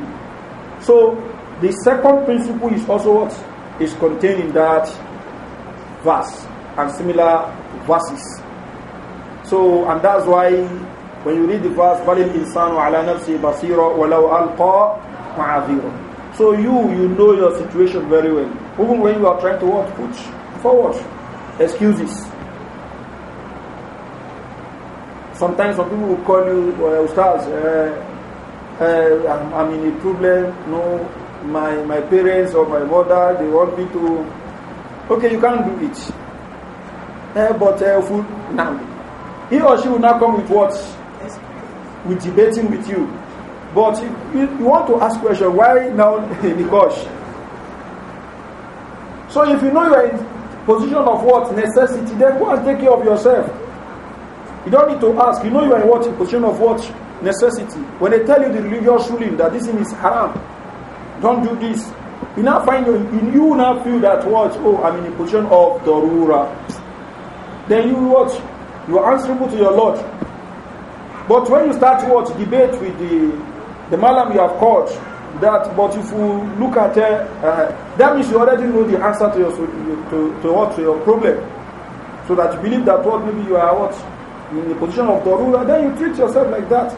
So the second principle is also what is contained in that verse and similar verses. So, and that's why when you read the verse, بَلِ insanu ala نَفْسِهِ بَصِيرًا وَلَوْ أَلْقَى So you, you know your situation very well. Even when you are trying to what? Put forward. excuses. Sometimes some people will call you, well, uh, Ustaz, uh, uh, I'm, I'm in a problem. No, my, my parents or my mother, they want me to. Okay, you can't do it. Uh, but uh, food now. He or she will not come with what? With debating with you. But you, you want to ask question, why now? Because. So if you know you are in position of what? Necessity. Then go and take care of yourself. You don't need to ask. You know you are in what? Position of what? Necessity. When they tell you the religious ruling that this thing is haram, don't do this. You now find you, you now feel that what? Oh, I'm in a position of ruler Then you what? You are answerable to your Lord. But when you start what? Debate with the the malam you have caught that but if you look at it uh, that means you already know the answer to your to, to what to your problem. So that you believe that what maybe you are what in the position of the ruler, then you treat yourself like that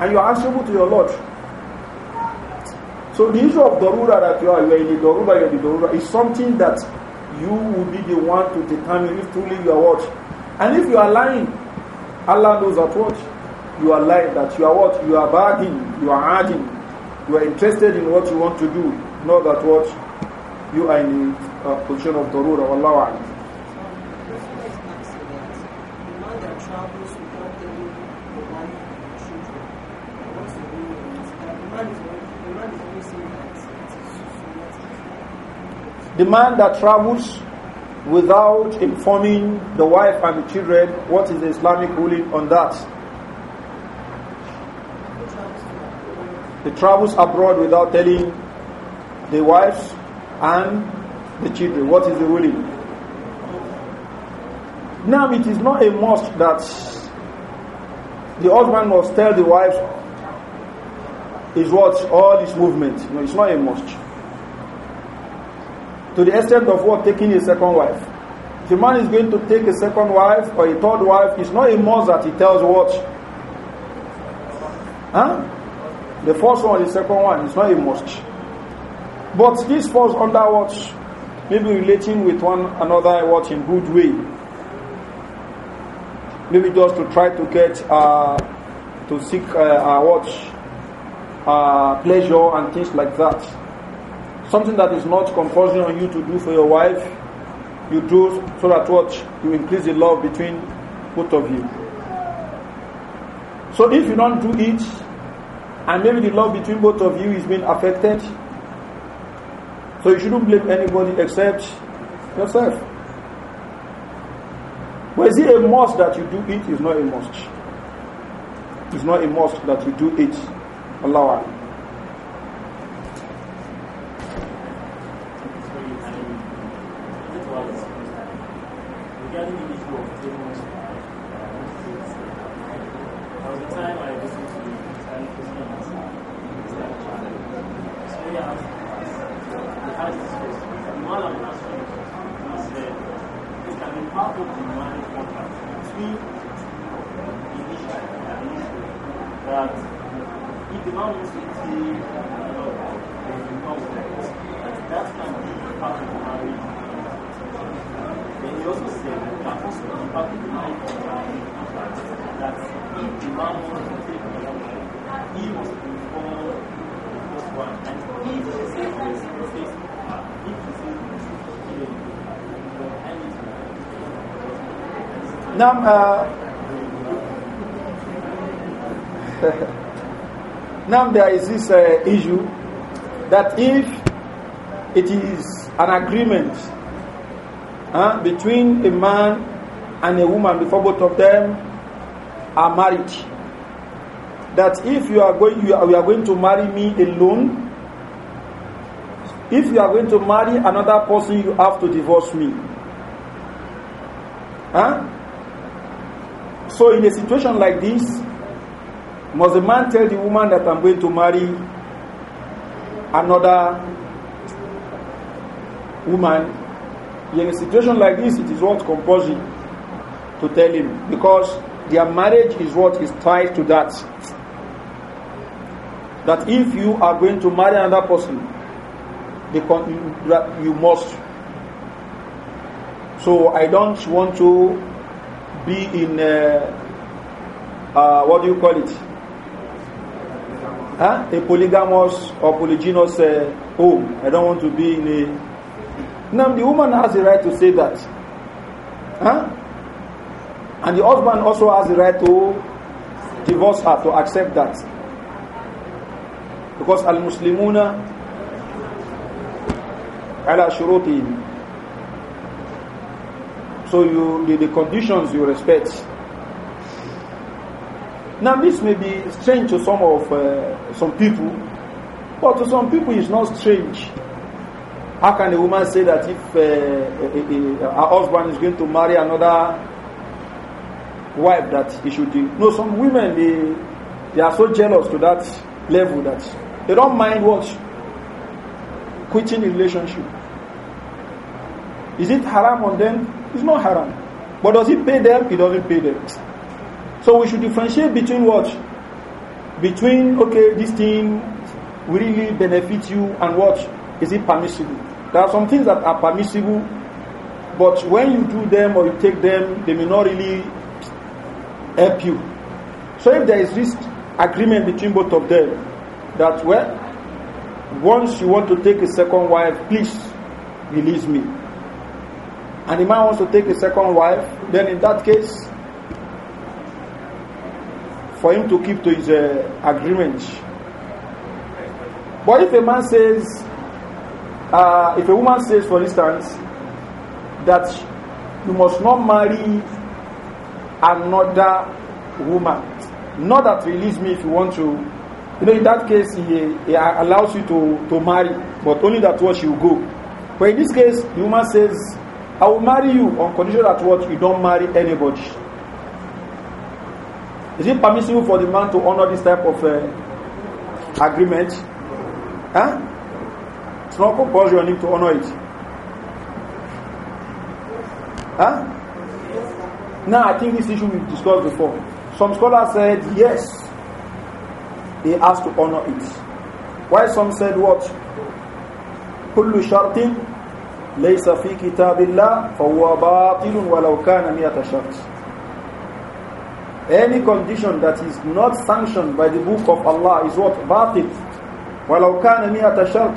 and you are answerable to your Lord. So the issue of the ruler that you are, you are in the Doruba, you are in the Dorura, is something that you will be the one to determine if truly you are what. And if you are lying, Allah knows that what you are lying, that you are what you are bargaining, you are adding, you are interested in what you want to do, not that what you are in position of Darura, Wallahu A'lam. The man that travels without informing the wife and the children, what is the Islamic ruling on that? He travels abroad without telling the wives and the children. What is the ruling? Now, it is not a must that the husband must tell the wife is what all this movement. No, it's not a must. To the extent of what taking a second wife. If a man is going to take a second wife or a third wife, it's not a must that he tells what. Huh? The first one, the second one, it's not a must. But this falls under what? Maybe relating with one another what in good way. Maybe just to try to get uh, to seek uh, uh, pleasure and things like that. Something that is not compulsory on you to do for your wife, you do so that watch you increase the love between both of you. So if you don't do it, and maybe the love between both of you is being affected, So you shouldn't blame anybody except yourself. But is it a must that you do it? It's not a must. It's not a must that you do it. Allah Uh, now there is this uh, issue that if it is an agreement uh, between a man and a woman before both of them are married, that if you are going, you are, you are going to marry me alone, if you are going to marry another person, you have to divorce me. Huh? So in a situation like this, must the man tell the woman that I'm going to marry another woman? In a situation like this, it is not compulsory to tell him because their marriage is what is tied to that. That if you are going to marry another person, you must. So I don't want to be in uh, uh, what do you call it? Huh? A polygamous or polygynous uh, home. I don't want to be in a. Now the woman has the right to say that, huh? And the husband also has the right to divorce her to accept that, because al-Muslimuna ala shurutihim So you the, the conditions you respect. Now this may be strange to some of uh, some people, but to some people it's not strange. How can a woman say that if uh, a, a, a, her husband is going to marry another wife that he should do? No, some women they they are so jealous to that level that they don't mind what quitting a relationship. Is it haram on them? It's not haram. But does it pay them? It doesn't pay them. So we should differentiate between what? Between, okay, this thing will really benefit you and what? Is it permissible? There are some things that are permissible, but when you do them or you take them, they may not really help you. So if there is this agreement between both of them that, well, once you want to take a second wife, please release me. and the man wants to take a second wife, then in that case, for him to keep to his uh, agreement. But if a man says, uh, if a woman says, for instance, that you must not marry another woman, not that release me if you want to, you know, in that case, he, he allows you to, to marry, but only that she will go. But in this case, the woman says, I will marry you on condition that what you don't marry anybody. Is it permissible for the man to honor this type of uh, agreement? Huh? It's not compulsory on him to honor it. Huh? Now, I think this issue we discussed before. Some scholars said yes, he has to honor it. Why some said what? كل شرط ليس في كتاب الله فهو باطل ولو كان مئة شرط any condition that is not sanctioned by the book of Allah is what? باطل ولو كان مئة شرط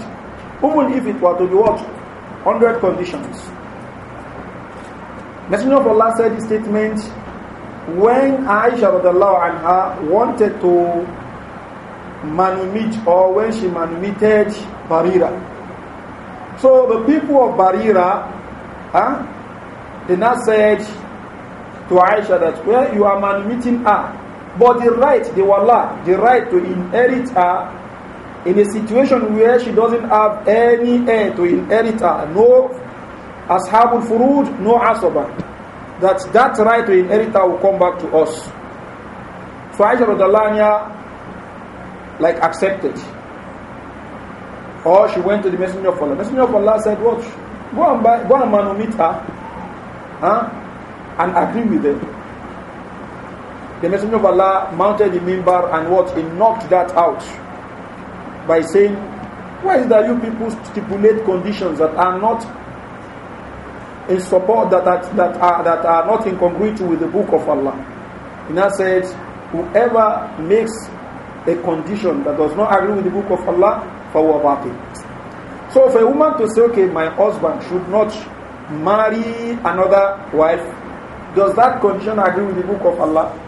even if it were to be what? 100 conditions. Messenger of Allah said this statement when Aisha anha wanted to manumit or when she manumitted Barira. So the people of Barira, huh, they now said to Aisha that, well, you are manumitting her. Ah, but the right, the wallah, the right to inherit her in a situation where she doesn't have any heir to inherit her, no ashabul furud, no asaba, that that right to inherit her will come back to us. So Aisha Radhalanya like accepted. Or she went to the Messenger of Allah. Messenger of Allah said, Watch, go and buy, go and meet her huh? and agree with them. The Messenger of Allah mounted the mimbar and what? He knocked that out by saying, Why is that you people stipulate conditions that are not in support that, that, that, are, that are not congruity with the book of Allah? He now said, Whoever makes a condition that does not agree with the book of Allah, for فَهُوَ بَاطِل So for a woman to say, okay, my husband should not marry another wife, does that condition agree with the book of Allah?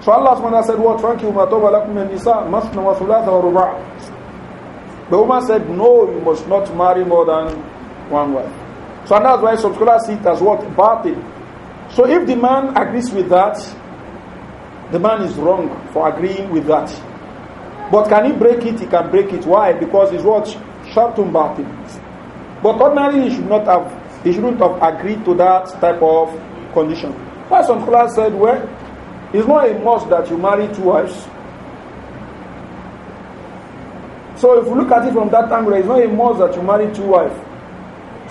So Allah subhanahu said, What thank you, lakum and nisa, masna wa thulatha ruba'. The woman said, No, you must not marry more than one wife. So that's why some scholars see it as what? Batil. So if the man agrees with that, the man is wrong for agreeing with that. But can he break it? He can break it. Why? Because it's what? Shartun it. But ordinarily, he should not have, he shouldn't have agreed to that type of condition. Why some scholars said, well, it's not a must that you marry two wives. So if you look at it from that angle, it's not a must that you marry two wives.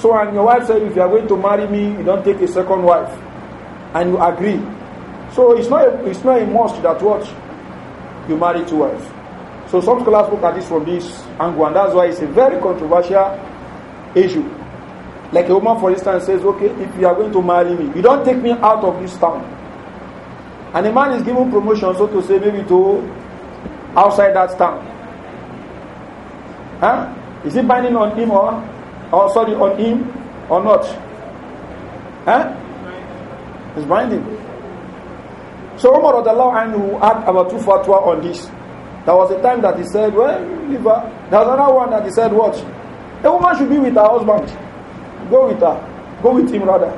So and your wife said, if you are going to marry me, you don't take a second wife, and you agree. So it's not a, it's not a must that what you marry two wives. So some scholars look at this from this angle, and that's why it's a very controversial issue. Like a woman, for instance, says, Okay, if you are going to marry me, you don't take me out of this town. And a man is given promotion, so to say, maybe to outside that town. Huh? Is it binding on him or, or sorry, on him or not? Huh? It's binding. So Umar who had about two fatwa on this. There was a time that he said, Well, leave her. There was another one that he said, Watch, a woman should be with her husband. Go with her. Go with him, rather.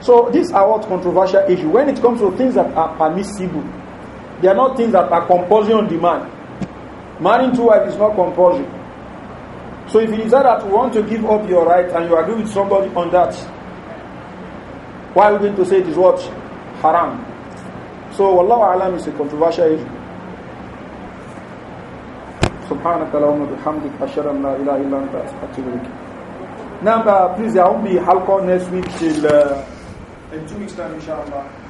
So these are what controversial issue. When it comes to things that are permissible, they are not things that are compulsory on demand. Marrying two wives is not compulsory. So if you decide that you want to give up your right and you agree with somebody on that, why are we going to say it is what? Haram. So Allah Alam is a controversial issue. سبحانك اللهم وبحمدك اشهد ان لا اله الا انت استغفرك Now, uh, please, there will be halqa next week till uh, in two weeks time, inshallah.